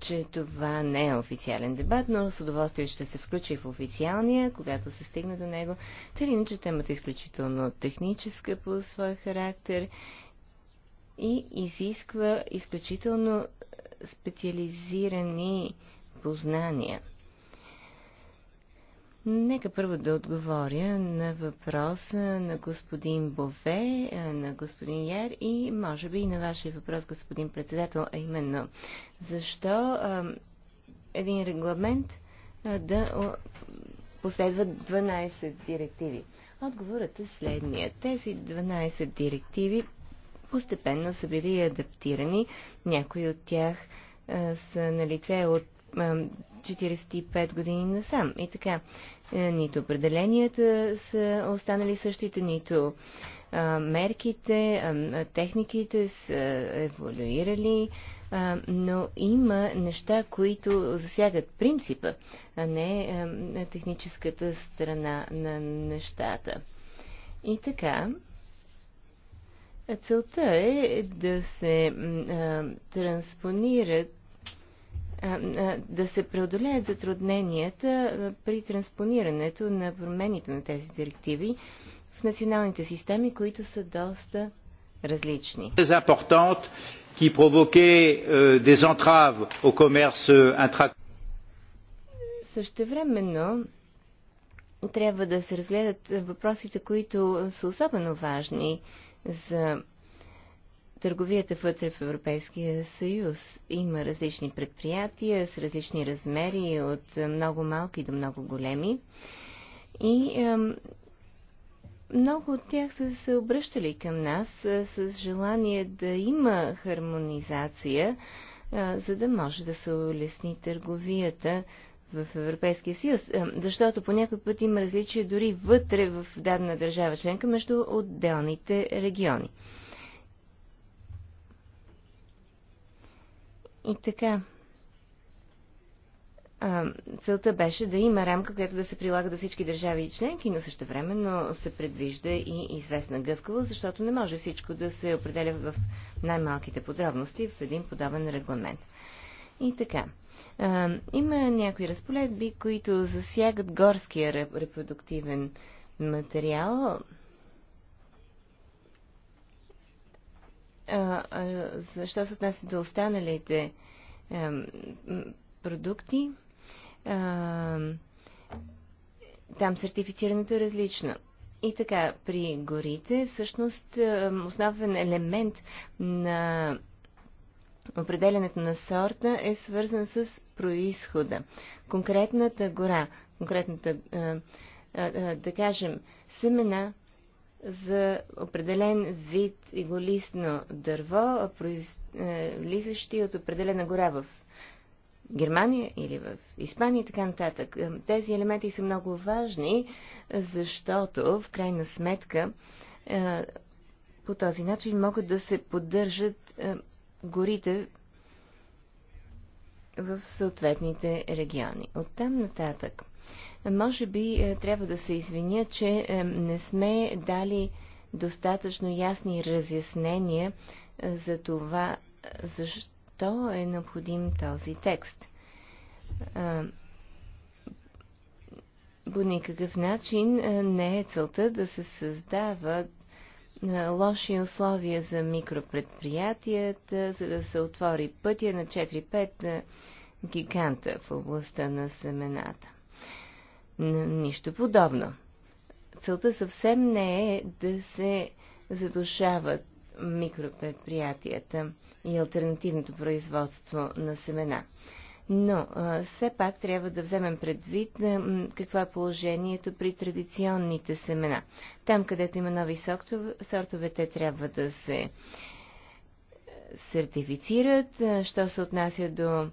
Speaker 4: че това не е официален дебат, но с удоволствие ще се включи в официалния, когато се стигне до него. Тъй че темата е изключително техническа по своя характер и изисква изключително специализирани познания – Нека първо да отговоря на въпроса на господин Бове, е, на господин Яр и може би и на вашия въпрос, господин председател, а именно защо а, е, един регламент а, е, да последва 12 директиви. Отговорът е следния. Тези 12 директиви постепенно са били адаптирани. Някои от тях а, са на лице от 45 години насам. И така, нито определенията са останали същите, нито мерките, техниките са еволюирали, но има неща, които засягат принципа, а не техническата страна на нещата. И така, целта е да се транспонират да се преодолеят затрудненията при транспонирането на промените на тези директиви в националните системи, които са доста различни.
Speaker 1: Euh, euh,
Speaker 4: Също времено трябва да се разгледат въпросите, които са особено важни за търговията вътре в Европейския съюз. Има различни предприятия с различни размери, от много малки до много големи. И много от тях са се обръщали към нас с желание да има хармонизация, за да може да се улесни търговията в Европейския съюз, защото по някой път има различия дори вътре в дадена държава членка между отделните региони. И така. Целта беше да има рамка, която да се прилага до всички държави и членки, но също но се предвижда и известна гъвкавост, защото не може всичко да се определя в най-малките подробности в един подобен регламент. И така. А, има някои разпоредби, които засягат горския репродуктивен материал, Защо се отнася до останалите продукти? Там сертифицирането е различно. И така, при горите, всъщност, основен елемент на определенето на сорта е свързан с происхода. Конкретната гора, конкретната, е, е, е, да кажем, семена за определен вид иголистно дърво, произлизащи от определена гора в Германия или в Испания и така нататък. Тези елементи са много важни, защото в крайна сметка е, по този начин могат да се поддържат е, горите в съответните региони. Оттам нататък може би е, трябва да се извиня, че е, не сме дали достатъчно ясни разяснения е, за това, защо е необходим този текст. По никакъв начин не е целта да се създават лоши условия за микропредприятията, за да се отвори пътя на 4-5 гиганта в областта на семената. Нищо подобно. Целта съвсем не е да се задушават микропредприятията и альтернативното производство на семена. Но все пак трябва да вземем предвид какво е положението при традиционните семена. Там, където има нови сортове, сортове те трябва да се сертифицират. що се отнася до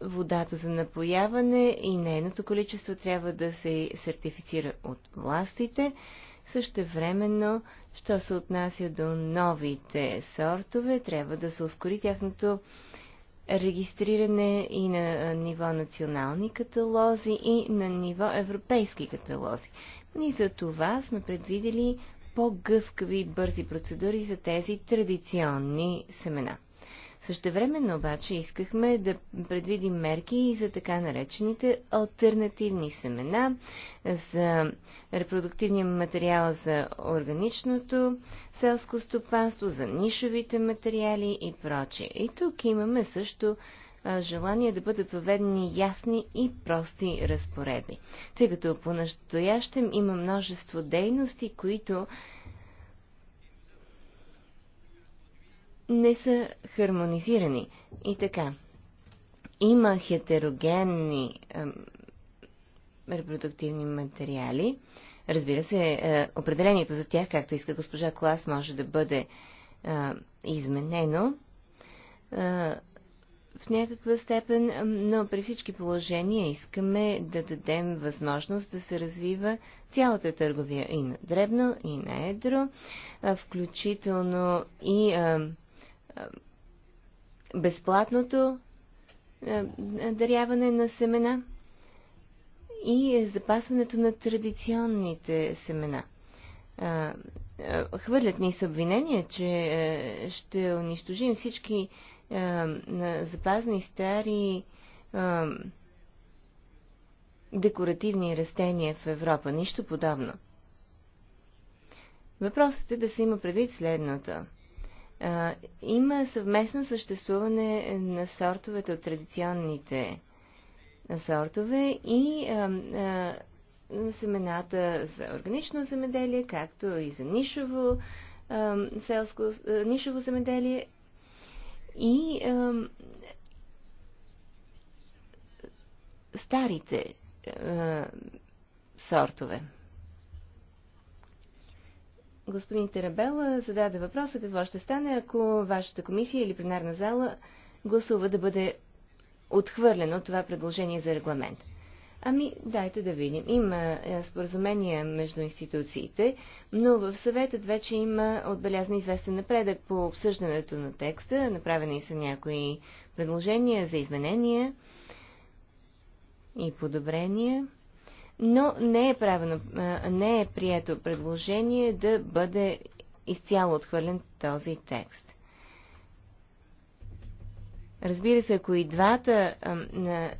Speaker 4: водата за напояване и нейното количество трябва да се сертифицира от властите. Същевременно, що се отнася до новите сортове, трябва да се ускори тяхното регистриране и на ниво национални каталози и на ниво европейски каталози. И за това сме предвидели по-гъвкави и бързи процедури за тези традиционни семена. Същевременно обаче искахме да предвидим мерки и за така наречените альтернативни семена, за репродуктивния материал за органичното селско стопанство, за нишовите материали и прочие. И тук имаме също желание да бъдат въведени ясни и прости разпоредби, тъй като по-настоящем има множество дейности, които не са хармонизирани. И така, има хетерогенни а, репродуктивни материали. Разбира се, е, определението за тях, както иска госпожа Клас, може да бъде е, изменено в някаква степен, но при всички положения искаме да дадем възможност да се развива цялата търговия и на дребно, и на едро, включително и а, безплатното даряване на семена и запасването на традиционните семена. Хвърлят ни с обвинения, че ще унищожим всички запазни стари декоративни растения в Европа. Нищо подобно. Въпросът е да се има предвид следното – а, има съвместно съществуване на сортовете от традиционните сортове и а, а, семената за органично земеделие, както и за нишово, а, селско, а, нишово земеделие. И а, старите а, сортове господин Терабел зададе въпроса какво ще стане, ако вашата комисия или пленарна зала гласува да бъде отхвърлено това предложение за регламент. Ами, дайте да видим. Има е, споразумения между институциите, но в съветът вече има отбелязан известен напредък по обсъждането на текста. Направени са някои предложения за изменения и подобрения но не е, правено, не е прието предложение да бъде изцяло отхвърлен този текст. Разбира се, ако и двата на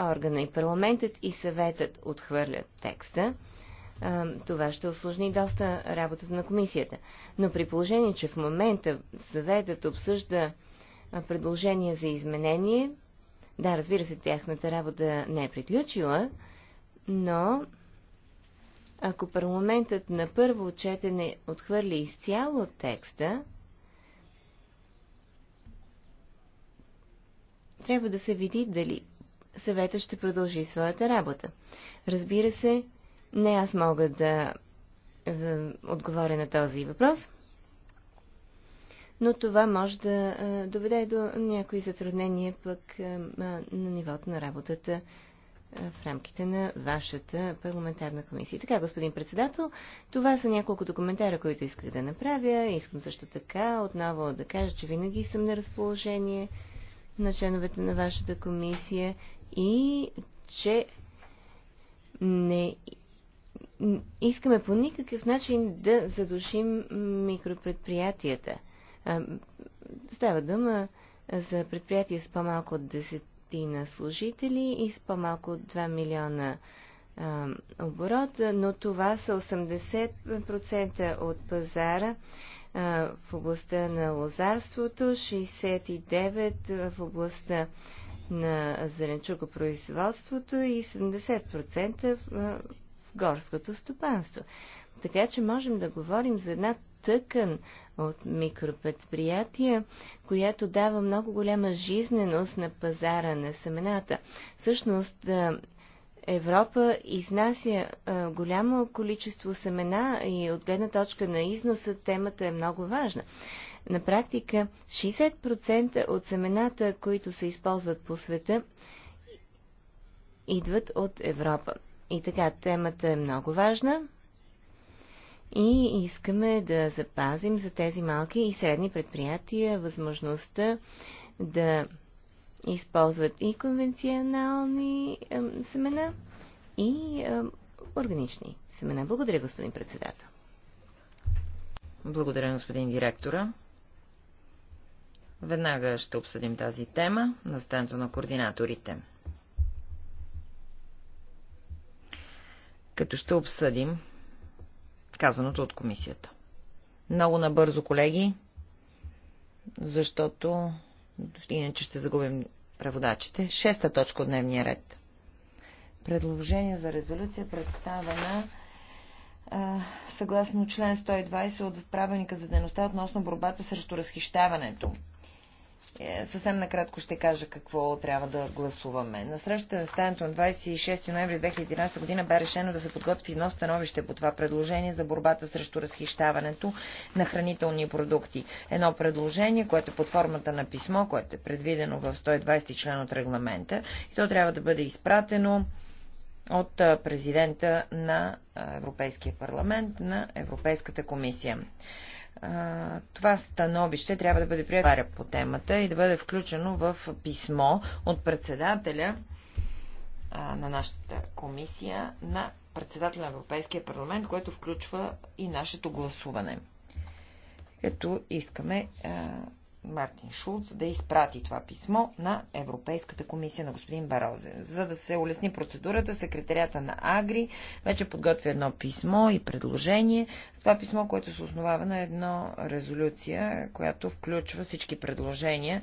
Speaker 4: органа и парламентът и съветът отхвърлят текста, това ще осложни доста работата на комисията. Но при положение, че в момента съветът обсъжда предложения за изменение, да, разбира се, тяхната работа не е приключила, но ако парламентът на първо четене отхвърли изцяло текста, трябва да се види дали съветът ще продължи своята работа. Разбира се, не аз мога да е, отговоря на този въпрос, но това може да е, доведе до някои затруднения пък е, на нивото на работата в рамките на вашата парламентарна комисия. така, господин председател, това са няколко коментара, които исках да направя. Искам също така отново да кажа, че винаги съм на разположение на членовете на вашата комисия и че не искаме по никакъв начин да задушим микропредприятията. Става дума за предприятия с по-малко от 10 милиона служители и с по-малко от 2 милиона а, оборот, но това са 80% от пазара а, в областта на лозарството, 69% в областта на зеленчукопроизводството и 70% в, а, горското стопанство. Така че можем да говорим за една тъкан от микропредприятия, която дава много голяма жизненост на пазара на семената. Всъщност, Европа изнася голямо количество семена и от гледна точка на износа темата е много важна. На практика 60% от семената, които се използват по света, идват от Европа. И така, темата е много важна и искаме да запазим за тези малки и средни предприятия възможността да използват и конвенционални семена, и
Speaker 2: органични семена. Благодаря, господин председател. Благодаря, господин директора. Веднага ще обсъдим тази тема на стенто на координаторите. като ще обсъдим казаното от комисията. Много набързо, колеги, защото иначе ще загубим преводачите. Шеста точка от дневния ред. Предложение за резолюция представена съгласно член 120 от правилника за дейността относно борбата срещу разхищаването. Е, съвсем накратко ще кажа какво трябва да гласуваме. На срещата на стането на 26 ноември 2011 година бе решено да се подготви едно становище по това предложение за борбата срещу разхищаването на хранителни продукти. Едно предложение, което е под формата на писмо, което е предвидено в 120 член от регламента и то трябва да бъде изпратено от президента на Европейския парламент на Европейската комисия това становище трябва да бъде прието по темата и да бъде включено в писмо от председателя на нашата комисия на председателя на Европейския парламент, което включва и нашето гласуване. Като искаме Мартин Шулц да изпрати това писмо на Европейската комисия на господин Барозе. За да се улесни процедурата, Секретарията на Агри вече подготвя едно писмо и предложение. Това писмо, което се основава на едно резолюция, която включва всички предложения,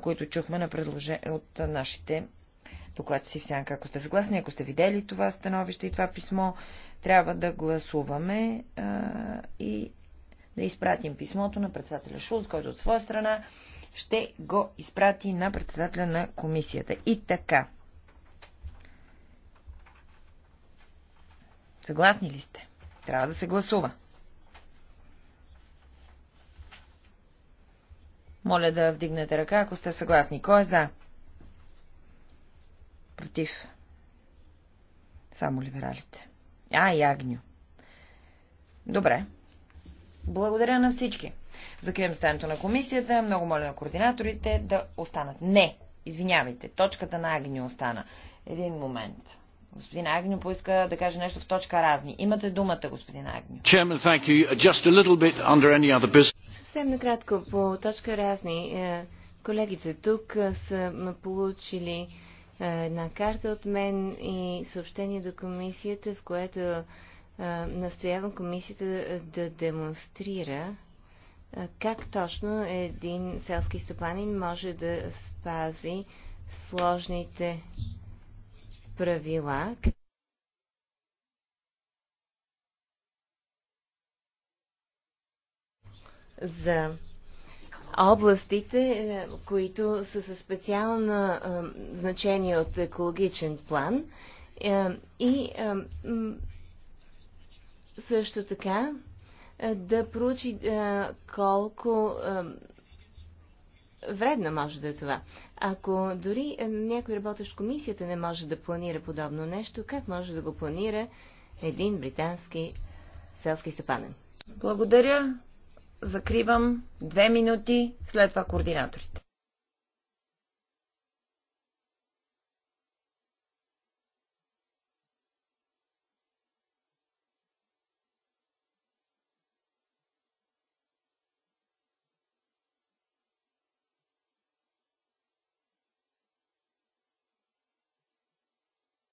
Speaker 2: които чухме на предложение... от нашите докладчици в сянка. Ако сте съгласни, ако сте видели това становище и това писмо, трябва да гласуваме а, и да изпратим писмото на председателя Шулц, който от своя страна ще го изпрати на председателя на комисията. И така. Съгласни ли сте? Трябва да се гласува. Моля да вдигнете ръка, ако сте съгласни. Кой е за? Против. Само либералите. А, и Агню. Добре. Благодаря на всички. Закривам стането на комисията. Много моля на координаторите да останат. Не, извинявайте, точката на Агню остана. Един момент. Господин Агню поиска да каже нещо в точка разни. Имате думата, господин Агню.
Speaker 1: Chairman, thank you. Just a little bit under any other business.
Speaker 2: Съвсем накратко по точка разни. Е, колегите тук е, са
Speaker 4: получили е, една карта от мен и съобщение до комисията, в което настоявам комисията да демонстрира как точно един селски стопанин може да спази сложните правила. за областите, които са със специално значение от екологичен план и също така да проучи а, колко а, вредно може да е това. Ако дори някой работещ в комисията не може да планира подобно нещо, как може да го планира
Speaker 2: един британски селски стопанен? Благодаря. Закривам две минути, след това координаторите.